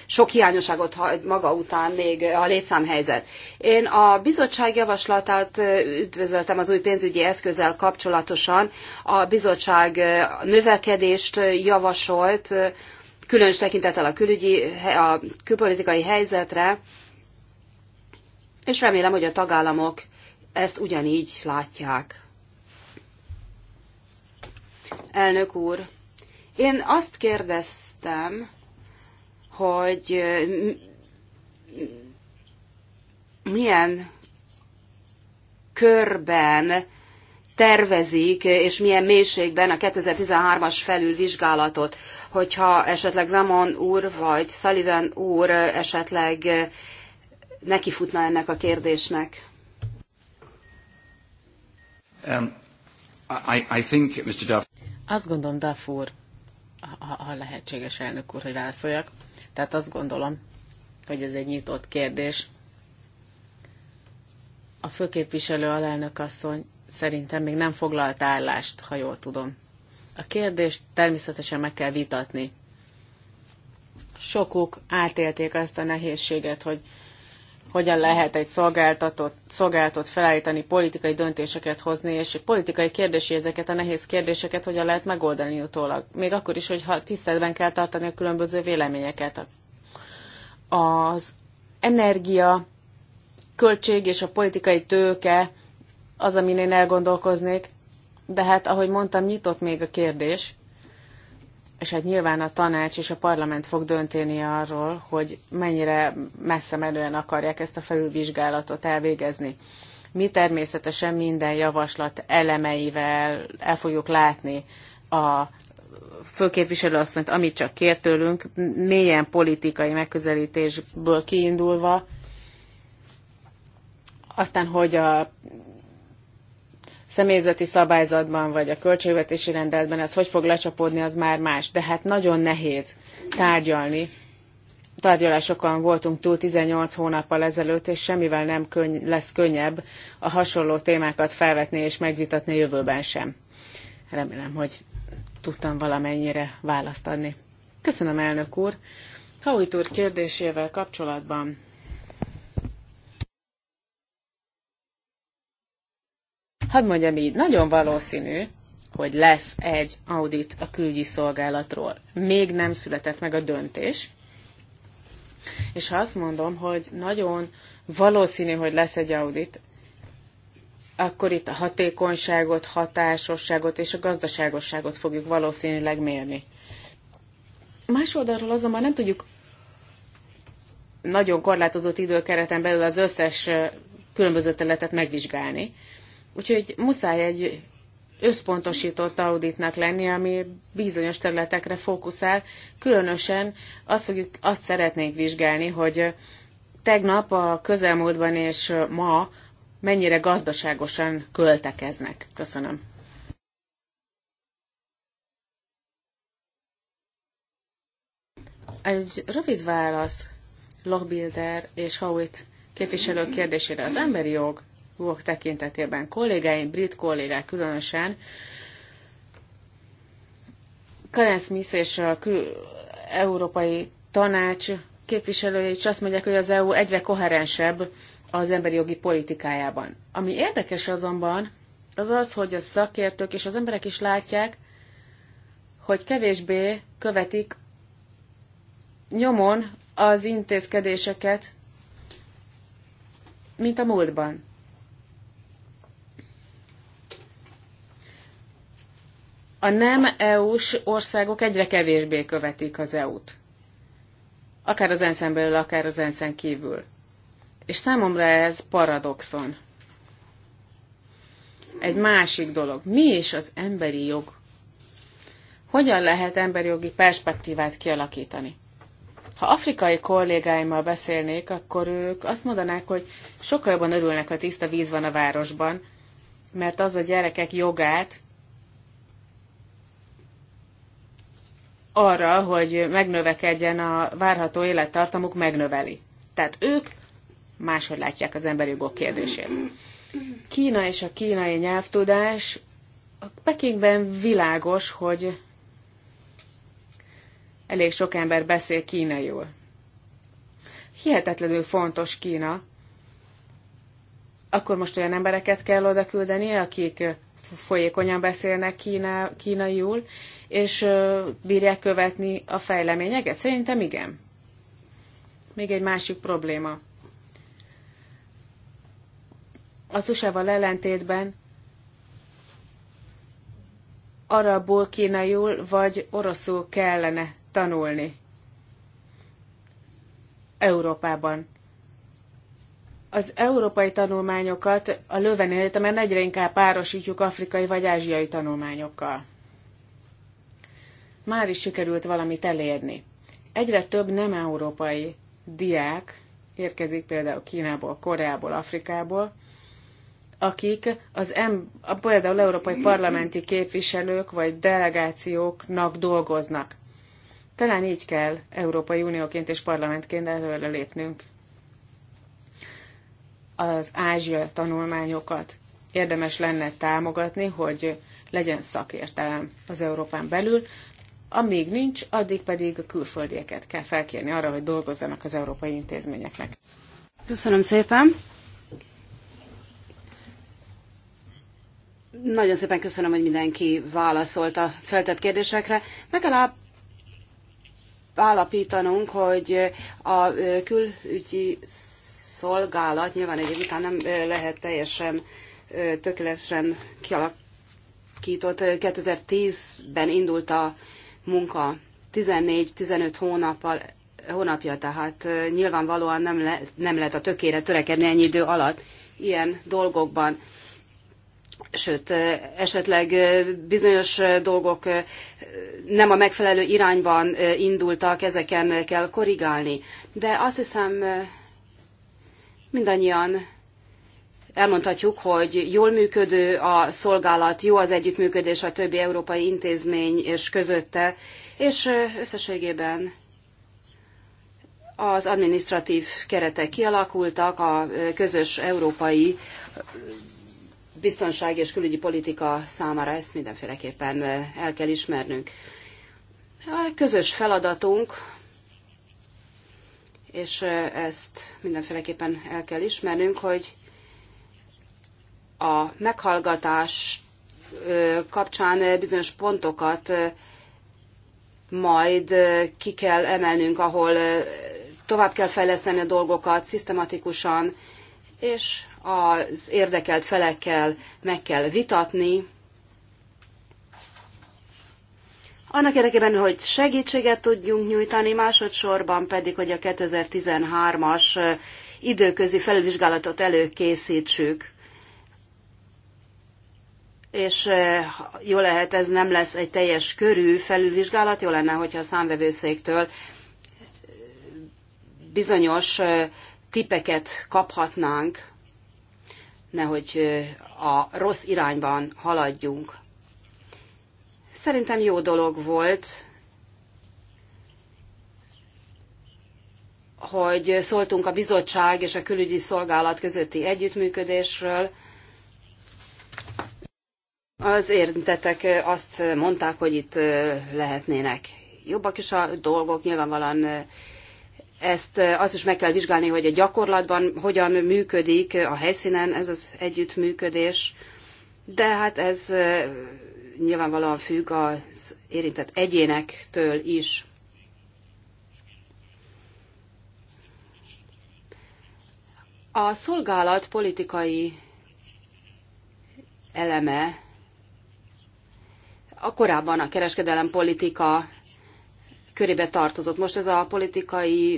sok hiányosságot hagy maga után még a létszámhelyzet. Én a bizottság javaslatát üdvözöltem az új pénzügyi eszközzel kapcsolatosan. A bizottság növekedést javasolt, különös tekintettel a, külügyi, a külpolitikai helyzetre, és remélem, hogy a tagállamok ezt ugyanígy látják. Elnök úr, én azt kérdeztem, hogy milyen körben tervezik, és milyen mélységben a 2013-as felülvizsgálatot, hogyha esetleg Vemon úr vagy Sullivan úr esetleg nekifutna ennek a kérdésnek. Um, I, I think, Mr. Duff. Azt gondolom, Duff úr, ha, lehetséges elnök úr, hogy válaszoljak. Tehát azt gondolom, hogy ez egy nyitott kérdés. A főképviselő alelnök asszony szerintem még nem foglalt állást, ha jól tudom. A kérdést természetesen meg kell vitatni. Sokuk átélték azt a nehézséget, hogy hogyan lehet egy szolgáltatót, szolgáltatót felállítani, politikai döntéseket hozni, és politikai kérdési ezeket a nehéz kérdéseket hogyan lehet megoldani utólag. Még akkor is, hogyha tiszteletben kell tartani a különböző véleményeket. Az energia, költség és a politikai tőke az, amin én elgondolkoznék, de hát, ahogy mondtam, nyitott még a kérdés, és hát nyilván a tanács és a parlament fog dönteni arról, hogy mennyire messze menően akarják ezt a felülvizsgálatot elvégezni. Mi természetesen minden javaslat elemeivel el fogjuk látni a főképviselő asszonyt, amit csak kér tőlünk, mélyen politikai megközelítésből kiindulva, aztán, hogy a személyzeti szabályzatban vagy a költségvetési rendeletben ez hogy fog lecsapódni, az már más. De hát nagyon nehéz tárgyalni. Tárgyalásokon voltunk túl 18 hónappal ezelőtt, és semmivel nem könny- lesz könnyebb a hasonló témákat felvetni és megvitatni jövőben sem. Remélem, hogy tudtam valamennyire választ adni. Köszönöm, elnök úr! Hauit úr kérdésével kapcsolatban Hadd mondjam így, nagyon valószínű, hogy lesz egy audit a külügyi szolgálatról. Még nem született meg a döntés. És ha azt mondom, hogy nagyon valószínű, hogy lesz egy audit, akkor itt a hatékonyságot, hatásosságot és a gazdaságosságot fogjuk valószínűleg mérni. Más oldalról azonban nem tudjuk nagyon korlátozott időkereten belül az összes különböző területet megvizsgálni. Úgyhogy muszáj egy összpontosított auditnak lenni, ami bizonyos területekre fókuszál. Különösen azt, fogjuk, azt szeretnénk vizsgálni, hogy tegnap, a közelmúltban és ma mennyire gazdaságosan költekeznek. Köszönöm. Egy rövid válasz Lochbilder és Howitt képviselők kérdésére. Az emberi jog jogok tekintetében. Kollégáim, brit kollégák különösen, Karen Smith és a kül- Európai Tanács képviselői, is azt mondják, hogy az EU egyre koherensebb az emberi jogi politikájában. Ami érdekes azonban, az az, hogy a szakértők és az emberek is látják, hogy kevésbé követik nyomon az intézkedéseket, mint a múltban. a nem EU-s országok egyre kevésbé követik az EU-t. Akár az ensz belül, akár az ensz kívül. És számomra ez paradoxon. Egy másik dolog. Mi is az emberi jog? Hogyan lehet emberi jogi perspektívát kialakítani? Ha afrikai kollégáimmal beszélnék, akkor ők azt mondanák, hogy sokkal jobban örülnek, ha tiszta víz van a városban, mert az a gyerekek jogát arra, hogy megnövekedjen a várható élettartamuk, megnöveli. Tehát ők máshogy látják az emberi jogok kérdését. Kína és a kínai nyelvtudás a Pekingben világos, hogy elég sok ember beszél kínaiul. Hihetetlenül fontos Kína. Akkor most olyan embereket kell oda küldeni, akik folyékonyan beszélnek kína, kínaiul, és bírják követni a fejleményeket? Szerintem igen. Még egy másik probléma. Az USA-val ellentétben arabul, kínaiul vagy oroszul kellene tanulni. Európában. Az európai tanulmányokat a löveni mert egyre inkább párosítjuk afrikai vagy ázsiai tanulmányokkal már is sikerült valamit elérni. Egyre több nem európai diák érkezik például Kínából, Koreából, Afrikából, akik az em, a például európai parlamenti képviselők vagy delegációknak dolgoznak. Talán így kell Európai Unióként és parlamentként előre lépnünk. Az Ázsia tanulmányokat érdemes lenne támogatni, hogy legyen szakértelem az Európán belül, amíg nincs, addig pedig a külföldieket kell felkérni arra, hogy dolgozzanak az európai intézményeknek. Köszönöm szépen! Nagyon szépen köszönöm, hogy mindenki válaszolt a feltett kérdésekre. Legalább állapítanunk, hogy a külügyi szolgálat nyilván egy után nem lehet teljesen tökéletesen kialakított. 2010-ben indult a munka. 14-15 hónappal hónapja, tehát nyilvánvalóan nem, le, nem lehet a tökére törekedni ennyi idő alatt ilyen dolgokban. Sőt, esetleg bizonyos dolgok nem a megfelelő irányban indultak, ezeken kell korrigálni. De azt hiszem, mindannyian elmondhatjuk, hogy jól működő a szolgálat, jó az együttműködés a többi európai intézmény és közötte, és összességében az administratív keretek kialakultak a közös európai biztonság és külügyi politika számára. Ezt mindenféleképpen el kell ismernünk. A közös feladatunk, és ezt mindenféleképpen el kell ismernünk, hogy a meghallgatás kapcsán bizonyos pontokat majd ki kell emelnünk, ahol tovább kell fejleszteni a dolgokat szisztematikusan, és az érdekelt felekkel meg kell vitatni. Annak érdekében, hogy segítséget tudjunk nyújtani, másodszorban pedig, hogy a 2013-as időközi felülvizsgálatot előkészítsük és eh, jó lehet ez nem lesz egy teljes körű felülvizsgálat, jó lenne, hogyha a számvevőszéktől bizonyos eh, tipeket kaphatnánk, nehogy eh, a rossz irányban haladjunk. Szerintem jó dolog volt, hogy szóltunk a bizottság és a külügyi szolgálat közötti együttműködésről, az érintettek azt mondták, hogy itt lehetnének jobbak is a dolgok, nyilvánvalóan ezt azt is meg kell vizsgálni, hogy a gyakorlatban hogyan működik a helyszínen ez az együttműködés, de hát ez nyilvánvalóan függ az érintett egyénektől is. A szolgálat politikai eleme a korábban a kereskedelem politika körébe tartozott. Most ez a politikai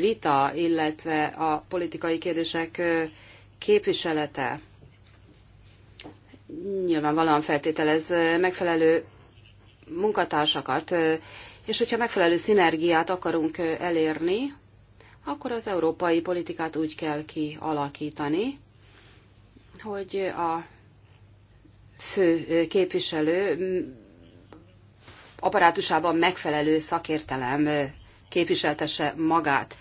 vita, illetve a politikai kérdések képviselete nyilvánvalóan feltételez megfelelő munkatársakat, és hogyha megfelelő szinergiát akarunk elérni, akkor az európai politikát úgy kell kialakítani, hogy a fő képviselő apparátusában megfelelő szakértelem képviseltesse magát.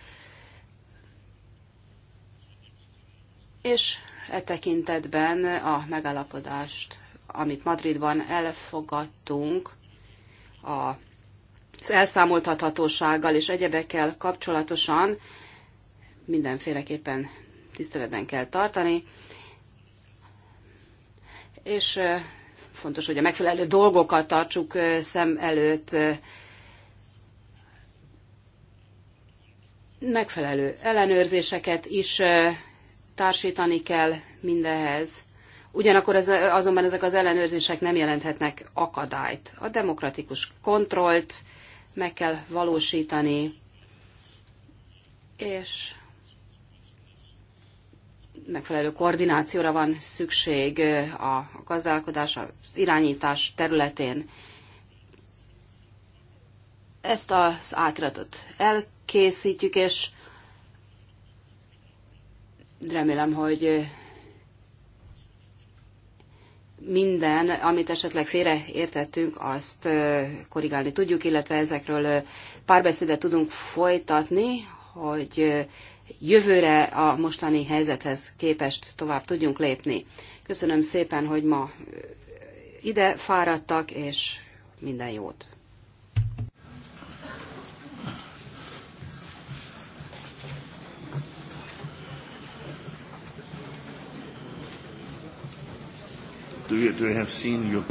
És e tekintetben a megállapodást, amit Madridban elfogadtunk, a az elszámoltathatósággal és egyebekkel kapcsolatosan mindenféleképpen tiszteletben kell tartani és fontos, hogy a megfelelő dolgokat tartsuk szem előtt, megfelelő ellenőrzéseket is társítani kell mindehez. Ugyanakkor ez, azonban ezek az ellenőrzések nem jelenthetnek akadályt. A demokratikus kontrollt meg kell valósítani, és megfelelő koordinációra van szükség a gazdálkodás, az irányítás területén. Ezt az átiratot elkészítjük, és remélem, hogy minden, amit esetleg félreértettünk, azt korrigálni tudjuk, illetve ezekről párbeszédet tudunk folytatni, hogy jövőre a mostani helyzethez képest tovább tudjunk lépni. Köszönöm szépen, hogy ma ide fáradtak, és minden jót! Do you, do you have seen your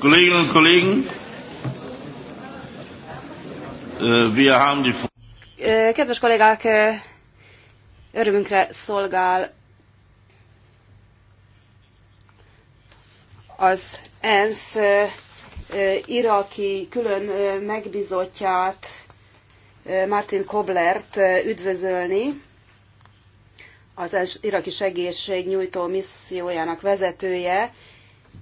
Kolleginnen und Kollegen, äh, wir haben die... Kedves kollégák, örömünkre szolgál az ENSZ iraki külön megbizotját, Martin Koblert üdvözölni, az iraki nyújtó missziójának vezetője,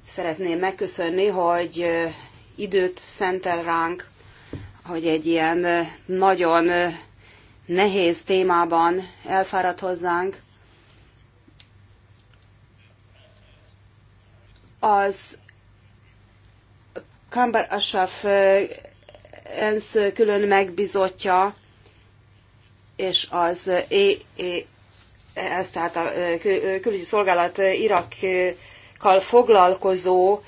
Szeretném megköszönni, hogy időt szentel ránk, hogy egy ilyen nagyon nehéz témában elfáradt hozzánk. Az Kambar Asaf ENSZ külön megbizotja, és az ez e tehát a külügyi szolgálat Irak kal foglalkozó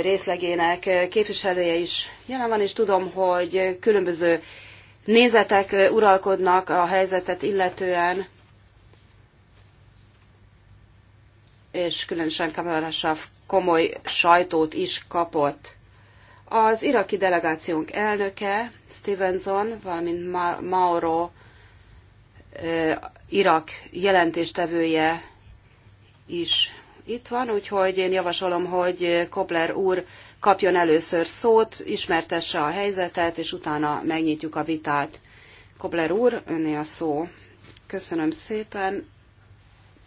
részlegének képviselője is jelen van, és tudom, hogy különböző nézetek uralkodnak a helyzetet illetően, és különösen Kamarasaf komoly sajtót is kapott. Az iraki delegációnk elnöke, Stevenson, valamint Mauro Irak jelentéstevője is itt van, úgyhogy én javasolom, hogy Kobler úr kapjon először szót, ismertesse a helyzetet, és utána megnyitjuk a vitát. Kobler úr, önné a szó. Köszönöm szépen,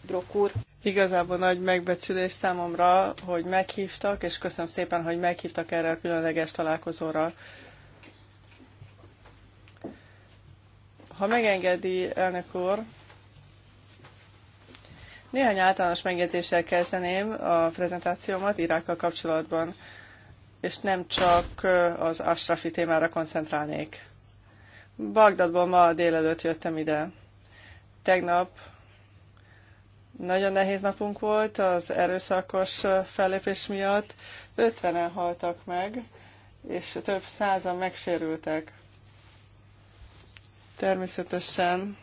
Brok úr. Igazából nagy megbecsülés számomra, hogy meghívtak, és köszönöm szépen, hogy meghívtak erre a különleges találkozóra. Ha megengedi, elnök úr, néhány általános megjegyzéssel kezdeném a prezentációmat Irákkal kapcsolatban, és nem csak az Ashrafi témára koncentrálnék. Bagdadból ma délelőtt jöttem ide. Tegnap nagyon nehéz napunk volt az erőszakos fellépés miatt. 50-en haltak meg, és több százan megsérültek. Természetesen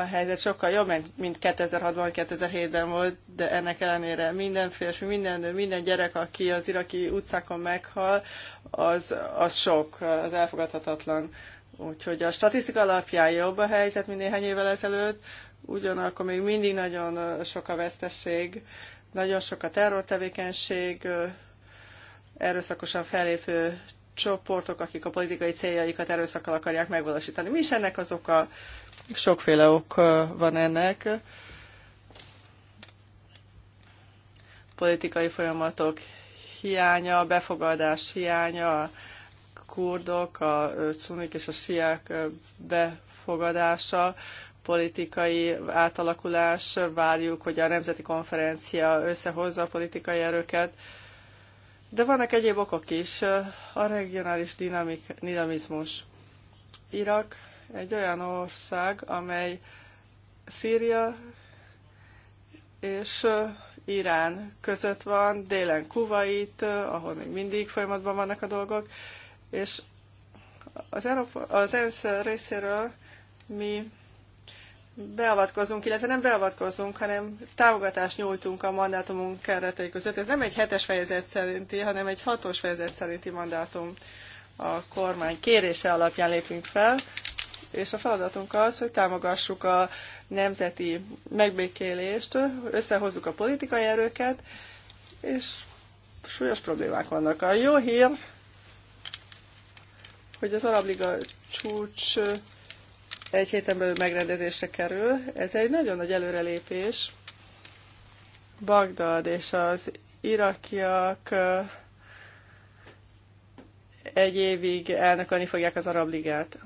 a helyzet sokkal jobb, mint 2006-ban, 2007-ben volt, de ennek ellenére minden férfi, minden nő, minden gyerek, aki az iraki utcákon meghal, az, az sok, az elfogadhatatlan. Úgyhogy a statisztika alapján jobb a helyzet, mint néhány évvel ezelőtt, ugyanakkor még mindig nagyon sok a veszteség, nagyon sok a terrortevékenység, erőszakosan felépő csoportok, akik a politikai céljaikat erőszakkal akarják megvalósítani. Mi is ennek az oka? Sokféle ok van ennek. Politikai folyamatok hiánya, befogadás hiánya, a kurdok, a cunik és a siák befogadása, politikai átalakulás, várjuk, hogy a nemzeti konferencia összehozza a politikai erőket, de vannak egyéb okok is, a regionális dinamik, dinamizmus. Irak egy olyan ország, amely Szíria és Irán között van, délen Kuwait, ahol még mindig folyamatban vannak a dolgok, és az, Európa, az ENSZ részéről mi beavatkozunk, illetve nem beavatkozunk, hanem támogatást nyújtunk a mandátumunk keretei között. Ez nem egy hetes fejezet szerinti, hanem egy hatos fejezet szerinti mandátum a kormány kérése alapján lépünk fel, és a feladatunk az, hogy támogassuk a nemzeti megbékélést, összehozzuk a politikai erőket, és súlyos problémák vannak. A jó hír, hogy az Arab Liga csúcs egy héten belül megrendezésre kerül. Ez egy nagyon nagy előrelépés. Bagdad és az irakiak egy évig elnökölni fogják az Arab Ligát.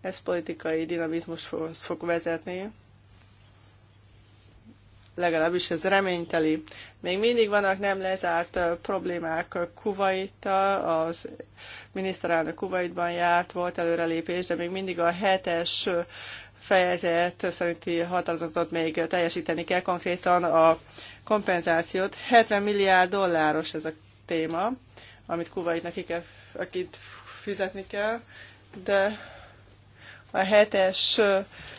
Ez politikai dinamizmushoz fog vezetni, legalábbis ez reményteli. Még mindig vannak nem lezárt problémák Kuvaittal, az miniszterelnök Kuwaitban járt, volt előrelépés, de még mindig a hetes fejezet szerinti határozatot még teljesíteni kell, konkrétan a kompenzációt. 70 milliárd dolláros ez a téma, amit Kuwaitnak ki kell, akit fizetni kell, de a hetes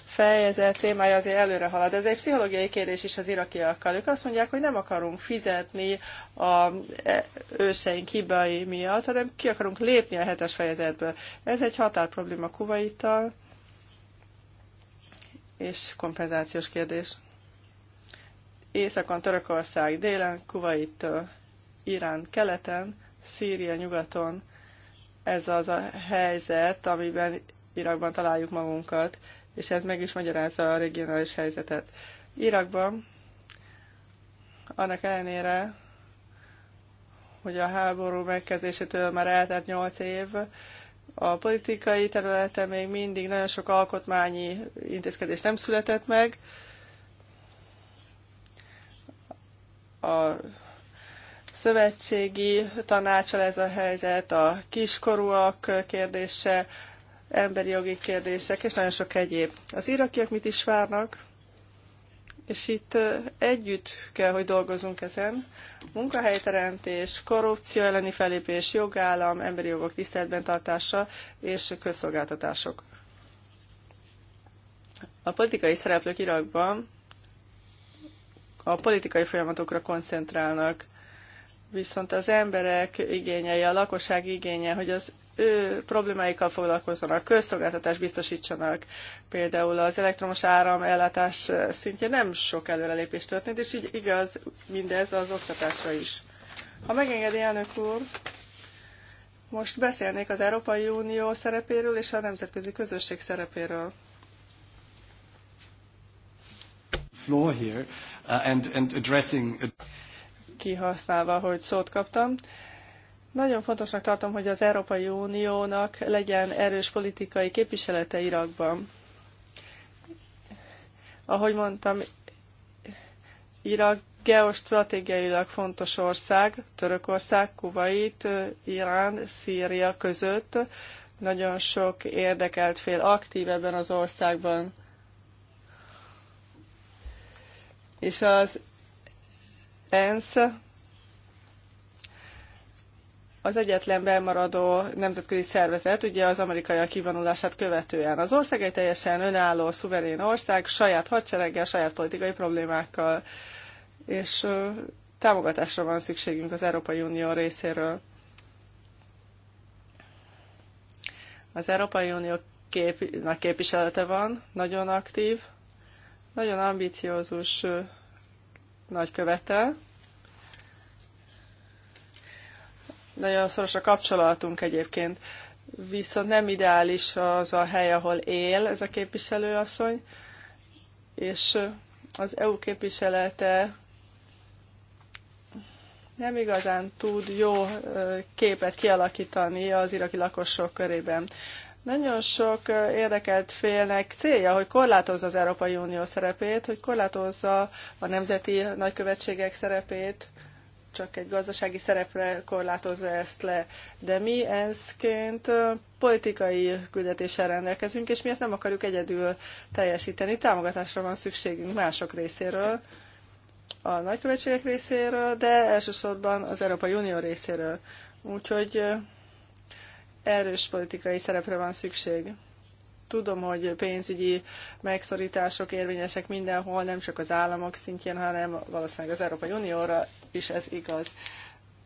fejezet témája azért előre halad. Ez egy pszichológiai kérdés is az irakiakkal. Ők azt mondják, hogy nem akarunk fizetni a e, őseink hibái miatt, hanem ki akarunk lépni a hetes fejezetből. Ez egy határprobléma Kuvaittal, és kompenzációs kérdés. Északon Törökország, délen kuwait Irán keleten, Szíria nyugaton. Ez az a helyzet, amiben Irakban találjuk magunkat, és ez meg is magyarázza a regionális helyzetet. Irakban annak ellenére, hogy a háború megkezdésétől már eltelt 8 év, a politikai területen még mindig nagyon sok alkotmányi intézkedés nem született meg. A szövetségi tanácsal ez a helyzet, a kiskorúak kérdése, emberi jogi kérdések, és nagyon sok egyéb. Az irakiak mit is várnak, és itt együtt kell, hogy dolgozunk ezen. Munkahelyteremtés, korrupció elleni felépés, jogállam, emberi jogok tiszteletben tartása és közszolgáltatások. A politikai szereplők Irakban a politikai folyamatokra koncentrálnak viszont az emberek igényei, a lakosság igénye, hogy az ő problémáikkal foglalkozzanak, közszolgáltatást biztosítsanak. Például az elektromos áram ellátás szintje nem sok előrelépés történt, és így igaz mindez az oktatásra is. Ha megengedi, elnök úr, most beszélnék az Európai Unió szerepéről és a nemzetközi közösség szerepéről. Floor here, uh, and, and addressing kihasználva, hogy szót kaptam. Nagyon fontosnak tartom, hogy az Európai Uniónak legyen erős politikai képviselete Irakban. Ahogy mondtam, Irak geostratégiailag fontos ország, Törökország, Kuwait, Irán, Szíria között. Nagyon sok érdekelt fél aktív ebben az országban. És az ENSZ az egyetlen belmaradó nemzetközi szervezet, ugye az amerikaiak kivonulását követően. Az ország egy teljesen önálló, szuverén ország, saját hadsereggel, saját politikai problémákkal, és támogatásra van szükségünk az Európai Unió részéről. Az Európai Unió kép, képviselete van, nagyon aktív, nagyon ambiciózus nagykövetel. Nagyon szoros a kapcsolatunk egyébként, viszont nem ideális az a hely, ahol él ez a képviselőasszony, és az EU képviselete nem igazán tud jó képet kialakítani az iraki lakosok körében. Nagyon sok érdekelt félnek célja, hogy korlátozza az Európai Unió szerepét, hogy korlátozza a nemzeti nagykövetségek szerepét, csak egy gazdasági szerepre korlátozza ezt le. De mi ezként politikai küldetéssel rendelkezünk, és mi ezt nem akarjuk egyedül teljesíteni. Támogatásra van szükségünk mások részéről, a nagykövetségek részéről, de elsősorban az Európai Unió részéről. Úgyhogy erős politikai szerepre van szükség. Tudom, hogy pénzügyi megszorítások érvényesek mindenhol, nem csak az államok szintjén, hanem valószínűleg az Európai Unióra is ez igaz.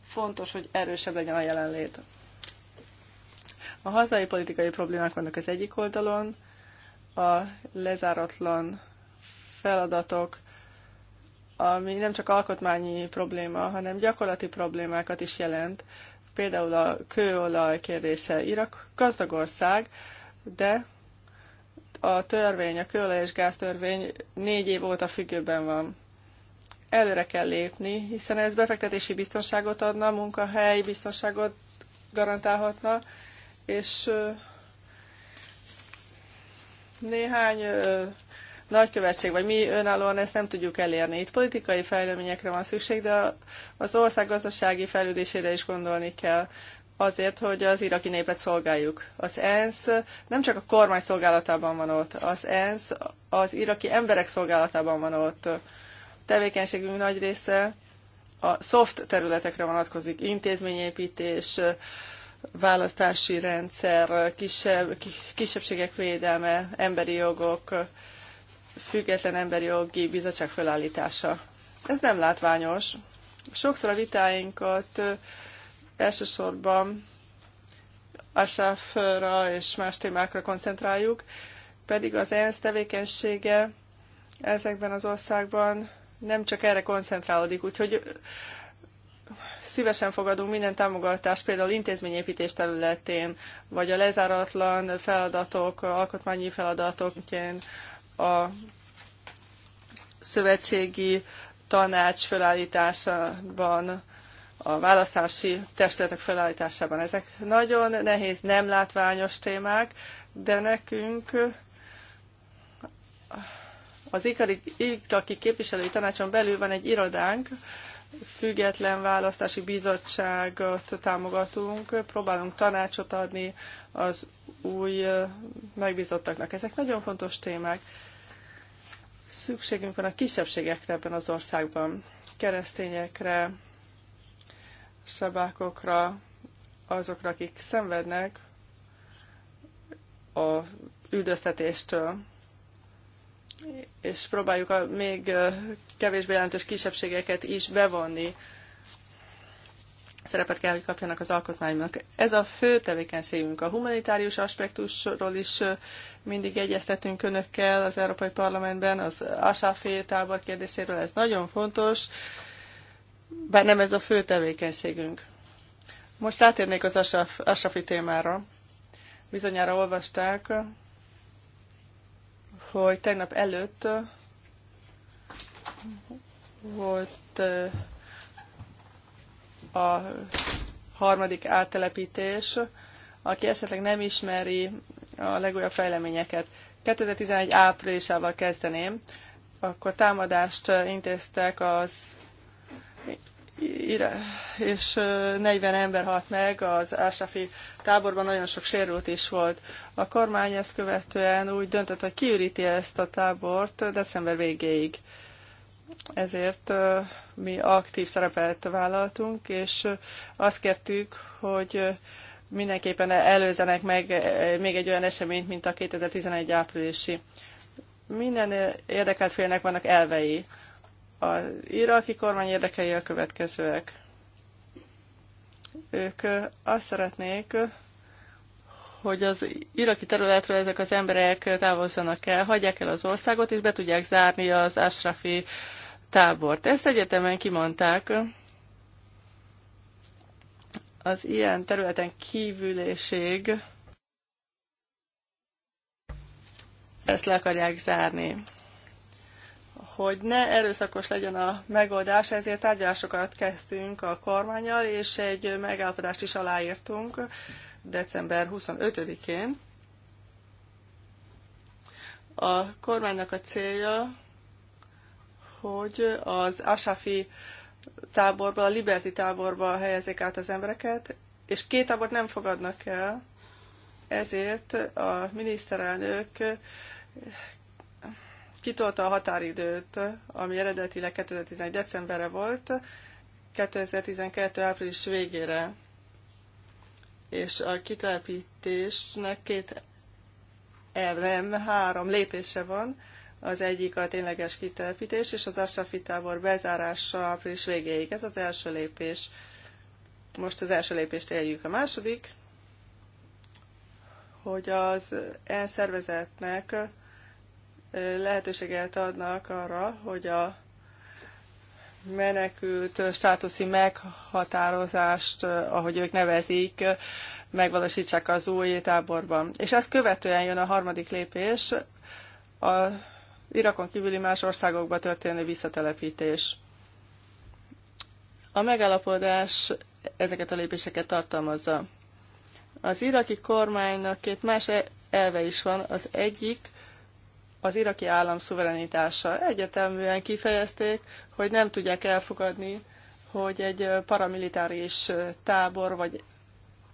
Fontos, hogy erősebb legyen a jelenlét. A hazai politikai problémák vannak az egyik oldalon, a lezáratlan feladatok, ami nem csak alkotmányi probléma, hanem gyakorlati problémákat is jelent. Például a kőolaj kérdése. Irak gazdag ország, de a törvény, a kőolaj és gáztörvény négy év óta függőben van. Előre kell lépni, hiszen ez befektetési biztonságot adna, munkahelyi biztonságot garantálhatna, és néhány nagykövetség, vagy mi önállóan ezt nem tudjuk elérni. Itt politikai fejleményekre van szükség, de az ország gazdasági fejlődésére is gondolni kell azért, hogy az iraki népet szolgáljuk. Az ENSZ nem csak a kormány szolgálatában van ott, az ENSZ az iraki emberek szolgálatában van ott. A tevékenységünk nagy része a soft területekre vonatkozik, intézményépítés, választási rendszer, kisebb, kisebbségek védelme, emberi jogok, független emberi jogi bizottság felállítása. Ez nem látványos. Sokszor a vitáinkat elsősorban Asafra és más témákra koncentráljuk, pedig az ENSZ tevékenysége ezekben az országban nem csak erre koncentrálódik, úgyhogy szívesen fogadunk minden támogatást, például intézményépítés területén, vagy a lezáratlan feladatok, alkotmányi feladatok, a szövetségi tanács felállításában, a választási testületek felállításában. Ezek nagyon nehéz, nem látványos témák, de nekünk az Ikraki képviselői tanácson belül van egy irodánk, független választási bizottságot támogatunk, próbálunk tanácsot adni az új megbízottaknak. Ezek nagyon fontos témák. Szükségünk van a kisebbségekre ebben az országban, keresztényekre, sebákokra, azokra, akik szenvednek a üldöztetéstől és próbáljuk a még kevésbé jelentős kisebbségeket is bevonni szerepet kell, hogy kapjanak az alkotmánynak. Ez a fő tevékenységünk. A humanitárius aspektusról is mindig egyeztetünk önökkel az Európai Parlamentben, az Asafé tábor kérdéséről, ez nagyon fontos, bár nem ez a fő tevékenységünk. Most rátérnék az Asaf, Asafi témára. Bizonyára olvasták, hogy tegnap előtt volt a harmadik áttelepítés, aki esetleg nem ismeri a legújabb fejleményeket. 2011 áprilisával kezdeném, akkor támadást intéztek az és 40 ember halt meg az Ásafi táborban, nagyon sok sérült is volt. A kormány ezt követően úgy döntött, hogy kiüríti ezt a tábort december végéig ezért mi aktív szerepet vállaltunk, és azt kértük, hogy mindenképpen előzenek meg még egy olyan eseményt, mint a 2011 áprilisi. Minden érdekelt félnek vannak elvei. Az iraki kormány érdekei a következőek. Ők azt szeretnék, hogy az iraki területről ezek az emberek távozzanak el, hagyják el az országot, és be tudják zárni az Ashrafi tábort. Ezt egyetemen kimondták. Az ilyen területen kívüléség ezt le akarják zárni. Hogy ne erőszakos legyen a megoldás, ezért tárgyalásokat kezdtünk a kormányjal, és egy megállapodást is aláírtunk december 25-én. A kormánynak a célja, hogy az Asafi táborba, a Liberty táborba helyezik át az embereket, és két tábort nem fogadnak el, ezért a miniszterelnök kitolta a határidőt, ami eredetileg 2011. decemberre volt, 2012. április végére és a kitelepítésnek két elem, három lépése van. Az egyik a tényleges kitelepítés, és az Asafi tábor bezárása április végéig. Ez az első lépés. Most az első lépést éljük. A második, hogy az ENSZ szervezetnek lehetőséget adnak arra, hogy a menekült státuszi meghatározást, ahogy ők nevezik, megvalósítsák az új táborban. És ezt követően jön a harmadik lépés, a Irakon kívüli más országokba történő visszatelepítés. A megállapodás ezeket a lépéseket tartalmazza. Az iraki kormánynak két más e- elve is van. Az egyik az iraki állam szuverenitása. Egyértelműen kifejezték, hogy nem tudják elfogadni, hogy egy paramilitáris tábor, vagy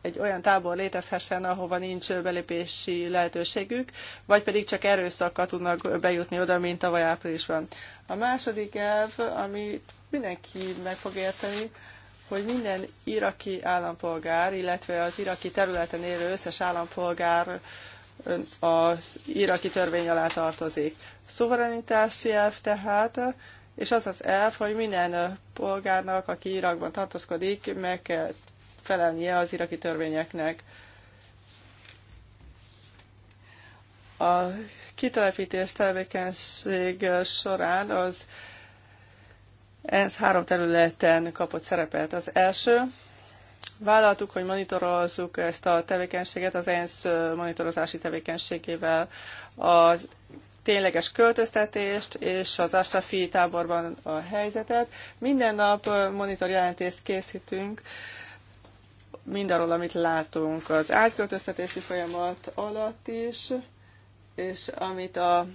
egy olyan tábor létezhessen, ahova nincs belépési lehetőségük, vagy pedig csak erőszakkal tudnak bejutni oda, mint tavaly áprilisban. A második elv, ami mindenki meg fog érteni, hogy minden iraki állampolgár, illetve az iraki területen élő összes állampolgár az iraki törvény alá tartozik. Szuverenitási elv tehát, és az az elv, hogy minden polgárnak, aki Irakban tartózkodik, meg kell felelnie az iraki törvényeknek. A kitelepítés tevékenység során az ENSZ három területen kapott szerepet. Az első vállaltuk, hogy monitorozzuk ezt a tevékenységet az ENSZ monitorozási tevékenységével a tényleges költöztetést és az Asafi táborban a helyzetet. Minden nap monitorjelentést jelentést készítünk mindarról, amit látunk az átköltöztetési folyamat alatt is, és amit a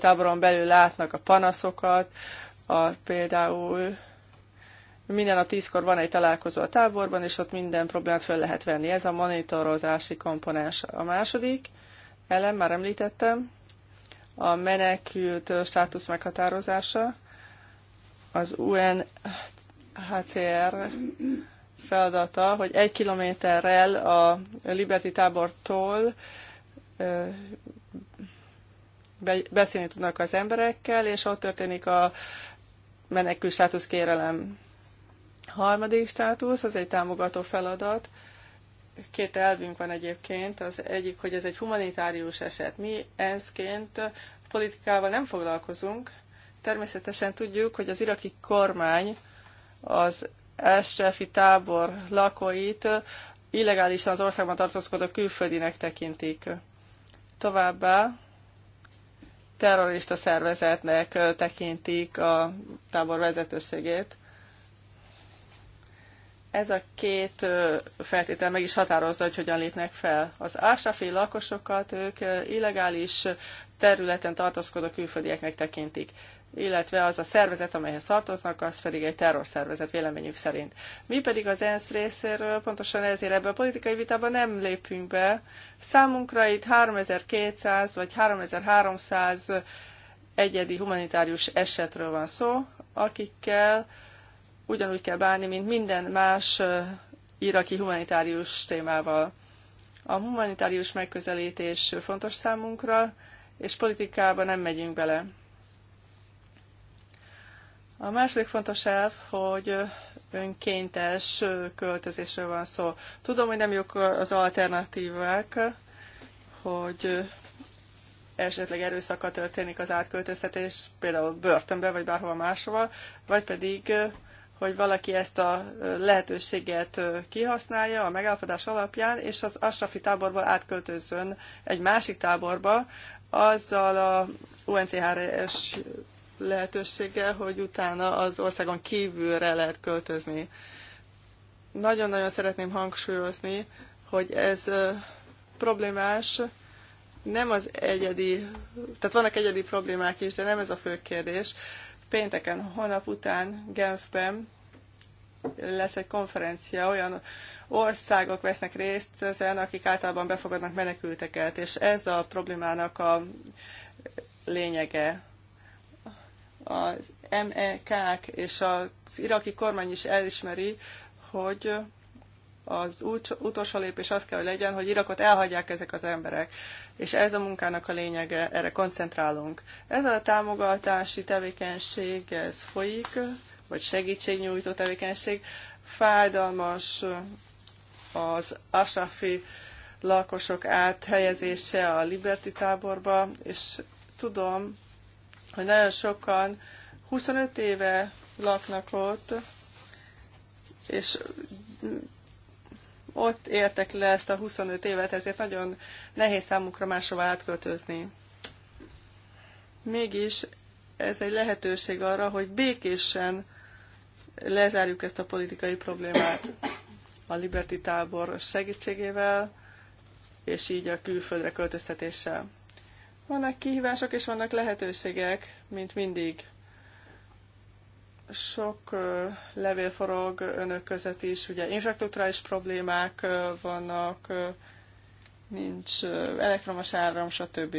táboron belül látnak a panaszokat, a, például minden nap tízkor van egy találkozó a táborban, és ott minden problémát fel lehet venni. Ez a monitorozási komponens. A második elem, már említettem, a menekült státusz meghatározása. Az UNHCR feladata, hogy egy kilométerrel a Liberty tábortól beszélni tudnak az emberekkel, és ott történik a menekül státusz kérelem. Harmadik státusz, az egy támogató feladat. Két elvünk van egyébként. Az egyik, hogy ez egy humanitárius eset. Mi ENSZ-ként politikával nem foglalkozunk. Természetesen tudjuk, hogy az iraki kormány az Estrefi tábor lakóit illegálisan az országban tartózkodó külföldinek tekintik. Továbbá terrorista szervezetnek tekintik a tábor vezetőségét ez a két feltétel meg is határozza, hogy hogyan lépnek fel. Az ásafi lakosokat ők illegális területen tartózkodó külföldieknek tekintik illetve az a szervezet, amelyhez tartoznak, az pedig egy terrorszervezet véleményük szerint. Mi pedig az ENSZ részéről pontosan ezért ebbe a politikai vitába nem lépünk be. Számunkra itt 3200 vagy 3300 egyedi humanitárius esetről van szó, akikkel ugyanúgy kell bánni, mint minden más iraki humanitárius témával. A humanitárius megközelítés fontos számunkra, és politikába nem megyünk bele. A második fontos elv, hogy önkéntes költözésről van szó. Tudom, hogy nem jók az alternatívák, hogy esetleg erőszakkal történik az átköltöztetés, például börtönbe, vagy bárhol máshova, vagy pedig hogy valaki ezt a lehetőséget kihasználja a megállapodás alapján, és az Asrafi táborból átköltözön egy másik táborba, azzal a UNCHR-es lehetőséggel, hogy utána az országon kívülre lehet költözni. Nagyon-nagyon szeretném hangsúlyozni, hogy ez problémás, nem az egyedi, tehát vannak egyedi problémák is, de nem ez a fő kérdés. Pénteken, holnap után Genfben lesz egy konferencia, olyan országok vesznek részt ezen, akik általában befogadnak menekülteket, és ez a problémának a lényege. az MEK és az iraki kormány is elismeri, hogy az utolsó lépés az kell, hogy legyen, hogy Irakot elhagyják ezek az emberek és ez a munkának a lényege, erre koncentrálunk. Ez a támogatási tevékenység, ez folyik, vagy segítségnyújtó tevékenység. Fájdalmas az Asafi lakosok áthelyezése a Liberty táborba, és tudom, hogy nagyon sokan 25 éve laknak ott, és ott értek le ezt a 25 évet, ezért nagyon nehéz számukra máshova átköltözni. Mégis ez egy lehetőség arra, hogy békésen lezárjuk ezt a politikai problémát a Liberty tábor segítségével, és így a külföldre költöztetéssel. Vannak kihívások és vannak lehetőségek, mint mindig sok levél forog önök között is, ugye infrastruktúrális problémák vannak, nincs elektromos áram, stb.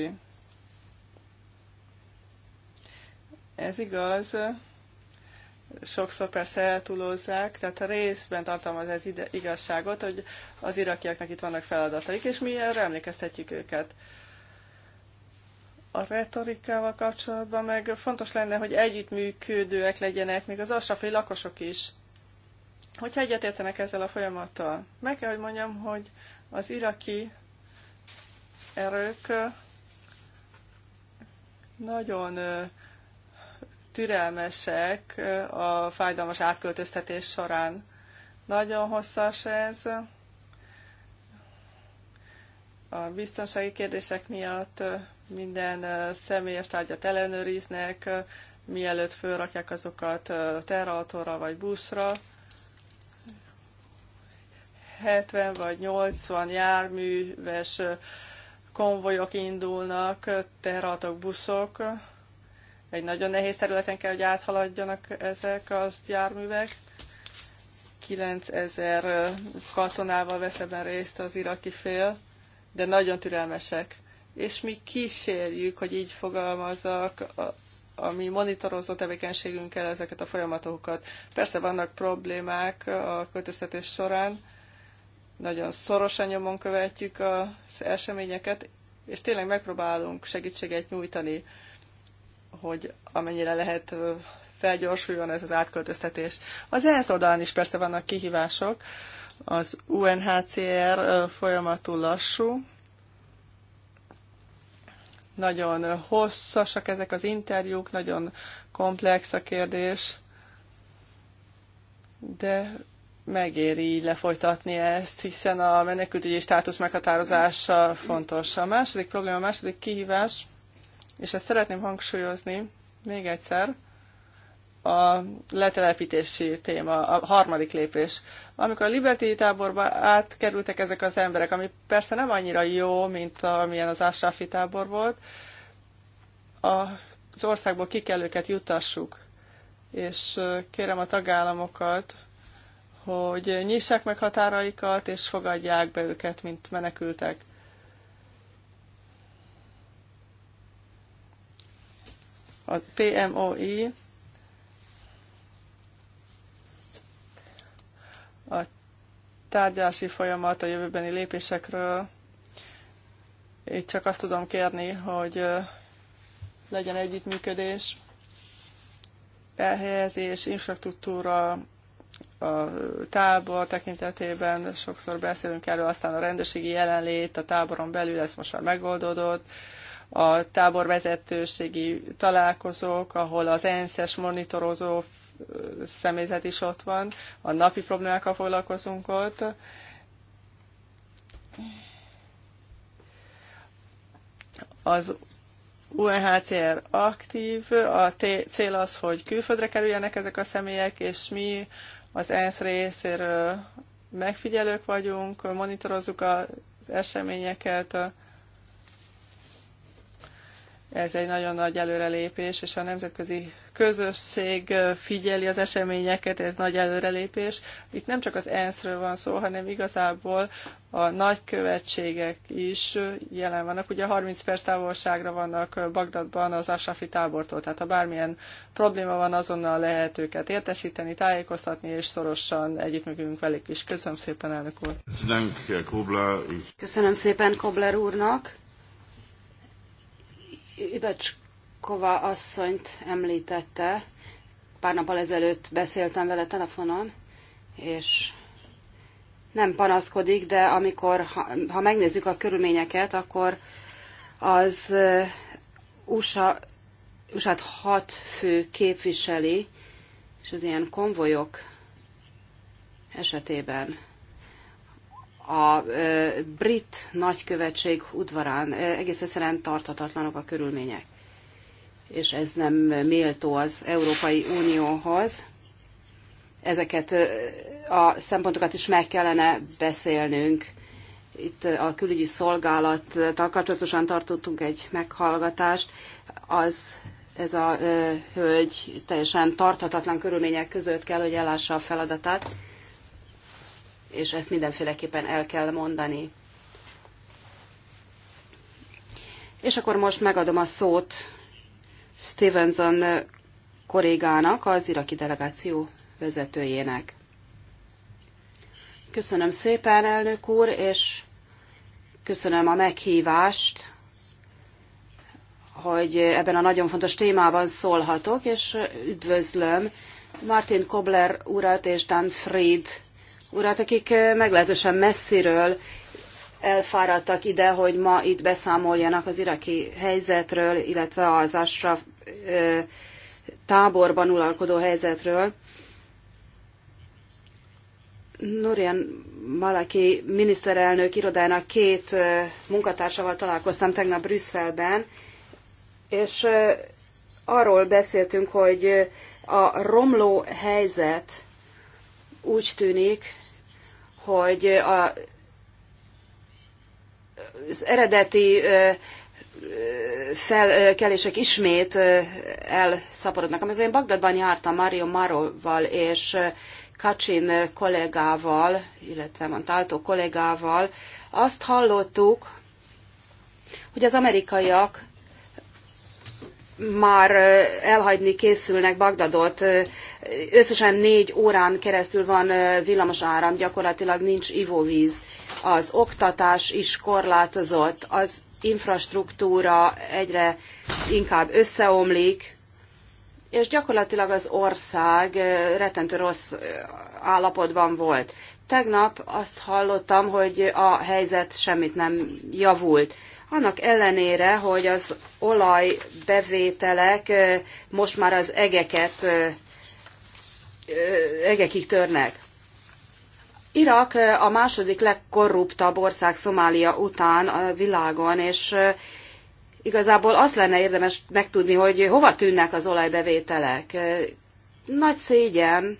Ez igaz, sokszor persze eltúlozzák, tehát a részben tartalmaz ez ide, igazságot, hogy az irakiaknak itt vannak feladataik, és mi erre emlékeztetjük őket a retorikával kapcsolatban meg fontos lenne, hogy együttműködőek legyenek, még az asrafi lakosok is. Hogyha egyetértenek ezzel a folyamattal, meg kell, hogy mondjam, hogy az iraki erők nagyon türelmesek a fájdalmas átköltöztetés során. Nagyon hosszas ez. A biztonsági kérdések miatt minden személyes tárgyat ellenőriznek, mielőtt fölrakják azokat terrautóra vagy buszra. 70 vagy 80 járműves konvojok indulnak, terrautók, buszok. Egy nagyon nehéz területen kell, hogy áthaladjanak ezek az járművek. 9000 katonával vesz ebben részt az iraki fél, de nagyon türelmesek és mi kísérjük, hogy így fogalmazzak, a, a mi monitorozó tevékenységünkkel ezeket a folyamatokat. Persze vannak problémák a költöztetés során, nagyon szorosan nyomon követjük az eseményeket, és tényleg megpróbálunk segítséget nyújtani, hogy amennyire lehet felgyorsuljon ez az átköltöztetés. Az ENSZ oldalán is persze vannak kihívások, az UNHCR folyamatul lassú, nagyon hosszasak ezek az interjúk, nagyon komplex a kérdés, de megéri így lefolytatni ezt, hiszen a menekültügyi státusz meghatározása fontos. A második probléma, a második kihívás, és ezt szeretném hangsúlyozni még egyszer, a letelepítési téma, a harmadik lépés. Amikor a Liberty táborba átkerültek ezek az emberek, ami persze nem annyira jó, mint amilyen az Ashrafi tábor volt, az országból ki kell őket jutassuk. És kérem a tagállamokat, hogy nyissák meg határaikat, és fogadják be őket, mint menekültek. A PMOI tárgyalási folyamat, a jövőbeni lépésekről. Itt csak azt tudom kérni, hogy legyen együttműködés, elhelyezés, infrastruktúra, a tábor tekintetében sokszor beszélünk erről, aztán a rendőrségi jelenlét a táboron belül, ez most már megoldódott, a táborvezetőségi találkozók, ahol az ENSZ-es e monitorozó személyzet is ott van, a napi problémákkal foglalkozunk ott. Az UNHCR aktív, a cél az, hogy külföldre kerüljenek ezek a személyek, és mi az ENSZ részéről megfigyelők vagyunk, monitorozzuk az eseményeket. Ez egy nagyon nagy előrelépés, és a nemzetközi közösség figyeli az eseményeket, ez nagy előrelépés. Itt nem csak az ENSZ-ről van szó, hanem igazából a nagykövetségek is jelen vannak. Ugye 30 perc távolságra vannak Bagdadban az Asafi tábortól, tehát ha bármilyen probléma van, azonnal lehet őket értesíteni, tájékoztatni, és szorosan együttműködünk velük is. Köszönöm szépen, elnök úr! Köszönöm szépen Kobler úrnak! Ibecs Kova asszonyt említette, pár nappal ezelőtt beszéltem vele telefonon, és nem panaszkodik, de amikor, ha, ha megnézzük a körülményeket, akkor az USA, usa hat fő képviseli, és az ilyen konvojok esetében a brit nagykövetség udvarán egész egyszerűen tartatatlanok a körülmények és ez nem méltó az Európai Unióhoz. Ezeket a szempontokat is meg kellene beszélnünk. Itt a külügyi szolgálattal kapcsolatosan tartottunk egy meghallgatást. Az ez a ö, hölgy teljesen tarthatatlan körülmények között kell, hogy ellássa a feladatát, és ezt mindenféleképpen el kell mondani. És akkor most megadom a szót Stevenson eh, kollégának, az iraki delegáció vezetőjének. Köszönöm szépen, elnök úr, és köszönöm a meghívást, hogy ebben a nagyon fontos témában szólhatok, és üdvözlöm Martin Kobler urat és Dan Fried urat, akik eh, meglehetősen messziről elfáradtak ide, hogy ma itt beszámoljanak az iraki helyzetről, illetve az Ashraf táborban uralkodó helyzetről. Norian Malaki miniszterelnök irodának két munkatársával találkoztam tegnap Brüsszelben, és arról beszéltünk, hogy a romló helyzet úgy tűnik, hogy a az eredeti felkelések ismét elszaporodnak. Amikor én Bagdadban jártam Mario Maroval és Kacsin kollégával, illetve Montalto kollégával, azt hallottuk, hogy az amerikaiak már elhagyni készülnek Bagdadot. Összesen négy órán keresztül van villamos áram, gyakorlatilag nincs ivóvíz az oktatás is korlátozott, az infrastruktúra egyre inkább összeomlik, és gyakorlatilag az ország rettentő rossz állapotban volt. Tegnap azt hallottam, hogy a helyzet semmit nem javult. Annak ellenére, hogy az olajbevételek most már az egeket egekig törnek. Irak a második legkorruptabb ország Szomália után a világon, és igazából azt lenne érdemes megtudni, hogy hova tűnnek az olajbevételek. Nagy szégyen,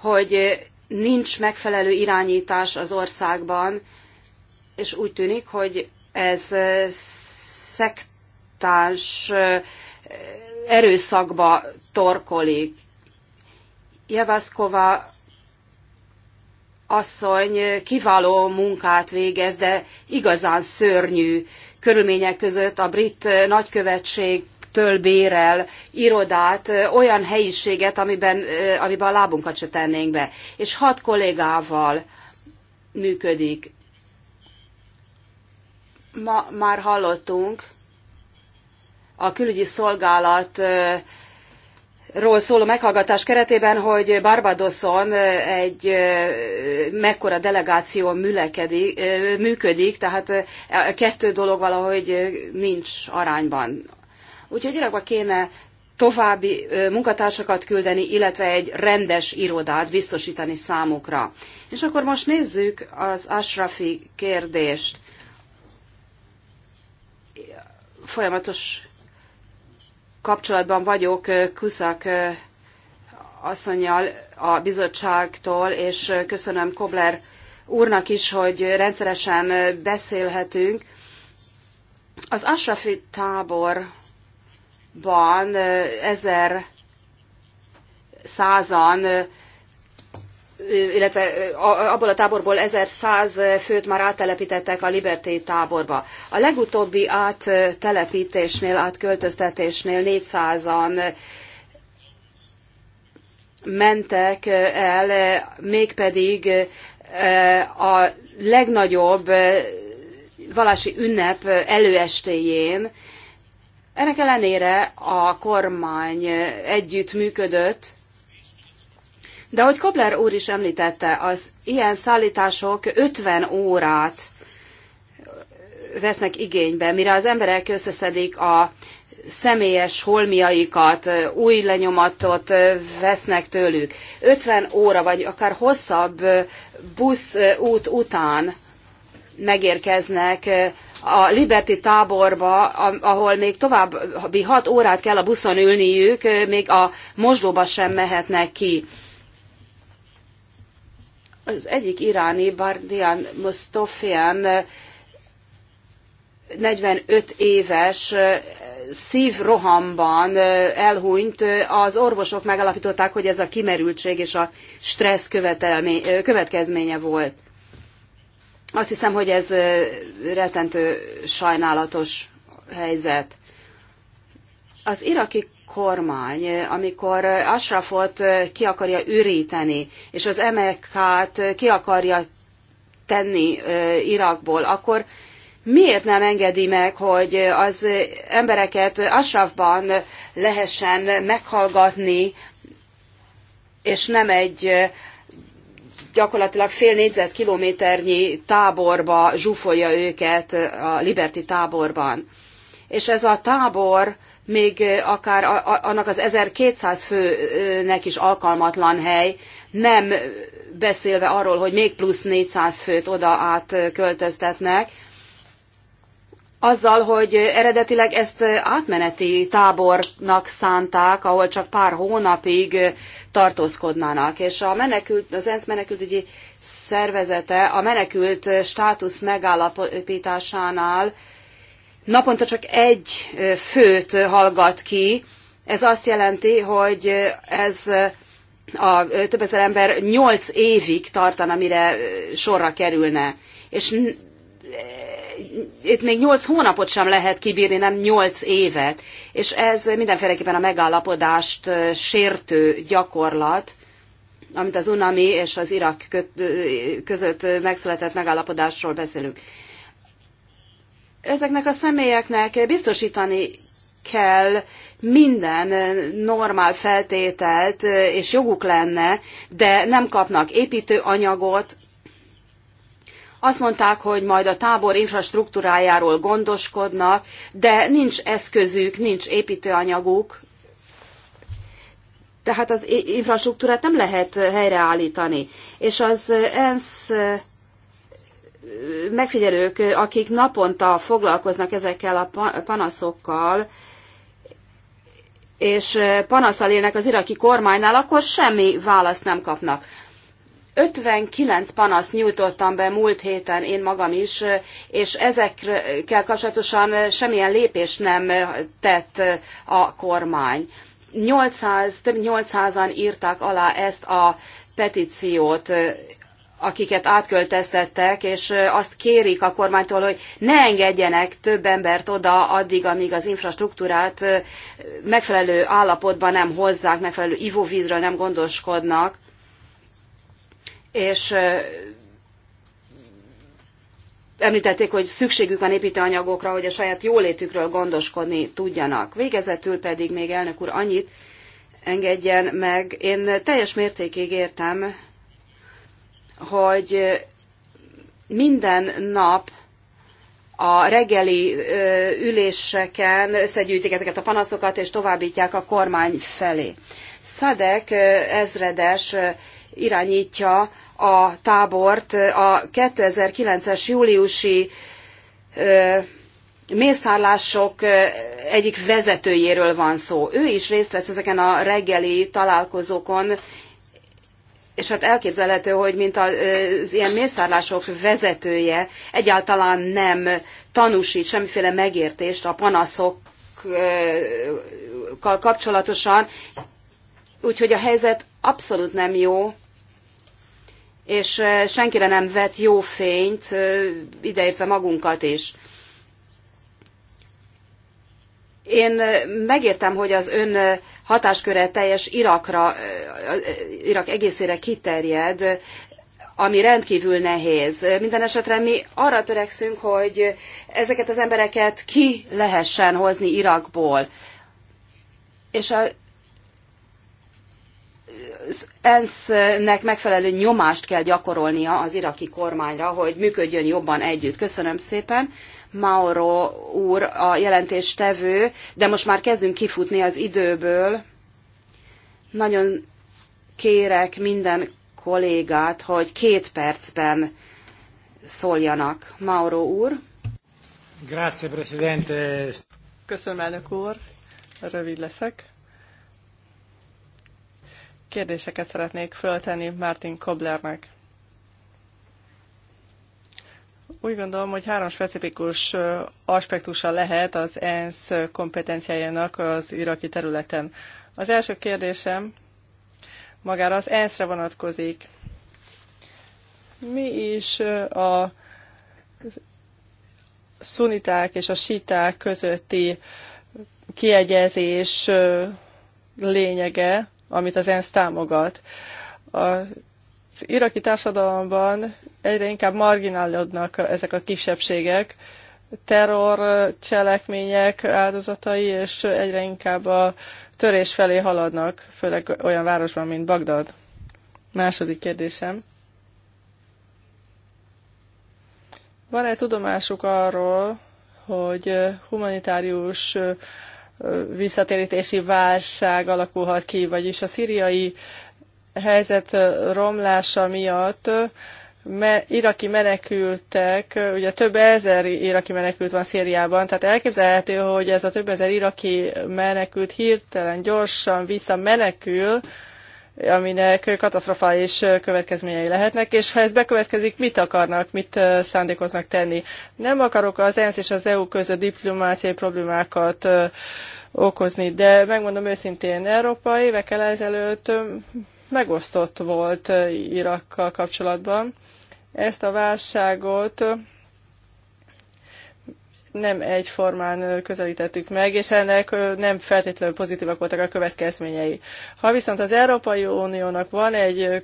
hogy nincs megfelelő irányítás az országban, és úgy tűnik, hogy ez szektáns erőszakba torkolik. Jevaszkova asszony kiváló munkát végez, de igazán szörnyű körülmények között a brit nagykövetség től bérel irodát, olyan helyiséget, amiben, amiben a lábunkat se tennénk be. És hat kollégával működik. Ma már hallottunk a külügyi szolgálat ról szóló meghallgatás keretében, hogy Barbadoson egy mekkora delegáció műlekedik, működik, tehát a kettő dolog valahogy nincs arányban. Úgyhogy Irakba kéne további munkatársakat küldeni, illetve egy rendes irodát biztosítani számukra. És akkor most nézzük az Ashrafi kérdést. Folyamatos kapcsolatban vagyok Kuszak asszonyjal a bizottságtól, és köszönöm Kobler úrnak is, hogy rendszeresen beszélhetünk. Az Asrafi táborban ezer százan illetve abból a táborból 1100 főt már áttelepítettek a Liberté táborba. A legutóbbi áttelepítésnél, átköltöztetésnél 400-an mentek el, mégpedig a legnagyobb valási ünnep előestéjén. Ennek ellenére a kormány együtt működött, de ahogy Kobler úr is említette, az ilyen szállítások 50 órát vesznek igénybe, mire az emberek összeszedik a személyes holmiaikat, új lenyomatot vesznek tőlük. 50 óra, vagy akár hosszabb buszút után megérkeznek a Liberty táborba, ahol még további 6 órát kell a buszon ülniük, még a mosdóba sem mehetnek ki az egyik iráni Bardian Mostofian 45 eh, éves eh, szívrohamban eh, elhunyt, az orvosok megalapították, hogy ez a kimerültség és a stressz következménye volt. Azt hiszem, hogy ez rettentő sajnálatos helyzet. Az iraki kormány, amikor Ashrafot ki akarja üríteni, és az MK-t ki akarja tenni Irakból, akkor miért nem engedi meg, hogy az embereket Ashrafban lehessen meghallgatni, és nem egy gyakorlatilag fél négyzetkilométernyi táborba zsúfolja őket a Liberty táborban. És ez a tábor még akár annak az 1200 főnek is alkalmatlan hely, nem beszélve arról, hogy még plusz 400 főt oda át költöztetnek, azzal, hogy eredetileg ezt átmeneti tábornak szánták, ahol csak pár hónapig tartózkodnának. És a menekült, az ENSZ menekültügyi szervezete a menekült státusz megállapításánál naponta csak egy főt hallgat ki. Ez azt jelenti, hogy ez a több ezer ember nyolc évig tartana, mire sorra kerülne. És itt még nyolc hónapot sem lehet kibírni, nem nyolc évet. És ez mindenféleképpen a megállapodást sértő gyakorlat, amit az UNAMI és az Irak között megszületett megállapodásról beszélünk ezeknek a személyeknek biztosítani kell minden normál feltételt, és joguk lenne, de nem kapnak építőanyagot. Azt mondták, hogy majd a tábor infrastruktúrájáról gondoskodnak, de nincs eszközük, nincs építőanyaguk, tehát az infrastruktúrát nem lehet helyreállítani. És az ENSZ megfigyelők, akik naponta foglalkoznak ezekkel a panaszokkal, és panaszal élnek az iraki kormánynál, akkor semmi választ nem kapnak. 59 panasz nyújtottam be múlt héten én magam is, és ezekkel kapcsolatosan semmilyen lépés nem tett a kormány. 800, több 800-an írták alá ezt a petíciót akiket átköltöztettek, és azt kérik a kormánytól, hogy ne engedjenek több embert oda addig, amíg az infrastruktúrát megfelelő állapotban nem hozzák, megfelelő ivóvízről nem gondoskodnak. És említették, hogy szükségük van építőanyagokra, hogy a saját jólétükről gondoskodni tudjanak. Végezetül pedig még elnök úr annyit engedjen meg. Én teljes mértékig értem hogy minden nap a reggeli üléseken összegyűjtik ezeket a panaszokat, és továbbítják a kormány felé. Szadek ezredes irányítja a tábort a 2009-es júliusi mészárlások egyik vezetőjéről van szó. Ő is részt vesz ezeken a reggeli találkozókon, és hát elképzelhető, hogy mint az ilyen mészárlások vezetője egyáltalán nem tanúsít semmiféle megértést a panaszokkal kapcsolatosan, úgyhogy a helyzet abszolút nem jó, és senkire nem vet jó fényt, ideértve magunkat is. Én megértem, hogy az ön hatásköre teljes Irakra, Irak egészére kiterjed, ami rendkívül nehéz. Minden esetre mi arra törekszünk, hogy ezeket az embereket ki lehessen hozni Irakból. És a az ENSZ-nek megfelelő nyomást kell gyakorolnia az iraki kormányra, hogy működjön jobban együtt. Köszönöm szépen. Mauro úr a jelentéstevő, de most már kezdünk kifutni az időből. Nagyon kérek minden kollégát, hogy két percben szóljanak. Mauro úr. Grazie, Presidente. Köszönöm, elnök úr. Rövid leszek. Kérdéseket szeretnék föltenni Martin Koblernek. Úgy gondolom, hogy három specifikus aspektusa lehet az ENSZ kompetenciájának az iraki területen. Az első kérdésem magára az ENSZ-re vonatkozik. Mi is a szuniták és a síták közötti kiegyezés lényege, amit az ENSZ támogat. A az iraki társadalomban egyre inkább marginálodnak ezek a kisebbségek, terror cselekmények áldozatai, és egyre inkább a törés felé haladnak, főleg olyan városban, mint Bagdad. Második kérdésem. Van-e tudomásuk arról, hogy humanitárius visszatérítési válság alakulhat ki, vagyis a szíriai helyzet romlása miatt me, iraki menekültek, ugye több ezer iraki menekült van Szíriában, tehát elképzelhető, hogy ez a több ezer iraki menekült hirtelen, gyorsan visszamenekül, aminek katasztrofális következményei lehetnek, és ha ez bekövetkezik, mit akarnak, mit szándékoznak tenni. Nem akarok az ENSZ és az EU között diplomáciai problémákat okozni, de megmondom őszintén, Európa évekkel ezelőtt megosztott volt eh, Irakkal kapcsolatban. Ezt a válságot nem egyformán eh, közelítettük meg, és ennek eh, nem feltétlenül pozitívak voltak a következményei. Ha viszont az Európai Uniónak van egy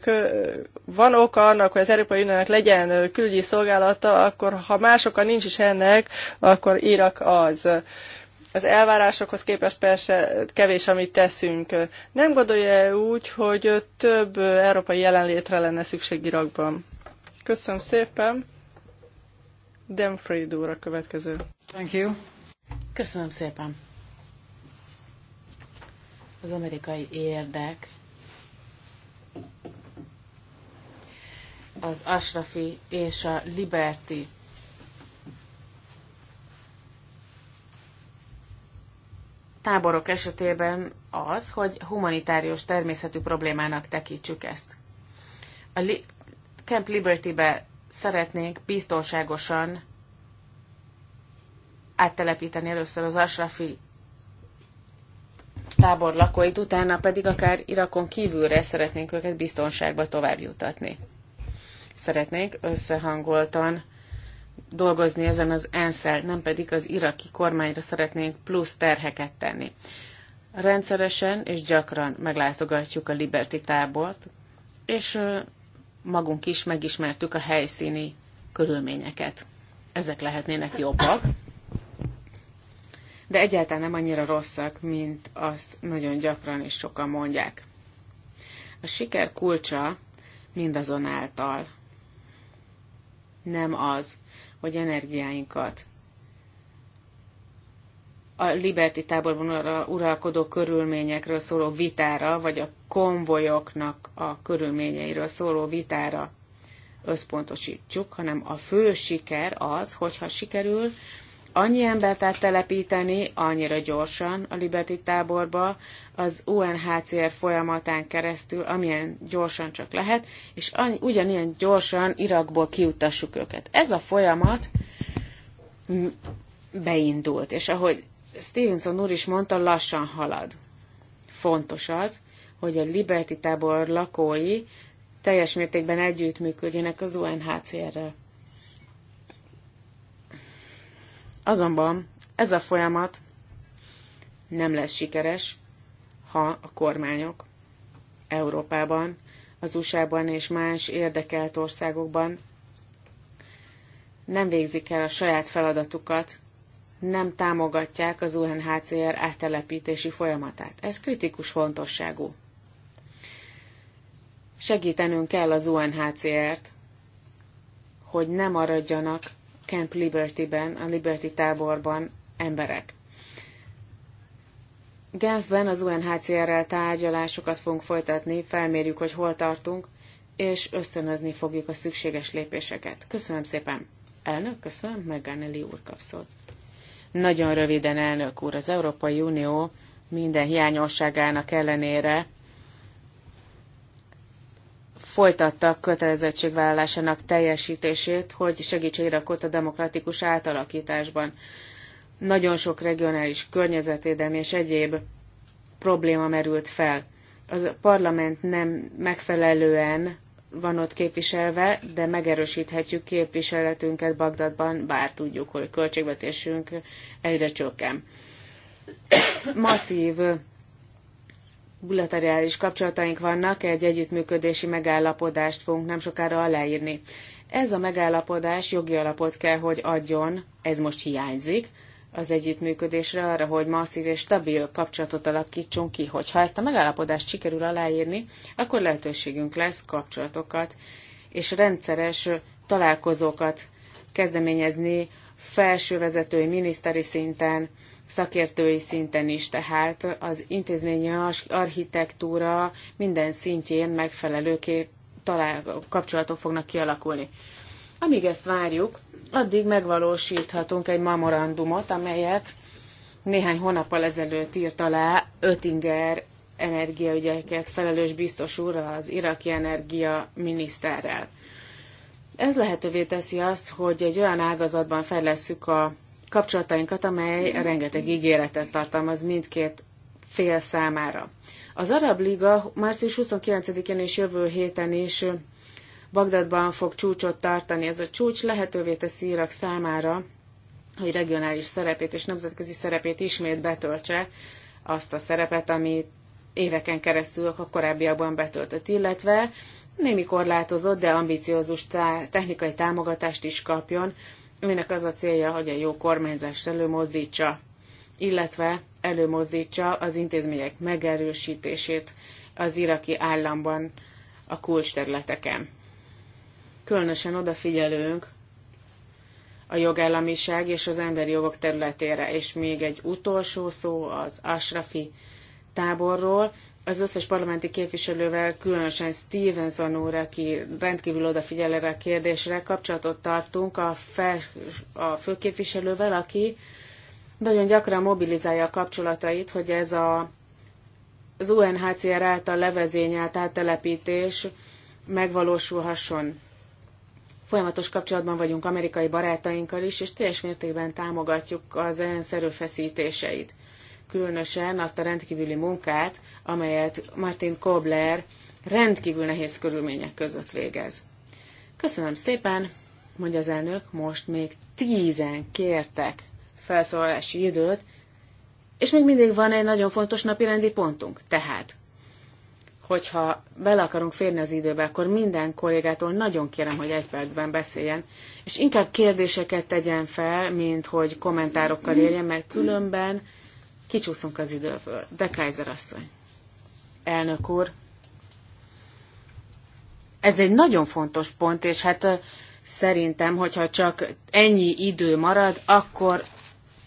van oka annak, hogy az Európai Uniónak legyen külügyi szolgálata, akkor ha másokkal nincs is ennek, akkor Irak az az elvárásokhoz képest persze kevés, amit teszünk. Nem gondolja -e úgy, hogy több európai jelenlétre lenne szükség Irakban? Köszönöm szépen. Demfried úr a következő. Thank you. Köszönöm szépen. Az amerikai érdek az Ashrafi és a Liberty táborok esetében az, hogy humanitárius természetű problémának tekítsük ezt. A Li- Camp Liberty-be szeretnénk biztonságosan áttelepíteni először az Ashrafi tábor lakóit, utána pedig akár Irakon kívülre szeretnénk őket biztonságba továbbjutatni. Szeretnénk összehangoltan dolgozni ezen az ensz nem pedig az iraki kormányra szeretnénk plusz terheket tenni. Rendszeresen és gyakran meglátogatjuk a Liberty tábort, és magunk is megismertük a helyszíni körülményeket. Ezek lehetnének jobbak, de egyáltalán nem annyira rosszak, mint azt nagyon gyakran és sokan mondják. A siker kulcsa mindazonáltal nem az, hogy energiáinkat a Liberty táborban uralkodó körülményekről szóló vitára, vagy a konvojoknak a körülményeiről szóló vitára összpontosítsuk, hanem a fő siker az, hogyha sikerül annyi embert áttelepíteni annyira gyorsan a Liberty táborba az UNHCR folyamatán keresztül, amilyen gyorsan csak lehet, és annyi, ugyanilyen gyorsan Irakból kiutassuk őket. Ez a folyamat beindult, és ahogy Stevenson úr is mondta, lassan halad. Fontos az, hogy a Liberty tábor lakói teljes mértékben együttműködjenek az UNHCR-rel. Azonban ez a folyamat nem lesz sikeres, ha a kormányok Európában, az USA-ban és más érdekelt országokban nem végzik el a saját feladatukat, nem támogatják az UNHCR áttelepítési folyamatát. Ez kritikus fontosságú. Segítenünk kell az UNHCR-t, hogy ne maradjanak Camp Liberty-ben, a Liberty táborban emberek. Genfben az UNHCR-rel tárgyalásokat fogunk folytatni, felmérjük, hogy hol tartunk, és ösztönözni fogjuk a szükséges lépéseket. Köszönöm szépen. Elnök, köszönöm, Meganeli úr kapszott. Nagyon röviden, elnök úr, az Európai Unió minden hiányosságának ellenére folytatta kötelezettségvállalásának teljesítését, hogy segítségre Irakot a demokratikus átalakításban. Nagyon sok regionális környezetédem és egyéb probléma merült fel. A parlament nem megfelelően van ott képviselve, de megerősíthetjük képviseletünket Bagdadban, bár tudjuk, hogy költségvetésünk egyre csökken. Masszív bilaterális kapcsolataink vannak, egy együttműködési megállapodást fogunk nem sokára aláírni. Ez a megállapodás jogi alapot kell, hogy adjon, ez most hiányzik, az együttműködésre arra, hogy masszív és stabil kapcsolatot alakítsunk ki. Hogyha ezt a megállapodást sikerül aláírni, akkor lehetőségünk lesz kapcsolatokat és rendszeres találkozókat kezdeményezni felső vezetői miniszteri szinten, szakértői szinten is, tehát az intézményi architektúra minden szintjén megfelelőképp talál, kapcsolatok fognak kialakulni. Amíg ezt várjuk, addig megvalósíthatunk egy memorandumot, amelyet néhány hónappal ezelőtt írt alá Ötinger energiaügyeket felelős biztos úr az iraki energia miniszterrel. Ez lehetővé teszi azt, hogy egy olyan ágazatban fejlesszük a kapcsolatainkat, amely rengeteg ígéretet tartalmaz mindkét fél számára. Az Arab Liga március 29-én és jövő héten is Bagdadban fog csúcsot tartani. Ez a csúcs lehetővé teszi Irak számára, hogy regionális szerepét és nemzetközi szerepét ismét betöltse, azt a szerepet, amit éveken keresztül a korábbiakban betöltött, illetve némi korlátozott, de ambiciózus technikai támogatást is kapjon minek az a célja, hogy a jó kormányzást előmozdítsa, illetve előmozdítsa az intézmények megerősítését az iraki államban a kulcsterületeken. Különösen odafigyelünk a jogállamiság és az emberi jogok területére. És még egy utolsó szó az Ashrafi táborról az összes parlamenti képviselővel, különösen Stevenson úr, aki rendkívül odafigyel erre a kérdésre, kapcsolatot tartunk a, fel, a főképviselővel, aki nagyon gyakran mobilizálja a kapcsolatait, hogy ez a, az UNHCR által levezényelt áttelepítés megvalósulhasson. Folyamatos kapcsolatban vagyunk amerikai barátainkkal is, és teljes mértékben támogatjuk az ENSZ erőfeszítéseit. Különösen azt a rendkívüli munkát, amelyet Martin Kobler rendkívül nehéz körülmények között végez. Köszönöm szépen, mondja az elnök, most még tízen kértek felszólalási időt, és még mindig van egy nagyon fontos napirendi pontunk. Tehát, hogyha bele akarunk férni az időbe, akkor minden kollégától nagyon kérem, hogy egy percben beszéljen, és inkább kérdéseket tegyen fel, mint hogy kommentárokkal érjen, mert különben kicsúszunk az időből. De Kaiser asszony elnök úr. Ez egy nagyon fontos pont, és hát szerintem, hogyha csak ennyi idő marad, akkor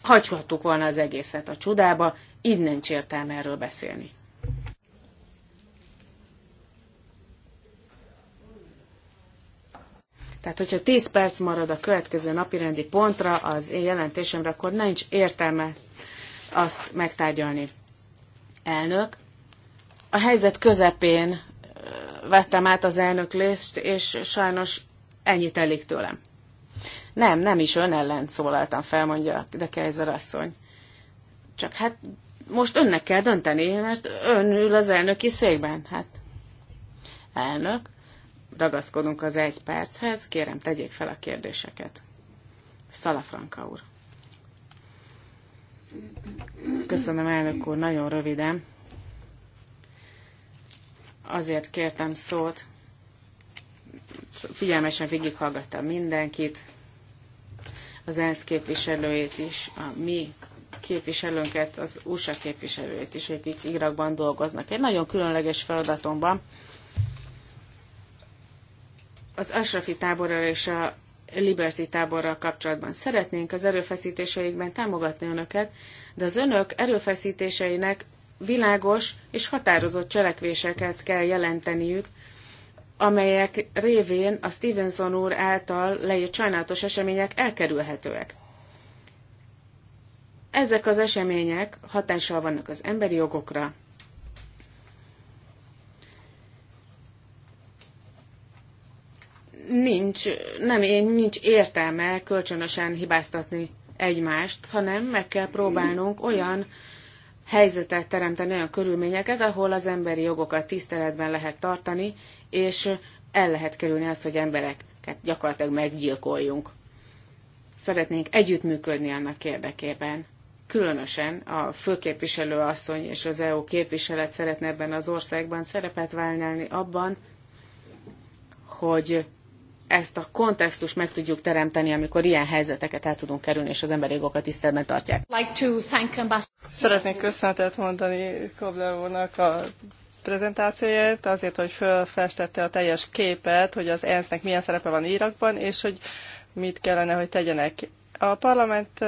hagyhattuk volna az egészet a csodába, így nincs értelme erről beszélni. Tehát, hogyha 10 perc marad a következő napirendi pontra az én jelentésemre, akkor nincs értelme azt megtárgyalni. Elnök, a helyzet közepén vettem át az elnöklést, és sajnos ennyit elég tőlem. Nem, nem is ön ellen szólaltam fel, mondja de Kejzer asszony. Csak hát most önnek kell dönteni, mert ön ül az elnöki székben. Hát elnök, ragaszkodunk az egy perchez, kérem tegyék fel a kérdéseket. Szalafranka úr. Köszönöm, elnök úr, nagyon röviden azért kértem szót, figyelmesen végighallgattam mindenkit, az ENSZ képviselőjét is, a mi képviselőnket, az USA képviselőjét is, akik Irakban dolgoznak. Egy nagyon különleges feladatomban az Ashrafi táborral és a Liberty táborral kapcsolatban. Szeretnénk az erőfeszítéseikben támogatni önöket, de az önök erőfeszítéseinek világos és határozott cselekvéseket kell jelenteniük, amelyek révén a Stevenson úr által leírt sajnálatos események elkerülhetőek. Ezek az események hatással vannak az emberi jogokra. Nincs, nem, nincs értelme kölcsönösen hibáztatni egymást, hanem meg kell próbálnunk olyan helyzetet teremteni, olyan körülményeket, ahol az emberi jogokat tiszteletben lehet tartani, és el lehet kerülni azt, hogy embereket gyakorlatilag meggyilkoljunk. Szeretnénk együttműködni annak érdekében. Különösen a főképviselő asszony és az EU képviselet szeretne ebben az országban szerepet vállalni abban, hogy ezt a kontextust meg tudjuk teremteni, amikor ilyen helyzeteket el tudunk kerülni, és az emberi jogokat tiszteletben tartják. Szeretnék köszönetet mondani Kobler úrnak a prezentációért, azért, hogy felfestette a teljes képet, hogy az ENSZ-nek milyen szerepe van Irakban, és hogy mit kellene, hogy tegyenek. A Parlament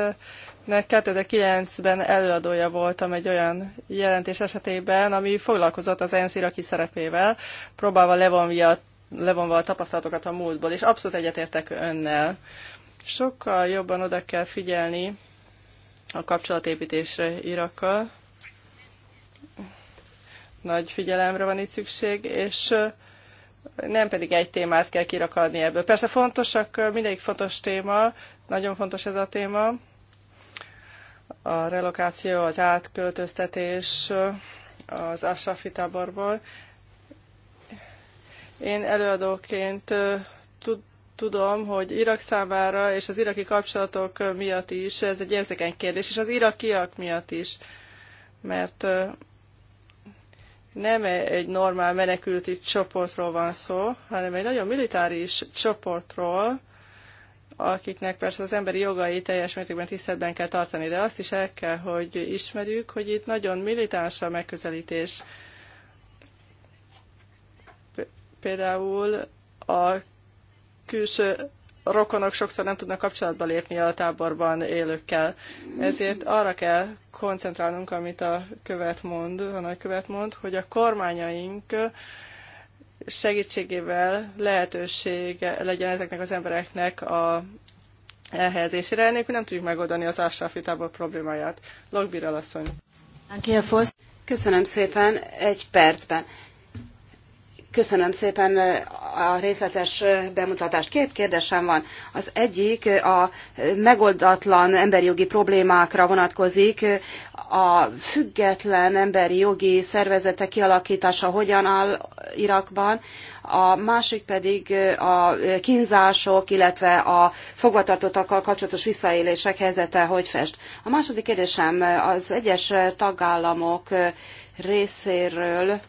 2009-ben előadója voltam egy olyan jelentés esetében, ami foglalkozott az ENSZ iraki szerepével, próbálva levonni a levonva a tapasztalatokat a múltból, és abszolút egyetértek önnel. Sokkal jobban oda kell figyelni a kapcsolatépítésre Irakkal. Nagy figyelemre van itt szükség, és nem pedig egy témát kell kirakadni ebből. Persze fontosak, mindegyik fontos téma, nagyon fontos ez a téma. A relokáció, az átköltöztetés az Asafi táborból, én előadóként tudom, hogy Irak számára és az iraki kapcsolatok miatt is ez egy érzékeny kérdés, és az irakiak miatt is, mert nem e-, egy normál menekülti csoportról van szó, hanem egy nagyon militáris csoportról, akiknek persze az emberi jogai teljes mértékben tiszteletben kell tartani, de azt is el kell, hogy ismerjük, hogy itt nagyon militáns a megközelítés. Például a külső rokonok sokszor nem tudnak kapcsolatba lépni a táborban élőkkel. Ezért arra kell koncentrálnunk, amit a követ mond, a nagykövet mond, hogy a kormányaink segítségével lehetősége legyen ezeknek az embereknek a elhelyezésére, enélkül nem tudjuk megoldani az Ásrafi tábor problémáját. Logbír asszony. Köszönöm szépen, egy percben. Köszönöm szépen eh, a részletes eh, bemutatást. Két kérdésem van. Az egyik eh, a megoldatlan emberi jogi problémákra vonatkozik. A független emberi jogi szervezetek kialakítása hogyan áll Irakban? A másik pedig a kínzások, illetve a fogvatartottakkal kapcsolatos visszaélések helyzete hogy fest. A második kérdésem az egyes tagállamok részéről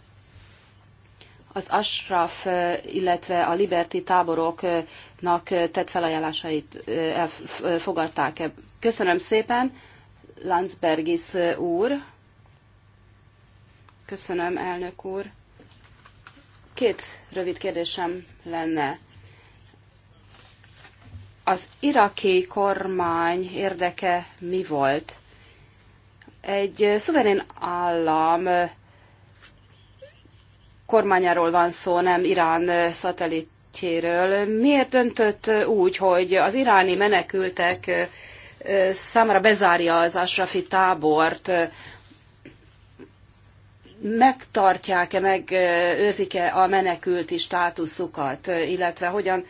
az Ashraf, illetve a Liberty táboroknak tett felajánlásait fogadták -e. Köszönöm szépen, Landsbergis úr. Köszönöm, elnök úr. Két rövid kérdésem lenne. Az iraki kormány érdeke mi volt? Egy szuverén állam kormányáról van szó, nem Irán szatellitjéről. Miért döntött úgy, hogy az iráni menekültek számára bezárja az Ashrafi tábort? Megtartják-e, meg őrzik-e a menekülti státuszukat, illetve hogyan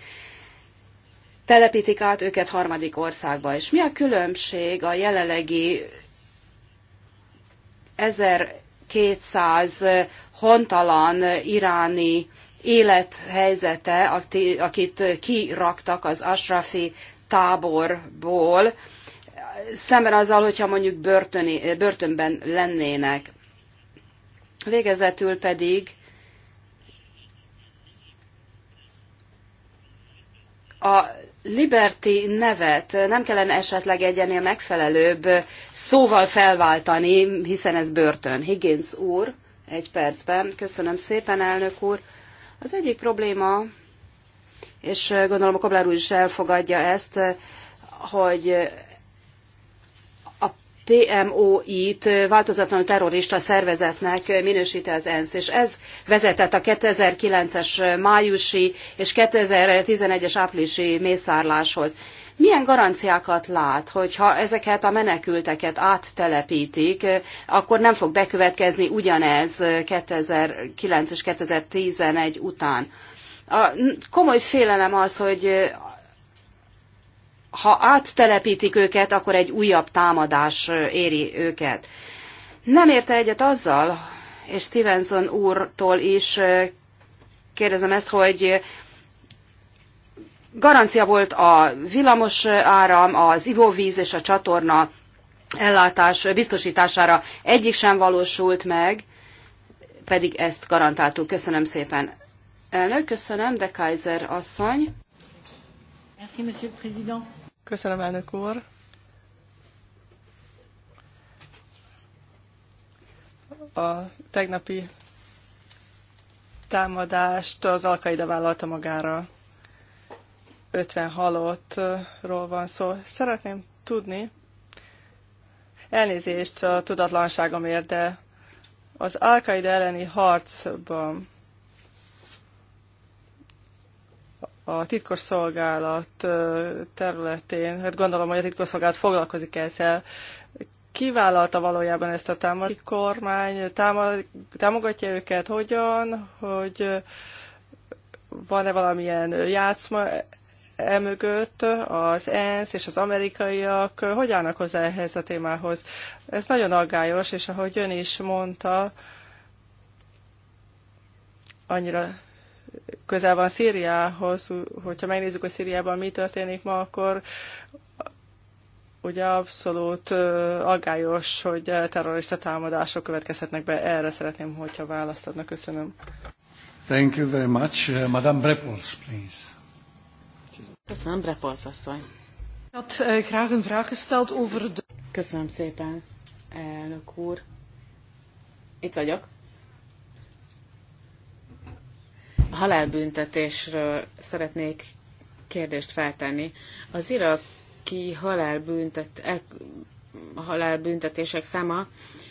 telepítik át őket harmadik országba? És mi a különbség a jelenlegi 1200 hontalan iráni élethelyzete, akit kiraktak az Ashrafi táborból, szemben azzal, hogyha mondjuk börtöni, börtönben lennének. Végezetül pedig a Liberty nevet nem kellene esetleg egyenél megfelelőbb szóval felváltani, hiszen ez börtön. Higgins úr egy percben. Köszönöm szépen, elnök úr. Az egyik probléma, és gondolom a Koblár úr is elfogadja ezt, hogy a PMOI-t változatlanul terrorista szervezetnek minősíti az ENSZ, és ez vezetett a 2009-es májusi és 2011-es áprilisi mészárláshoz. Milyen garanciákat lát, hogyha ezeket a menekülteket áttelepítik, akkor nem fog bekövetkezni ugyanez 2009 és 2011 után? A komoly félelem az, hogy ha áttelepítik őket, akkor egy újabb támadás éri őket. Nem érte egyet azzal, és Stevenson úrtól is kérdezem ezt, hogy Garancia volt a villamos áram, az ivóvíz és a csatorna ellátás biztosítására egyik sem valósult meg, pedig ezt garantáltuk. Köszönöm szépen. Elnök, köszönöm, de Kaiser asszony. Köszönöm, elnök úr. A tegnapi támadást az Alkaida vállalta magára. 50 halottról van szó. Szeretném tudni, elnézést a tudatlanságomért, de az al elleni harcban a titkos szolgálat területén, hát gondolom, hogy a titkos szolgálat foglalkozik ezzel, kivállalta valójában ezt a támadó kormány, támogatja őket hogyan, hogy van-e valamilyen játszma emögött az ENSZ és az amerikaiak hogy állnak hozzá ehhez a témához. Ez nagyon aggályos, és ahogy ön is mondta, annyira közel van Szíriához, hogyha megnézzük, hogy Szíriában mi történik ma, akkor ugye abszolút aggályos, hogy terrorista támadások következhetnek be. Erre szeretném, hogyha választ Köszönöm. Thank you very much. Madame Brepols, please. Köszönöm, Brepolsz asszony. Hát, graag een vraag gesteld over de... Köszönöm szépen, elnök úr. Itt vagyok. A halálbüntetésről szeretnék kérdést feltenni. Az iraki halálbüntet, halálbüntetések száma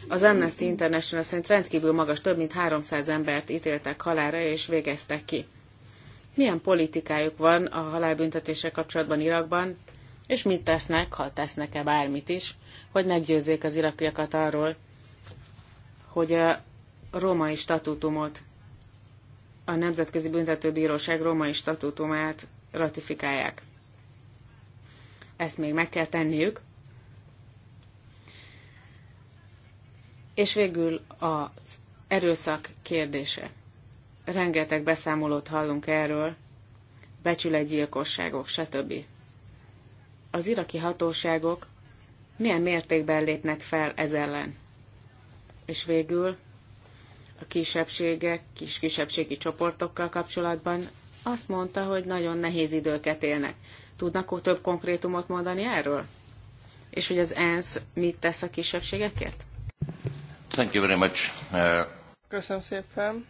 az Amnesty International szerint rendkívül magas, több mint 300 embert ítéltek halálra és végeztek ki milyen politikájuk van a halálbüntetéssel kapcsolatban Irakban, és mit tesznek, ha tesznek-e bármit is, hogy meggyőzzék az irakiakat arról, hogy a római statútumot, a Nemzetközi Büntetőbíróság római statútumát ratifikálják. Ezt még meg kell tenniük. És végül az erőszak kérdése. Rengeteg beszámolót hallunk erről, becsületgyilkosságok, stb. Az iraki hatóságok milyen mértékben lépnek fel ez ellen? És végül a kisebbségek, kis kisebbségi csoportokkal kapcsolatban azt mondta, hogy nagyon nehéz időket élnek. Tudnak több konkrétumot mondani erről? És hogy az ENSZ mit tesz a kisebbségekért? Thank you very much. Uh... Köszönöm szépen.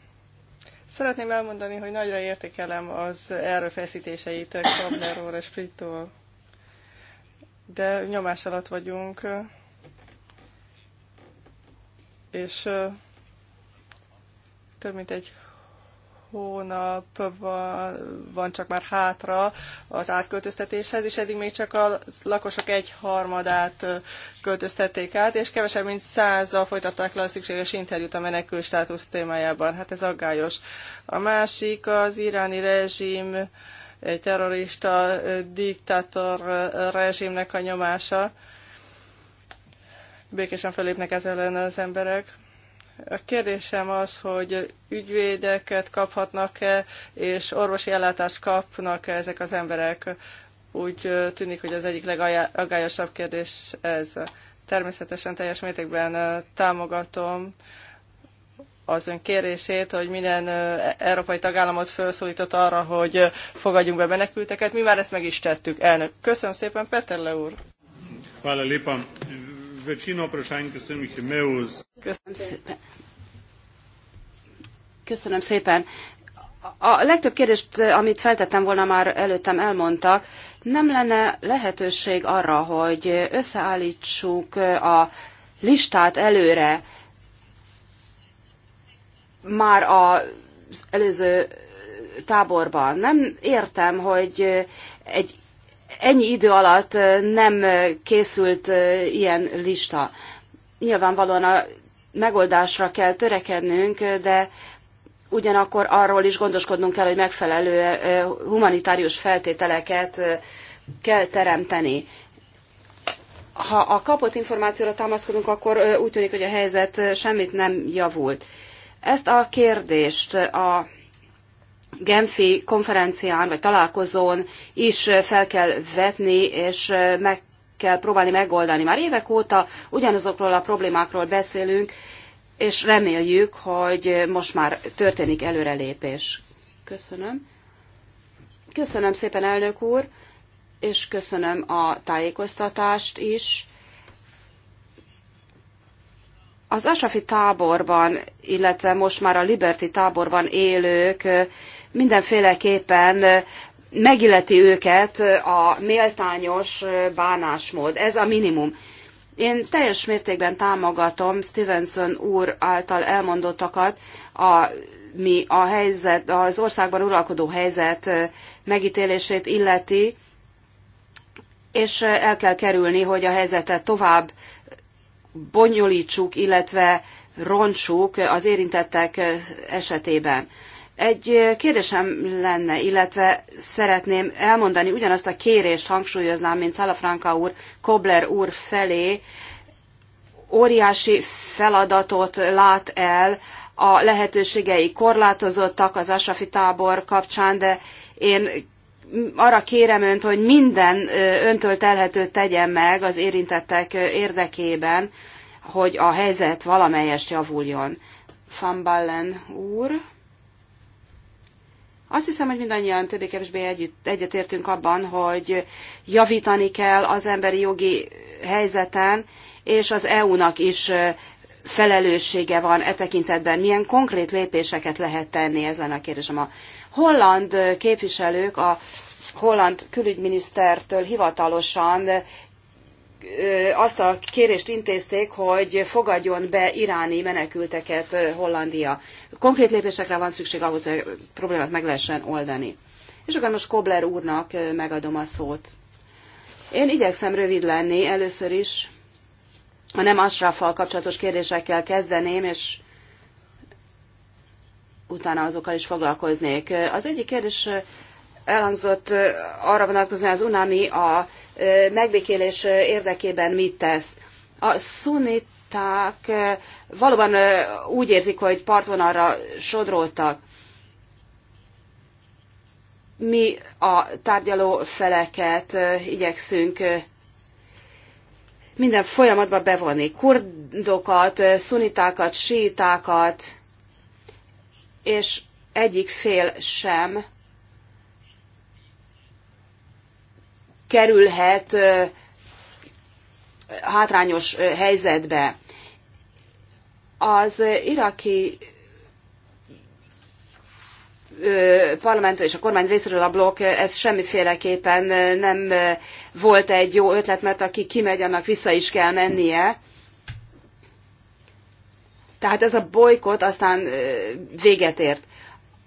Szeretném elmondani, hogy nagyra értékelem az erőfeszítéseit Kabner és Sprittól, de nyomás alatt vagyunk, és több mint egy hónap van, van csak már hátra az átköltöztetéshez, és eddig még csak a lakosok egy harmadát költöztették át, és kevesebb mint százal folytatták le a szükséges interjút a menekül státusz témájában. Hát ez aggályos. A másik az iráni rezsim, egy terrorista diktátor rezsimnek a nyomása. Békésen felépnek ez ellen az emberek a kérdésem az, hogy ügyvédeket kaphatnak-e, és orvosi ellátást kapnak-e ezek az emberek. Úgy tűnik, hogy az egyik legaggályosabb kérdés ez. Természetesen teljes mértékben támogatom az ön kérését, hogy minden európai tagállamot felszólított arra, hogy fogadjunk be menekülteket. Mi már ezt meg is tettük, elnök. Köszönöm szépen, Peterle úr! Köszönöm szépen. Köszönöm szépen. A legtöbb kérdést, amit feltettem volna, már előttem elmondtak. Nem lenne lehetőség arra, hogy összeállítsuk a listát előre, már az előző táborban. Nem értem, hogy egy ennyi idő alatt nem készült ilyen lista. Nyilvánvalóan a megoldásra kell törekednünk, de ugyanakkor arról is gondoskodnunk kell, hogy megfelelő humanitárius feltételeket kell teremteni. Ha a kapott információra támaszkodunk, akkor úgy tűnik, hogy a helyzet semmit nem javult. Ezt a kérdést a Genfi konferencián vagy találkozón is fel kell vetni, és meg kell próbálni megoldani. Már évek óta ugyanazokról a problémákról beszélünk, és reméljük, hogy most már történik előrelépés. Köszönöm. Köszönöm szépen, elnök úr, és köszönöm a tájékoztatást is. Az Asafi táborban, illetve most már a Liberty táborban élők mindenféleképpen megilleti őket a méltányos bánásmód. Ez a minimum. Én teljes mértékben támogatom Stevenson úr által elmondottakat, a, mi a helyzet, az országban uralkodó helyzet megítélését illeti, és el kell kerülni, hogy a helyzetet tovább bonyolítsuk, illetve roncsuk az érintettek esetében. Egy kérdésem lenne, illetve szeretném elmondani ugyanazt a kérést hangsúlyoznám, mint Szalafranka úr, Kobler úr felé, óriási feladatot lát el, a lehetőségei korlátozottak az Asafi tábor kapcsán, de én arra kérem önt, hogy minden öntől telhetőt tegyen meg az érintettek érdekében, hogy a helyzet valamelyest javuljon. Van Ballen úr. Azt hiszem, hogy mindannyian többé-kevésbé egyetértünk abban, hogy javítani kell az emberi jogi helyzeten, és az EU-nak is felelőssége van e tekintetben. Milyen konkrét lépéseket lehet tenni, ez lenne a kérdésem. A holland képviselők a holland külügyminisztertől hivatalosan azt a kérést intézték, hogy fogadjon be iráni menekülteket Hollandia konkrét lépésekre van szükség ahhoz, hogy a problémát meg lehessen oldani. És akkor most Kobler úrnak megadom a szót. Én igyekszem rövid lenni először is. ha nem Asraffal kapcsolatos kérdésekkel kezdeném, és utána azokkal is foglalkoznék. Az egyik kérdés elhangzott arra vonatkozóan, az UNAMI a megbékélés érdekében mit tesz. A szunit pilóták valóban úgy érzik, hogy partvonalra sodroltak. Mi a tárgyaló feleket igyekszünk minden folyamatba bevonni. Kurdokat, szunitákat, sítákat, és egyik fél sem kerülhet hátrányos helyzetbe. Az iraki parlament és a kormány részéről a blokk, ez semmiféleképpen nem volt egy jó ötlet, mert aki kimegy, annak vissza is kell mennie. Tehát ez a bolykot aztán véget ért.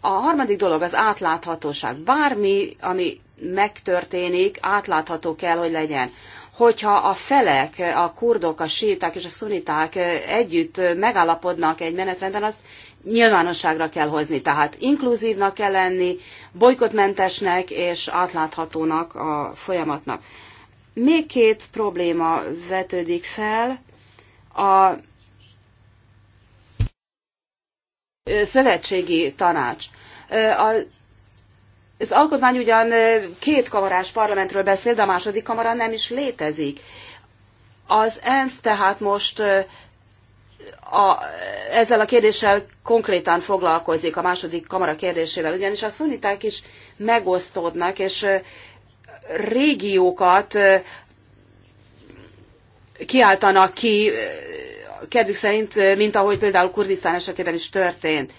A harmadik dolog az átláthatóság. Bármi, ami megtörténik, átlátható kell, hogy legyen hogyha a felek, a kurdok, a séták és a szuniták együtt megállapodnak egy menetrenden, azt nyilvánosságra kell hozni. Tehát inkluzívnak kell lenni, bolykotmentesnek és átláthatónak a folyamatnak. Még két probléma vetődik fel. A szövetségi tanács. A az alkotmány ugyan két kamarás parlamentről beszél, de a második kamara nem is létezik. Az ENSZ tehát most a, ezzel a kérdéssel konkrétan foglalkozik, a második kamara kérdésével, ugyanis a szuniták is megosztódnak, és régiókat kiáltanak ki, kedvük szerint, mint ahogy például Kurdisztán esetében is történt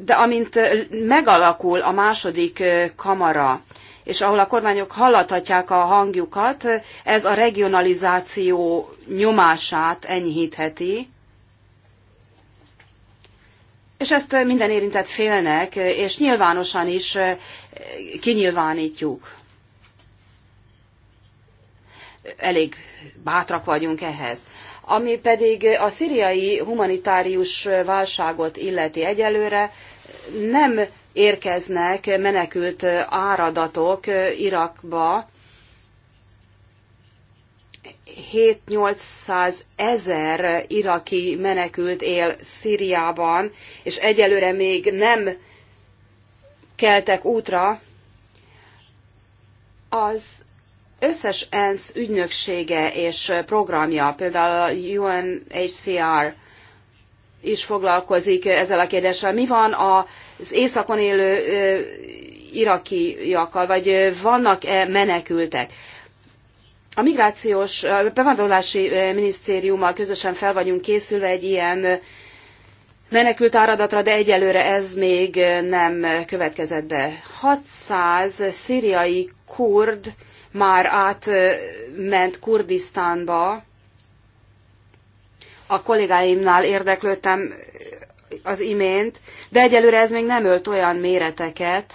de amint megalakul a második kamara, és ahol a kormányok hallathatják a hangjukat, ez a regionalizáció nyomását enyhítheti, és ezt minden érintett félnek, és nyilvánosan is kinyilvánítjuk. Elég bátrak vagyunk ehhez. Ami pedig a szíriai humanitárius válságot illeti egyelőre, nem érkeznek menekült áradatok Irakba, 7-800 ezer iraki menekült él Szíriában, és egyelőre még nem keltek útra, az összes ENSZ ügynöksége és programja, például a UNHCR is foglalkozik ezzel a kérdéssel. Mi van az északon élő irakiakkal, vagy vannak-e menekültek? A migrációs a bevándorlási minisztériummal közösen fel vagyunk készülve egy ilyen menekült áradatra, de egyelőre ez még nem következett be. 600 szíriai kurd már átment Kurdisztánba. A kollégáimnál érdeklődtem az imént, de egyelőre ez még nem ölt olyan méreteket,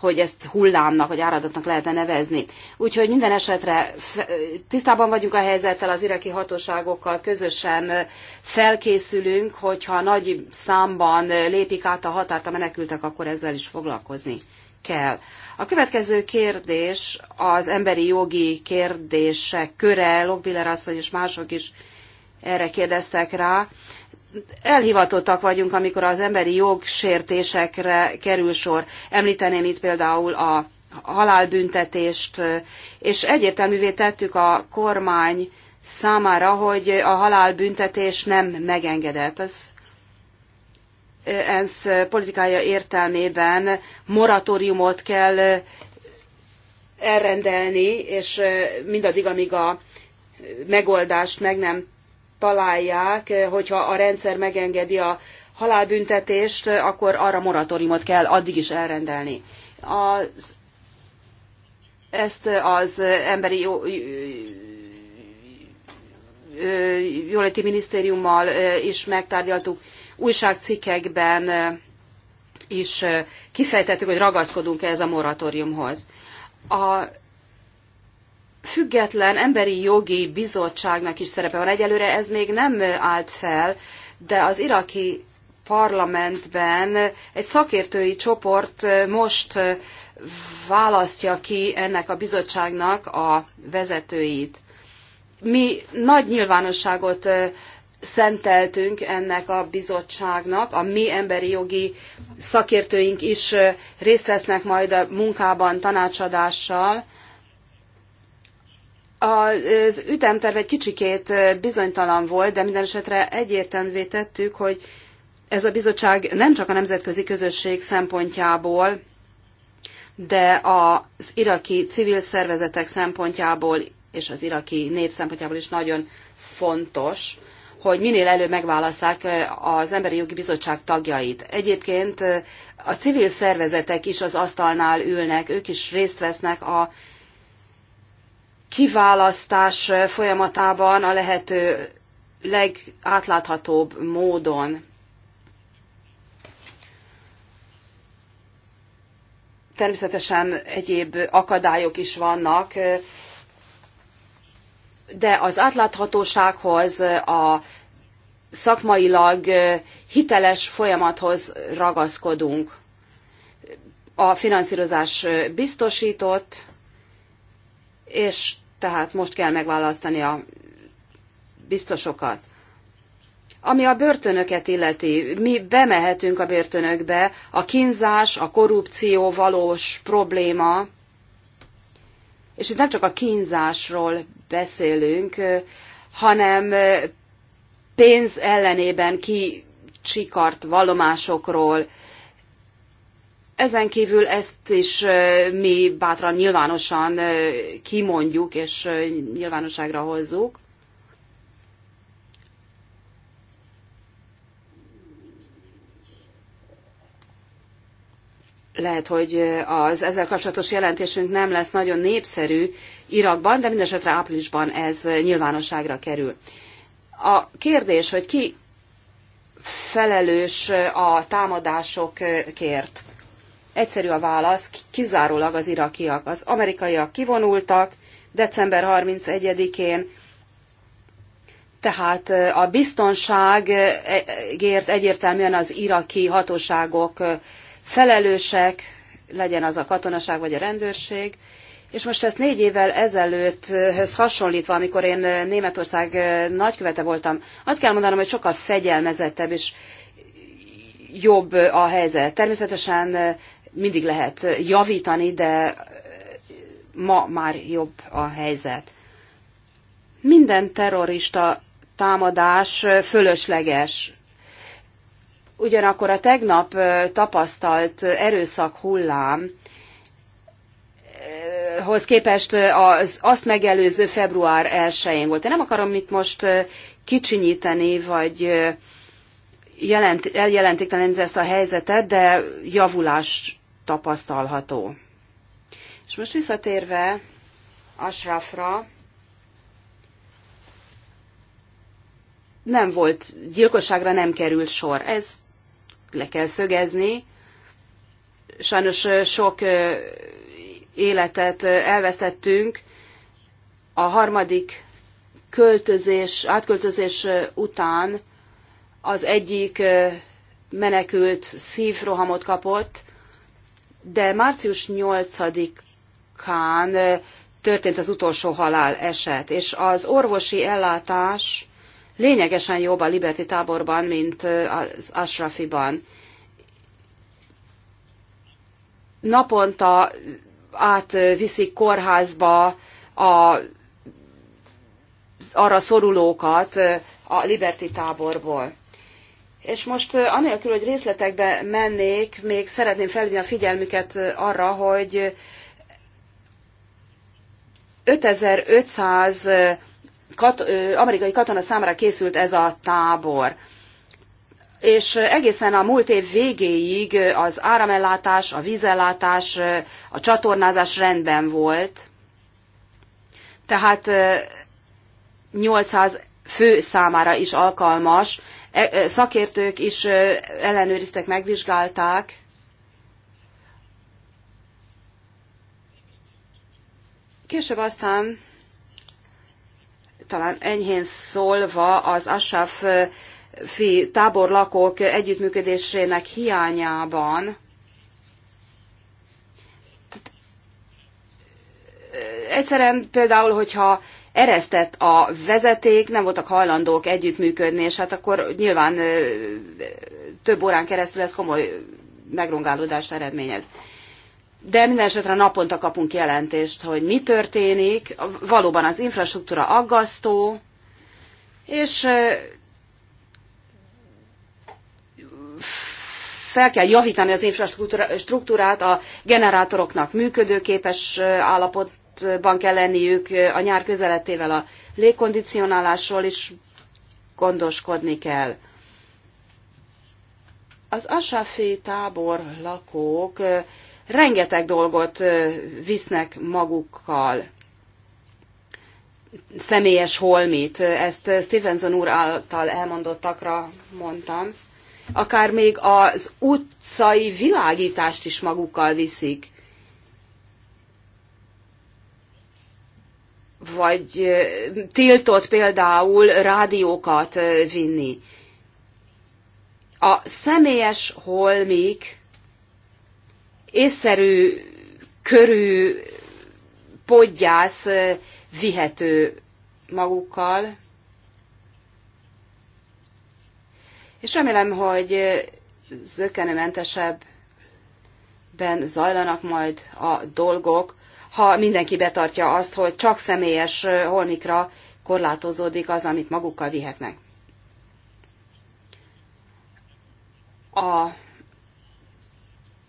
hogy ezt hullámnak vagy áradatnak lehetne nevezni. Úgyhogy minden esetre tisztában vagyunk a helyzettel, az iraki hatóságokkal közösen felkészülünk, hogyha nagy számban lépik át a határt a menekültek, akkor ezzel is foglalkozni kell. A következő kérdés az emberi jogi kérdések köre, Lokbiller asszony és mások is erre kérdeztek rá. Elhivatottak vagyunk, amikor az emberi jogsértésekre kerül sor. Említeném itt például a halálbüntetést, és egyértelművé tettük a kormány számára, hogy a halálbüntetés nem megengedett. Ez ENSZ politikája értelmében moratóriumot kell elrendelni, és mindaddig, amíg a megoldást meg nem találják, hogyha a rendszer megengedi a halálbüntetést, akkor arra moratóriumot kell addig is elrendelni. Az, ezt az emberi jó, jóléti minisztériummal is megtárgyaltuk újságcikkekben is kifejtettük, hogy ragaszkodunk ehhez a moratóriumhoz. A független emberi jogi bizottságnak is szerepe van. Egyelőre ez még nem állt fel, de az iraki parlamentben egy szakértői csoport most választja ki ennek a bizottságnak a vezetőit. Mi nagy nyilvánosságot szenteltünk ennek a bizottságnak. A mi emberi jogi szakértőink is részt vesznek majd a munkában tanácsadással. Az ütemterv egy kicsikét bizonytalan volt, de minden esetre egyértelművé tettük, hogy ez a bizottság nem csak a nemzetközi közösség szempontjából, de az iraki civil szervezetek szempontjából és az iraki nép szempontjából is nagyon fontos hogy minél előbb megválasszák az Emberi Jogi Bizottság tagjait. Egyébként a civil szervezetek is az asztalnál ülnek, ők is részt vesznek a kiválasztás folyamatában a lehető legátláthatóbb módon. Természetesen egyéb akadályok is vannak, de az átláthatósághoz, a szakmailag hiteles folyamathoz ragaszkodunk. A finanszírozás biztosított, és tehát most kell megválasztani a biztosokat. Ami a börtönöket illeti, mi bemehetünk a börtönökbe, a kínzás, a korrupció valós probléma, és itt nem csak a kínzásról beszélünk, hanem pénz ellenében kicsikart vallomásokról. Ezen kívül ezt is mi bátran nyilvánosan kimondjuk és nyilvánosságra hozzuk. lehet, hogy az ezzel kapcsolatos jelentésünk nem lesz nagyon népszerű, Irakban, de mindesetre áprilisban ez nyilvánosságra kerül. A kérdés, hogy ki felelős a támadásokért? Egyszerű a válasz, kizárólag az irakiak. Az amerikaiak kivonultak december 31-én, tehát a biztonságért egyértelműen az iraki hatóságok felelősek, legyen az a katonaság vagy a rendőrség, és most ezt négy évvel ezelőtthöz hasonlítva, amikor én Németország nagykövete voltam, azt kell mondanom, hogy sokkal fegyelmezettebb és jobb a helyzet. Természetesen mindig lehet javítani, de ma már jobb a helyzet. Minden terrorista támadás fölösleges. Ugyanakkor a tegnap tapasztalt erőszak hullám hoz képest az azt megelőző február 1-én volt. Én nem akarom itt most kicsinyíteni, vagy jelent, eljelentékteleníteni ezt a helyzetet, de javulás tapasztalható. És most visszatérve Ashrafra, nem volt, gyilkosságra nem került sor. Ez le kell szögezni. Sajnos sok életet elvesztettünk a harmadik költözés, átköltözés után az egyik menekült szívrohamot kapott, de március 8-án történt az utolsó halál eset, és az orvosi ellátás lényegesen jobb a Liberty táborban, mint az Ashrafiban. Naponta átviszik kórházba a, arra szorulókat a Liberty táborból. És most anélkül, hogy részletekbe mennék, még szeretném felhívni a figyelmüket arra, hogy 5500 kat, amerikai katona számára készült ez a tábor és egészen a múlt év végéig az áramellátás, a vízellátás, a csatornázás rendben volt. Tehát 800 fő számára is alkalmas. E, szakértők is ellenőriztek, megvizsgálták. Később aztán talán enyhén szólva az ASAF táborlakók együttműködésének hiányában egyszerűen például, hogyha eresztett a vezeték, nem voltak hajlandók együttműködni, és hát akkor nyilván több órán keresztül ez komoly megrongálódást eredményez. De minden esetre naponta kapunk jelentést, hogy mi történik, valóban az infrastruktúra aggasztó, és fel kell javítani az infrastruktúrát, a generátoroknak működőképes állapotban kell lenniük, a nyár közeletével a légkondicionálásról is gondoskodni kell. Az Asafi tábor lakók rengeteg dolgot visznek magukkal, személyes holmit. Ezt Stevenson úr által elmondottakra mondtam akár még az utcai világítást is magukkal viszik. Vagy tiltott például rádiókat vinni. A személyes holmik észszerű körű podgyász vihető magukkal, És remélem, hogy zökkenőmentesebben zajlanak majd a dolgok, ha mindenki betartja azt, hogy csak személyes holmikra korlátozódik az, amit magukkal vihetnek. A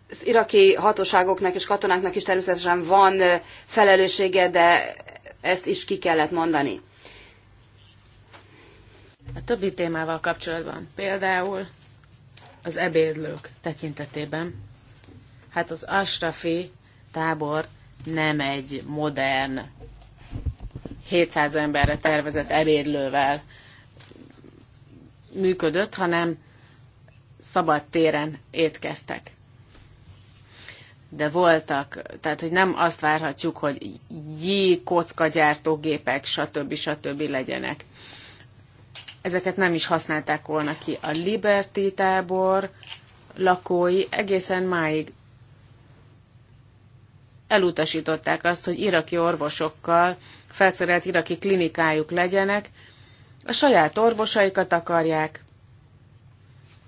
az iraki hatóságoknak és katonáknak is természetesen van felelőssége, de ezt is ki kellett mondani. A többi témával kapcsolatban, például az ebédlők tekintetében, hát az Ashrafi tábor nem egy modern 700 emberre tervezett ebédlővel működött, hanem szabad téren étkeztek. De voltak, tehát hogy nem azt várhatjuk, hogy jé, kockagyártógépek, stb. stb. legyenek ezeket nem is használták volna ki. A Liberty tábor lakói egészen máig elutasították azt, hogy iraki orvosokkal felszerelt iraki klinikájuk legyenek, a saját orvosaikat akarják,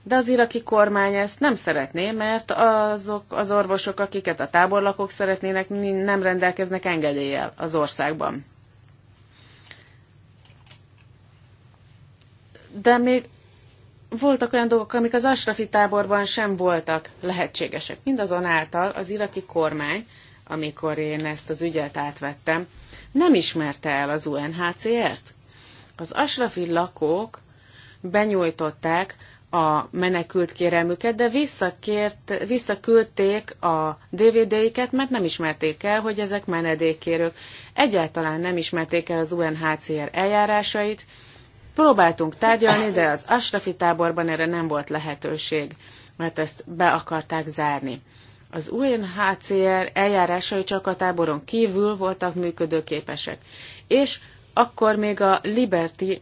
de az iraki kormány ezt nem szeretné, mert azok az orvosok, akiket a táborlakók szeretnének, nem rendelkeznek engedéllyel az országban. de még voltak olyan dolgok, amik az Asrafi táborban sem voltak lehetségesek. Mindazonáltal az iraki kormány, amikor én ezt az ügyet átvettem, nem ismerte el az UNHCR-t. Az Asrafi lakók benyújtották a menekült kérelmüket, de visszakért, visszaküldték a DVD-iket, mert nem ismerték el, hogy ezek menedékkérők. Egyáltalán nem ismerték el az UNHCR eljárásait, Próbáltunk tárgyalni, de az Asrafi táborban erre nem volt lehetőség, mert ezt be akarták zárni. Az UNHCR eljárásai csak a táboron kívül voltak működőképesek. És akkor még a Liberty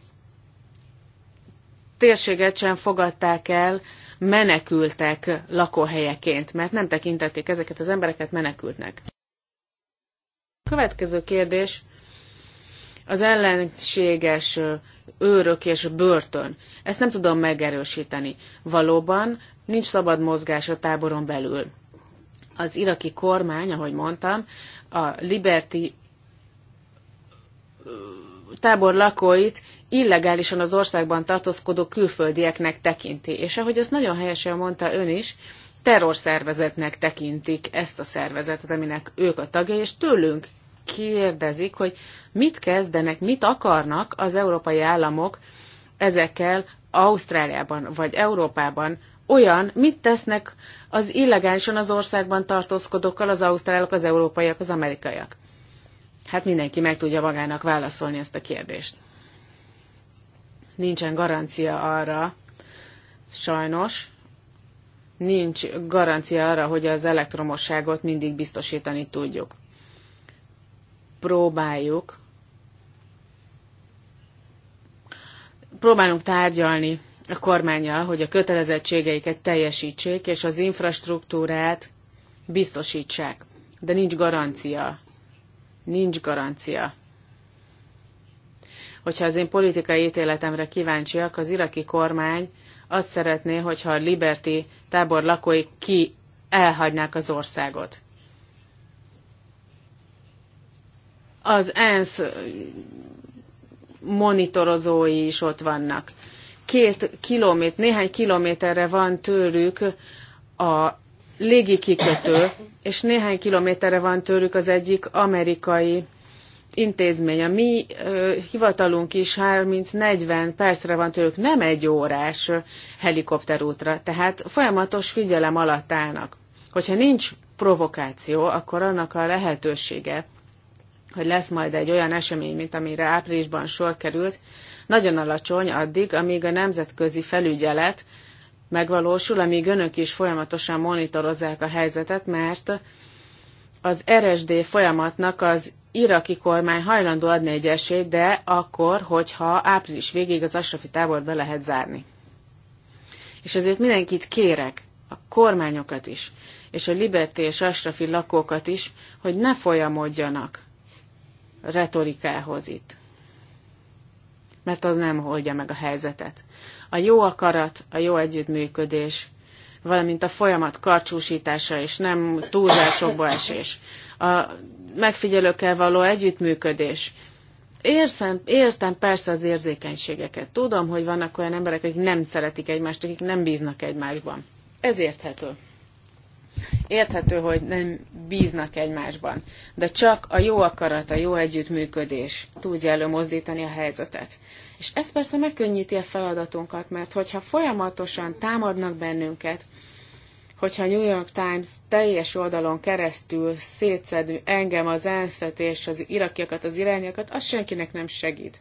térséget sem fogadták el menekültek lakóhelyeként, mert nem tekintették ezeket az embereket menekültnek. Következő kérdés az ellenséges őrök és börtön. Ezt nem tudom megerősíteni. Valóban nincs szabad mozgás a táboron belül. Az iraki kormány, ahogy mondtam, a Liberty tábor lakóit illegálisan az országban tartózkodó külföldieknek tekinti. És ahogy ezt nagyon helyesen mondta ön is, terrorszervezetnek tekintik ezt a szervezetet, aminek ők a tagja, és tőlünk kérdezik, hogy mit kezdenek, mit akarnak az európai államok ezekkel Ausztráliában vagy Európában, olyan, mit tesznek az illegálisan az országban tartózkodókkal az ausztrálok, az európaiak, az amerikaiak. Hát mindenki meg tudja magának válaszolni ezt a kérdést. Nincsen garancia arra, sajnos, nincs garancia arra, hogy az elektromosságot mindig biztosítani tudjuk próbáljuk, próbálunk tárgyalni a kormányjal, hogy a kötelezettségeiket teljesítsék, és az infrastruktúrát biztosítsák. De nincs garancia. Nincs garancia. Hogyha az én politikai ítéletemre kíváncsiak, az iraki kormány azt szeretné, hogyha a Liberty tábor lakói ki elhagynák az országot. az ENSZ monitorozói is ott vannak. Két kilométer, néhány kilométerre van tőlük a légi kikötő, és néhány kilométerre van tőlük az egyik amerikai intézmény. A mi ö, hivatalunk is 30-40 percre van tőlük, nem egy órás helikopterútra, tehát folyamatos figyelem alatt állnak. Hogyha nincs provokáció, akkor annak a lehetősége, hogy lesz majd egy olyan esemény, mint amire áprilisban sor került, nagyon alacsony addig, amíg a nemzetközi felügyelet megvalósul, amíg önök is folyamatosan monitorozzák a helyzetet, mert az RSD folyamatnak az iraki kormány hajlandó adni egy esélyt, de akkor, hogyha április végéig az Asrafi tábor be lehet zárni. És ezért mindenkit kérek, a kormányokat is, és a Liberté és Asrafi lakókat is, hogy ne folyamodjanak retorikához itt. Mert az nem oldja meg a helyzetet. A jó akarat, a jó együttműködés, valamint a folyamat karcsúsítása és nem túlzásokba esés. A megfigyelőkkel való együttműködés. Érszem, értem persze az érzékenységeket. Tudom, hogy vannak olyan emberek, akik nem szeretik egymást, akik nem bíznak egymásban. Ez érthető. Érthető, hogy nem bíznak egymásban, de csak a jó akarat, a jó együttműködés tudja előmozdítani a helyzetet. És ez persze megkönnyíti a feladatunkat, mert hogyha folyamatosan támadnak bennünket, hogyha a New York Times teljes oldalon keresztül szétszed engem az elszet és az irakiakat, az irányokat, az senkinek nem segít.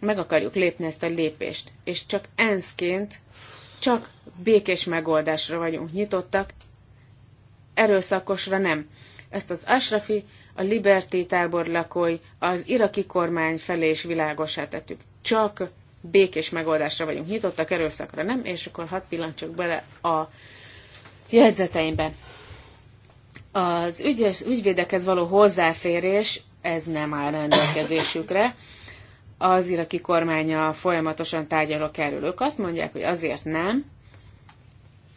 Meg akarjuk lépni ezt a lépést, és csak enszként, csak békés megoldásra vagyunk nyitottak, erőszakosra nem. Ezt az Ashrafi, a Liberty tábor lakói, az iraki kormány felé is világosá tettük. Csak békés megoldásra vagyunk nyitottak, erőszakra nem, és akkor hat pillancsok bele a jegyzeteimbe. Az ügyes, ügyvédekhez való hozzáférés, ez nem áll rendelkezésükre. Az iraki kormánya folyamatosan tárgyalok erről. Ők azt mondják, hogy azért nem,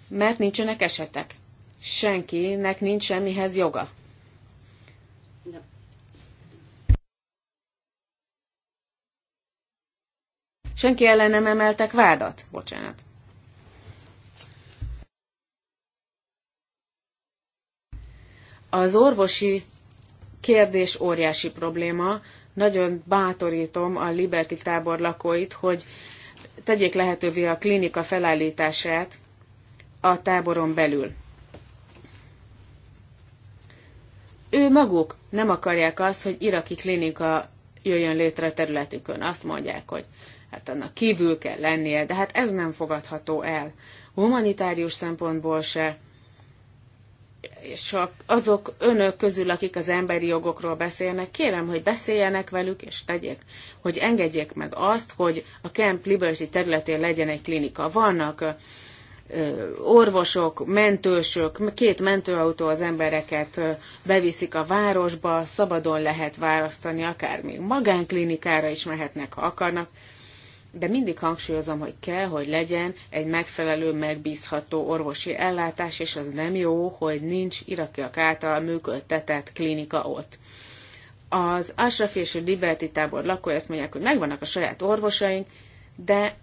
mert nincsenek esetek senkinek nincs semmihez joga. Senki ellen nem emeltek vádat. Bocsánat. Az orvosi kérdés óriási probléma. Nagyon bátorítom a Liberty tábor lakóit, hogy tegyék lehetővé a klinika felállítását a táboron belül. ő maguk nem akarják azt, hogy iraki klinika jöjjön létre a területükön. Azt mondják, hogy hát annak kívül kell lennie, de hát ez nem fogadható el. Humanitárius szempontból se, és azok önök közül, akik az emberi jogokról beszélnek, kérem, hogy beszéljenek velük, és tegyék, hogy engedjék meg azt, hogy a Camp Liberty területén legyen egy klinika. Vannak orvosok, mentősök, két mentőautó az embereket beviszik a városba, szabadon lehet választani, akár még magánklinikára is mehetnek, ha akarnak, de mindig hangsúlyozom, hogy kell, hogy legyen egy megfelelő, megbízható orvosi ellátás, és az nem jó, hogy nincs irakiak által működtetett klinika ott. Az Ashraf és a Liberty tábor lakói azt mondják, hogy megvannak a saját orvosaink, de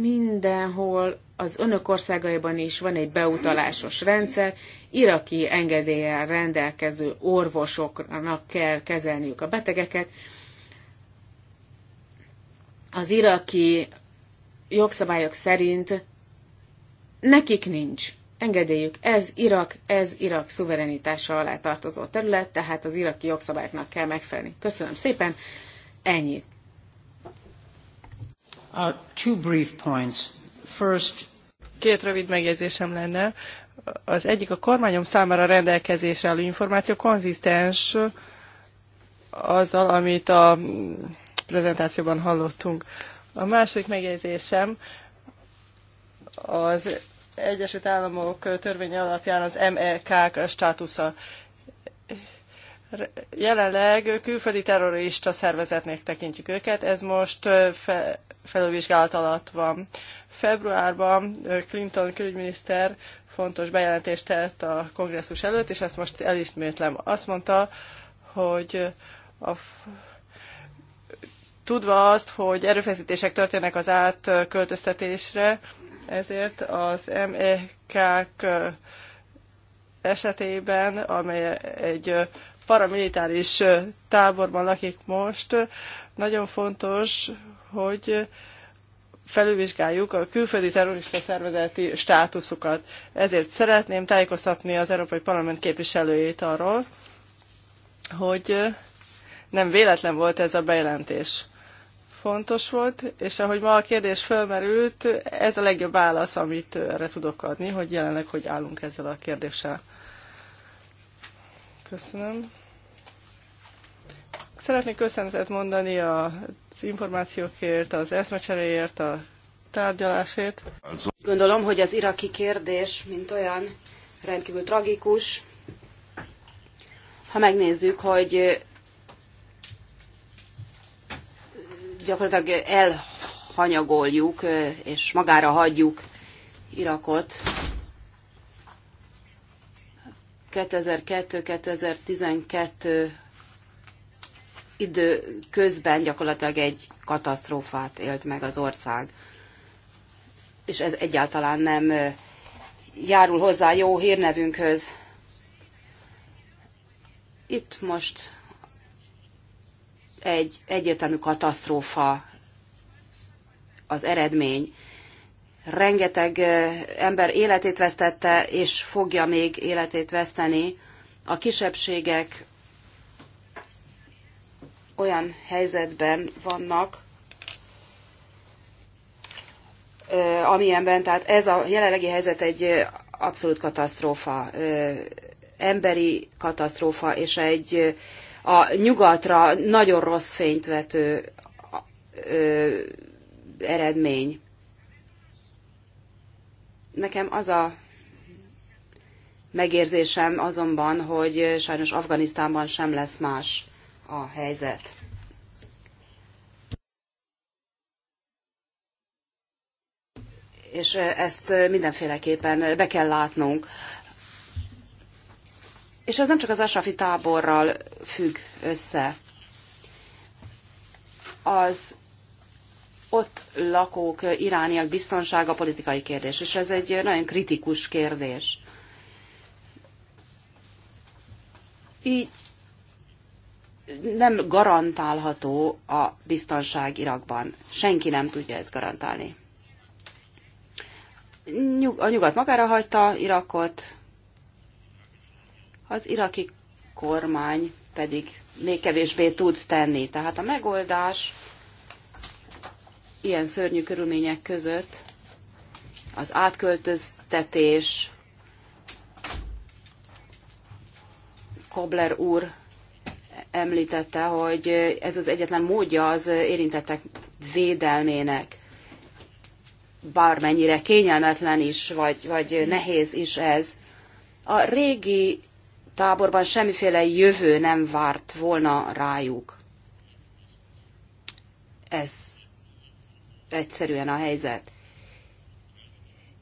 mindenhol az önök országaiban is van egy beutalásos rendszer, iraki engedéllyel rendelkező orvosoknak kell kezelniük a betegeket. Az iraki jogszabályok szerint nekik nincs engedélyük. Ez Irak, ez Irak szuverenitása alá tartozó terület, tehát az iraki jogszabályoknak kell megfelelni. Köszönöm szépen, ennyit. Uh, two brief points. First, Két rövid megjegyzésem lenne. Az egyik a kormányom számára rendelkezésre álló információ konzisztens azzal, amit a prezentációban hallottunk. A második megjegyzésem az Egyesült Államok törvénye alapján az M.E.K. státusza. Jelenleg külföldi terrorista szervezetnek tekintjük őket, ez most fe, felülvizsgálat alatt van. Februárban Clinton külügyminiszter fontos bejelentést tett a kongresszus előtt, és ezt most elismétlem. Azt mondta, hogy a tudva azt, hogy erőfeszítések történnek az átköltöztetésre, ezért az MEK-k esetében, amely egy paramilitáris táborban lakik most, nagyon fontos, hogy felülvizsgáljuk a külföldi terrorista szervezeti státuszukat. Ezért szeretném tájékoztatni az Európai Parlament képviselőjét arról, hogy nem véletlen volt ez a bejelentés. Fontos volt, és ahogy ma a kérdés fölmerült, ez a legjobb válasz, amit erre tudok adni, hogy jelenleg hogy állunk ezzel a kérdéssel. Köszönöm. Szeretnék köszönetet mondani az információkért, az eszmecseréért, a tárgyalásért. Gondolom, hogy az iraki kérdés, mint olyan, rendkívül tragikus. Ha megnézzük, hogy gyakorlatilag elhanyagoljuk és magára hagyjuk Irakot. 2002-2012 idő közben gyakorlatilag egy katasztrófát élt meg az ország. És ez egyáltalán nem járul hozzá jó hírnevünkhöz. Itt most egy egyértelmű katasztrófa az eredmény. Rengeteg ember életét vesztette, és fogja még életét veszteni. A kisebbségek olyan helyzetben vannak, amilyenben, tehát ez a jelenlegi helyzet egy abszolút katasztrófa, emberi katasztrófa, és egy a nyugatra nagyon rossz fényt vető eredmény. Nekem az a megérzésem azonban, hogy sajnos Afganisztánban sem lesz más a helyzet. És eh, ezt eh, mindenféleképpen eh, be kell látnunk. És ez nem csak az Asafi táborral függ össze. Az ott lakók, irániak biztonsága politikai kérdés, és ez egy nagyon kritikus kérdés. Így nem garantálható a biztonság Irakban. Senki nem tudja ezt garantálni. A nyugat magára hagyta Irakot, az iraki kormány pedig még kevésbé tud tenni. Tehát a megoldás ilyen szörnyű körülmények között az átköltöztetés, Kobler úr említette, hogy ez az egyetlen módja az érintettek védelmének. Bármennyire kényelmetlen is, vagy, vagy nehéz is ez. A régi táborban semmiféle jövő nem várt volna rájuk. Ez egyszerűen a helyzet.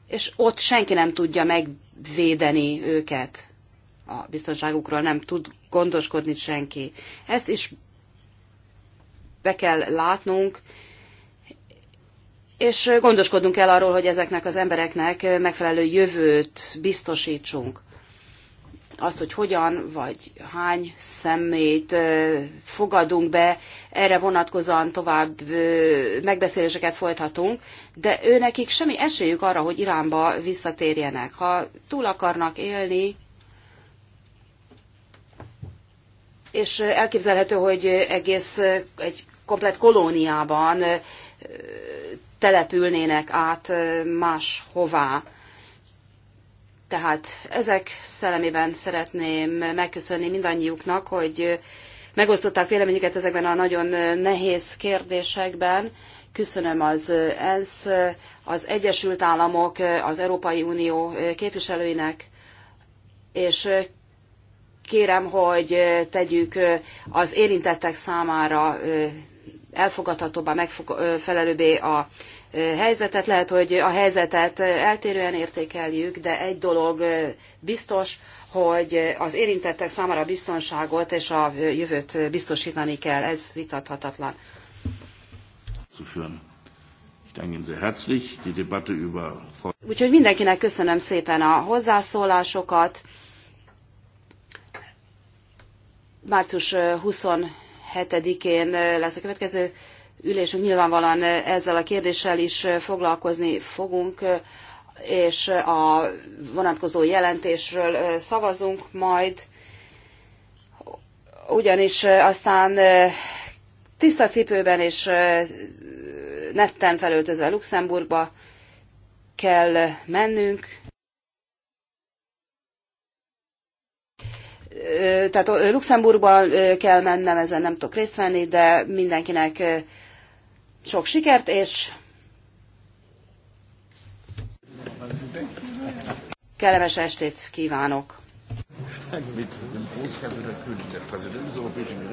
És ott senki nem tudja megvédeni őket. A biztonságukról nem tud gondoskodni senki. Ezt is be kell látnunk, és gondoskodnunk kell arról, hogy ezeknek az embereknek megfelelő jövőt biztosítsunk. Azt, hogy hogyan vagy hány szemét fogadunk be, erre vonatkozóan tovább megbeszéléseket folytatunk, de őnekik semmi esélyük arra, hogy Iránba visszatérjenek. Ha túl akarnak élni, és elképzelhető, hogy egész egy komplett kolóniában települnének át máshová. Tehát ezek szellemében szeretném megköszönni mindannyiuknak, hogy megosztották véleményüket ezekben a nagyon nehéz kérdésekben. Köszönöm az ENSZ, az Egyesült Államok, az Európai Unió képviselőinek, és kérem, hogy tegyük az érintettek számára elfogadhatóbbá, megfelelőbbé a helyzetet. Lehet, hogy a helyzetet eltérően értékeljük, de egy dolog biztos, hogy az érintettek számára a biztonságot és a jövőt biztosítani kell. Ez vitathatatlan. Úgyhogy mindenkinek köszönöm szépen a hozzászólásokat. március 27-én lesz a következő ülésünk, nyilvánvalóan ezzel a kérdéssel is foglalkozni fogunk, és a vonatkozó jelentésről szavazunk majd, ugyanis aztán tiszta cipőben és netten felöltözve Luxemburgba kell mennünk, tehát Luxemburgban kell mennem, ezen nem tudok részt venni, de mindenkinek sok sikert, és kellemes estét kívánok!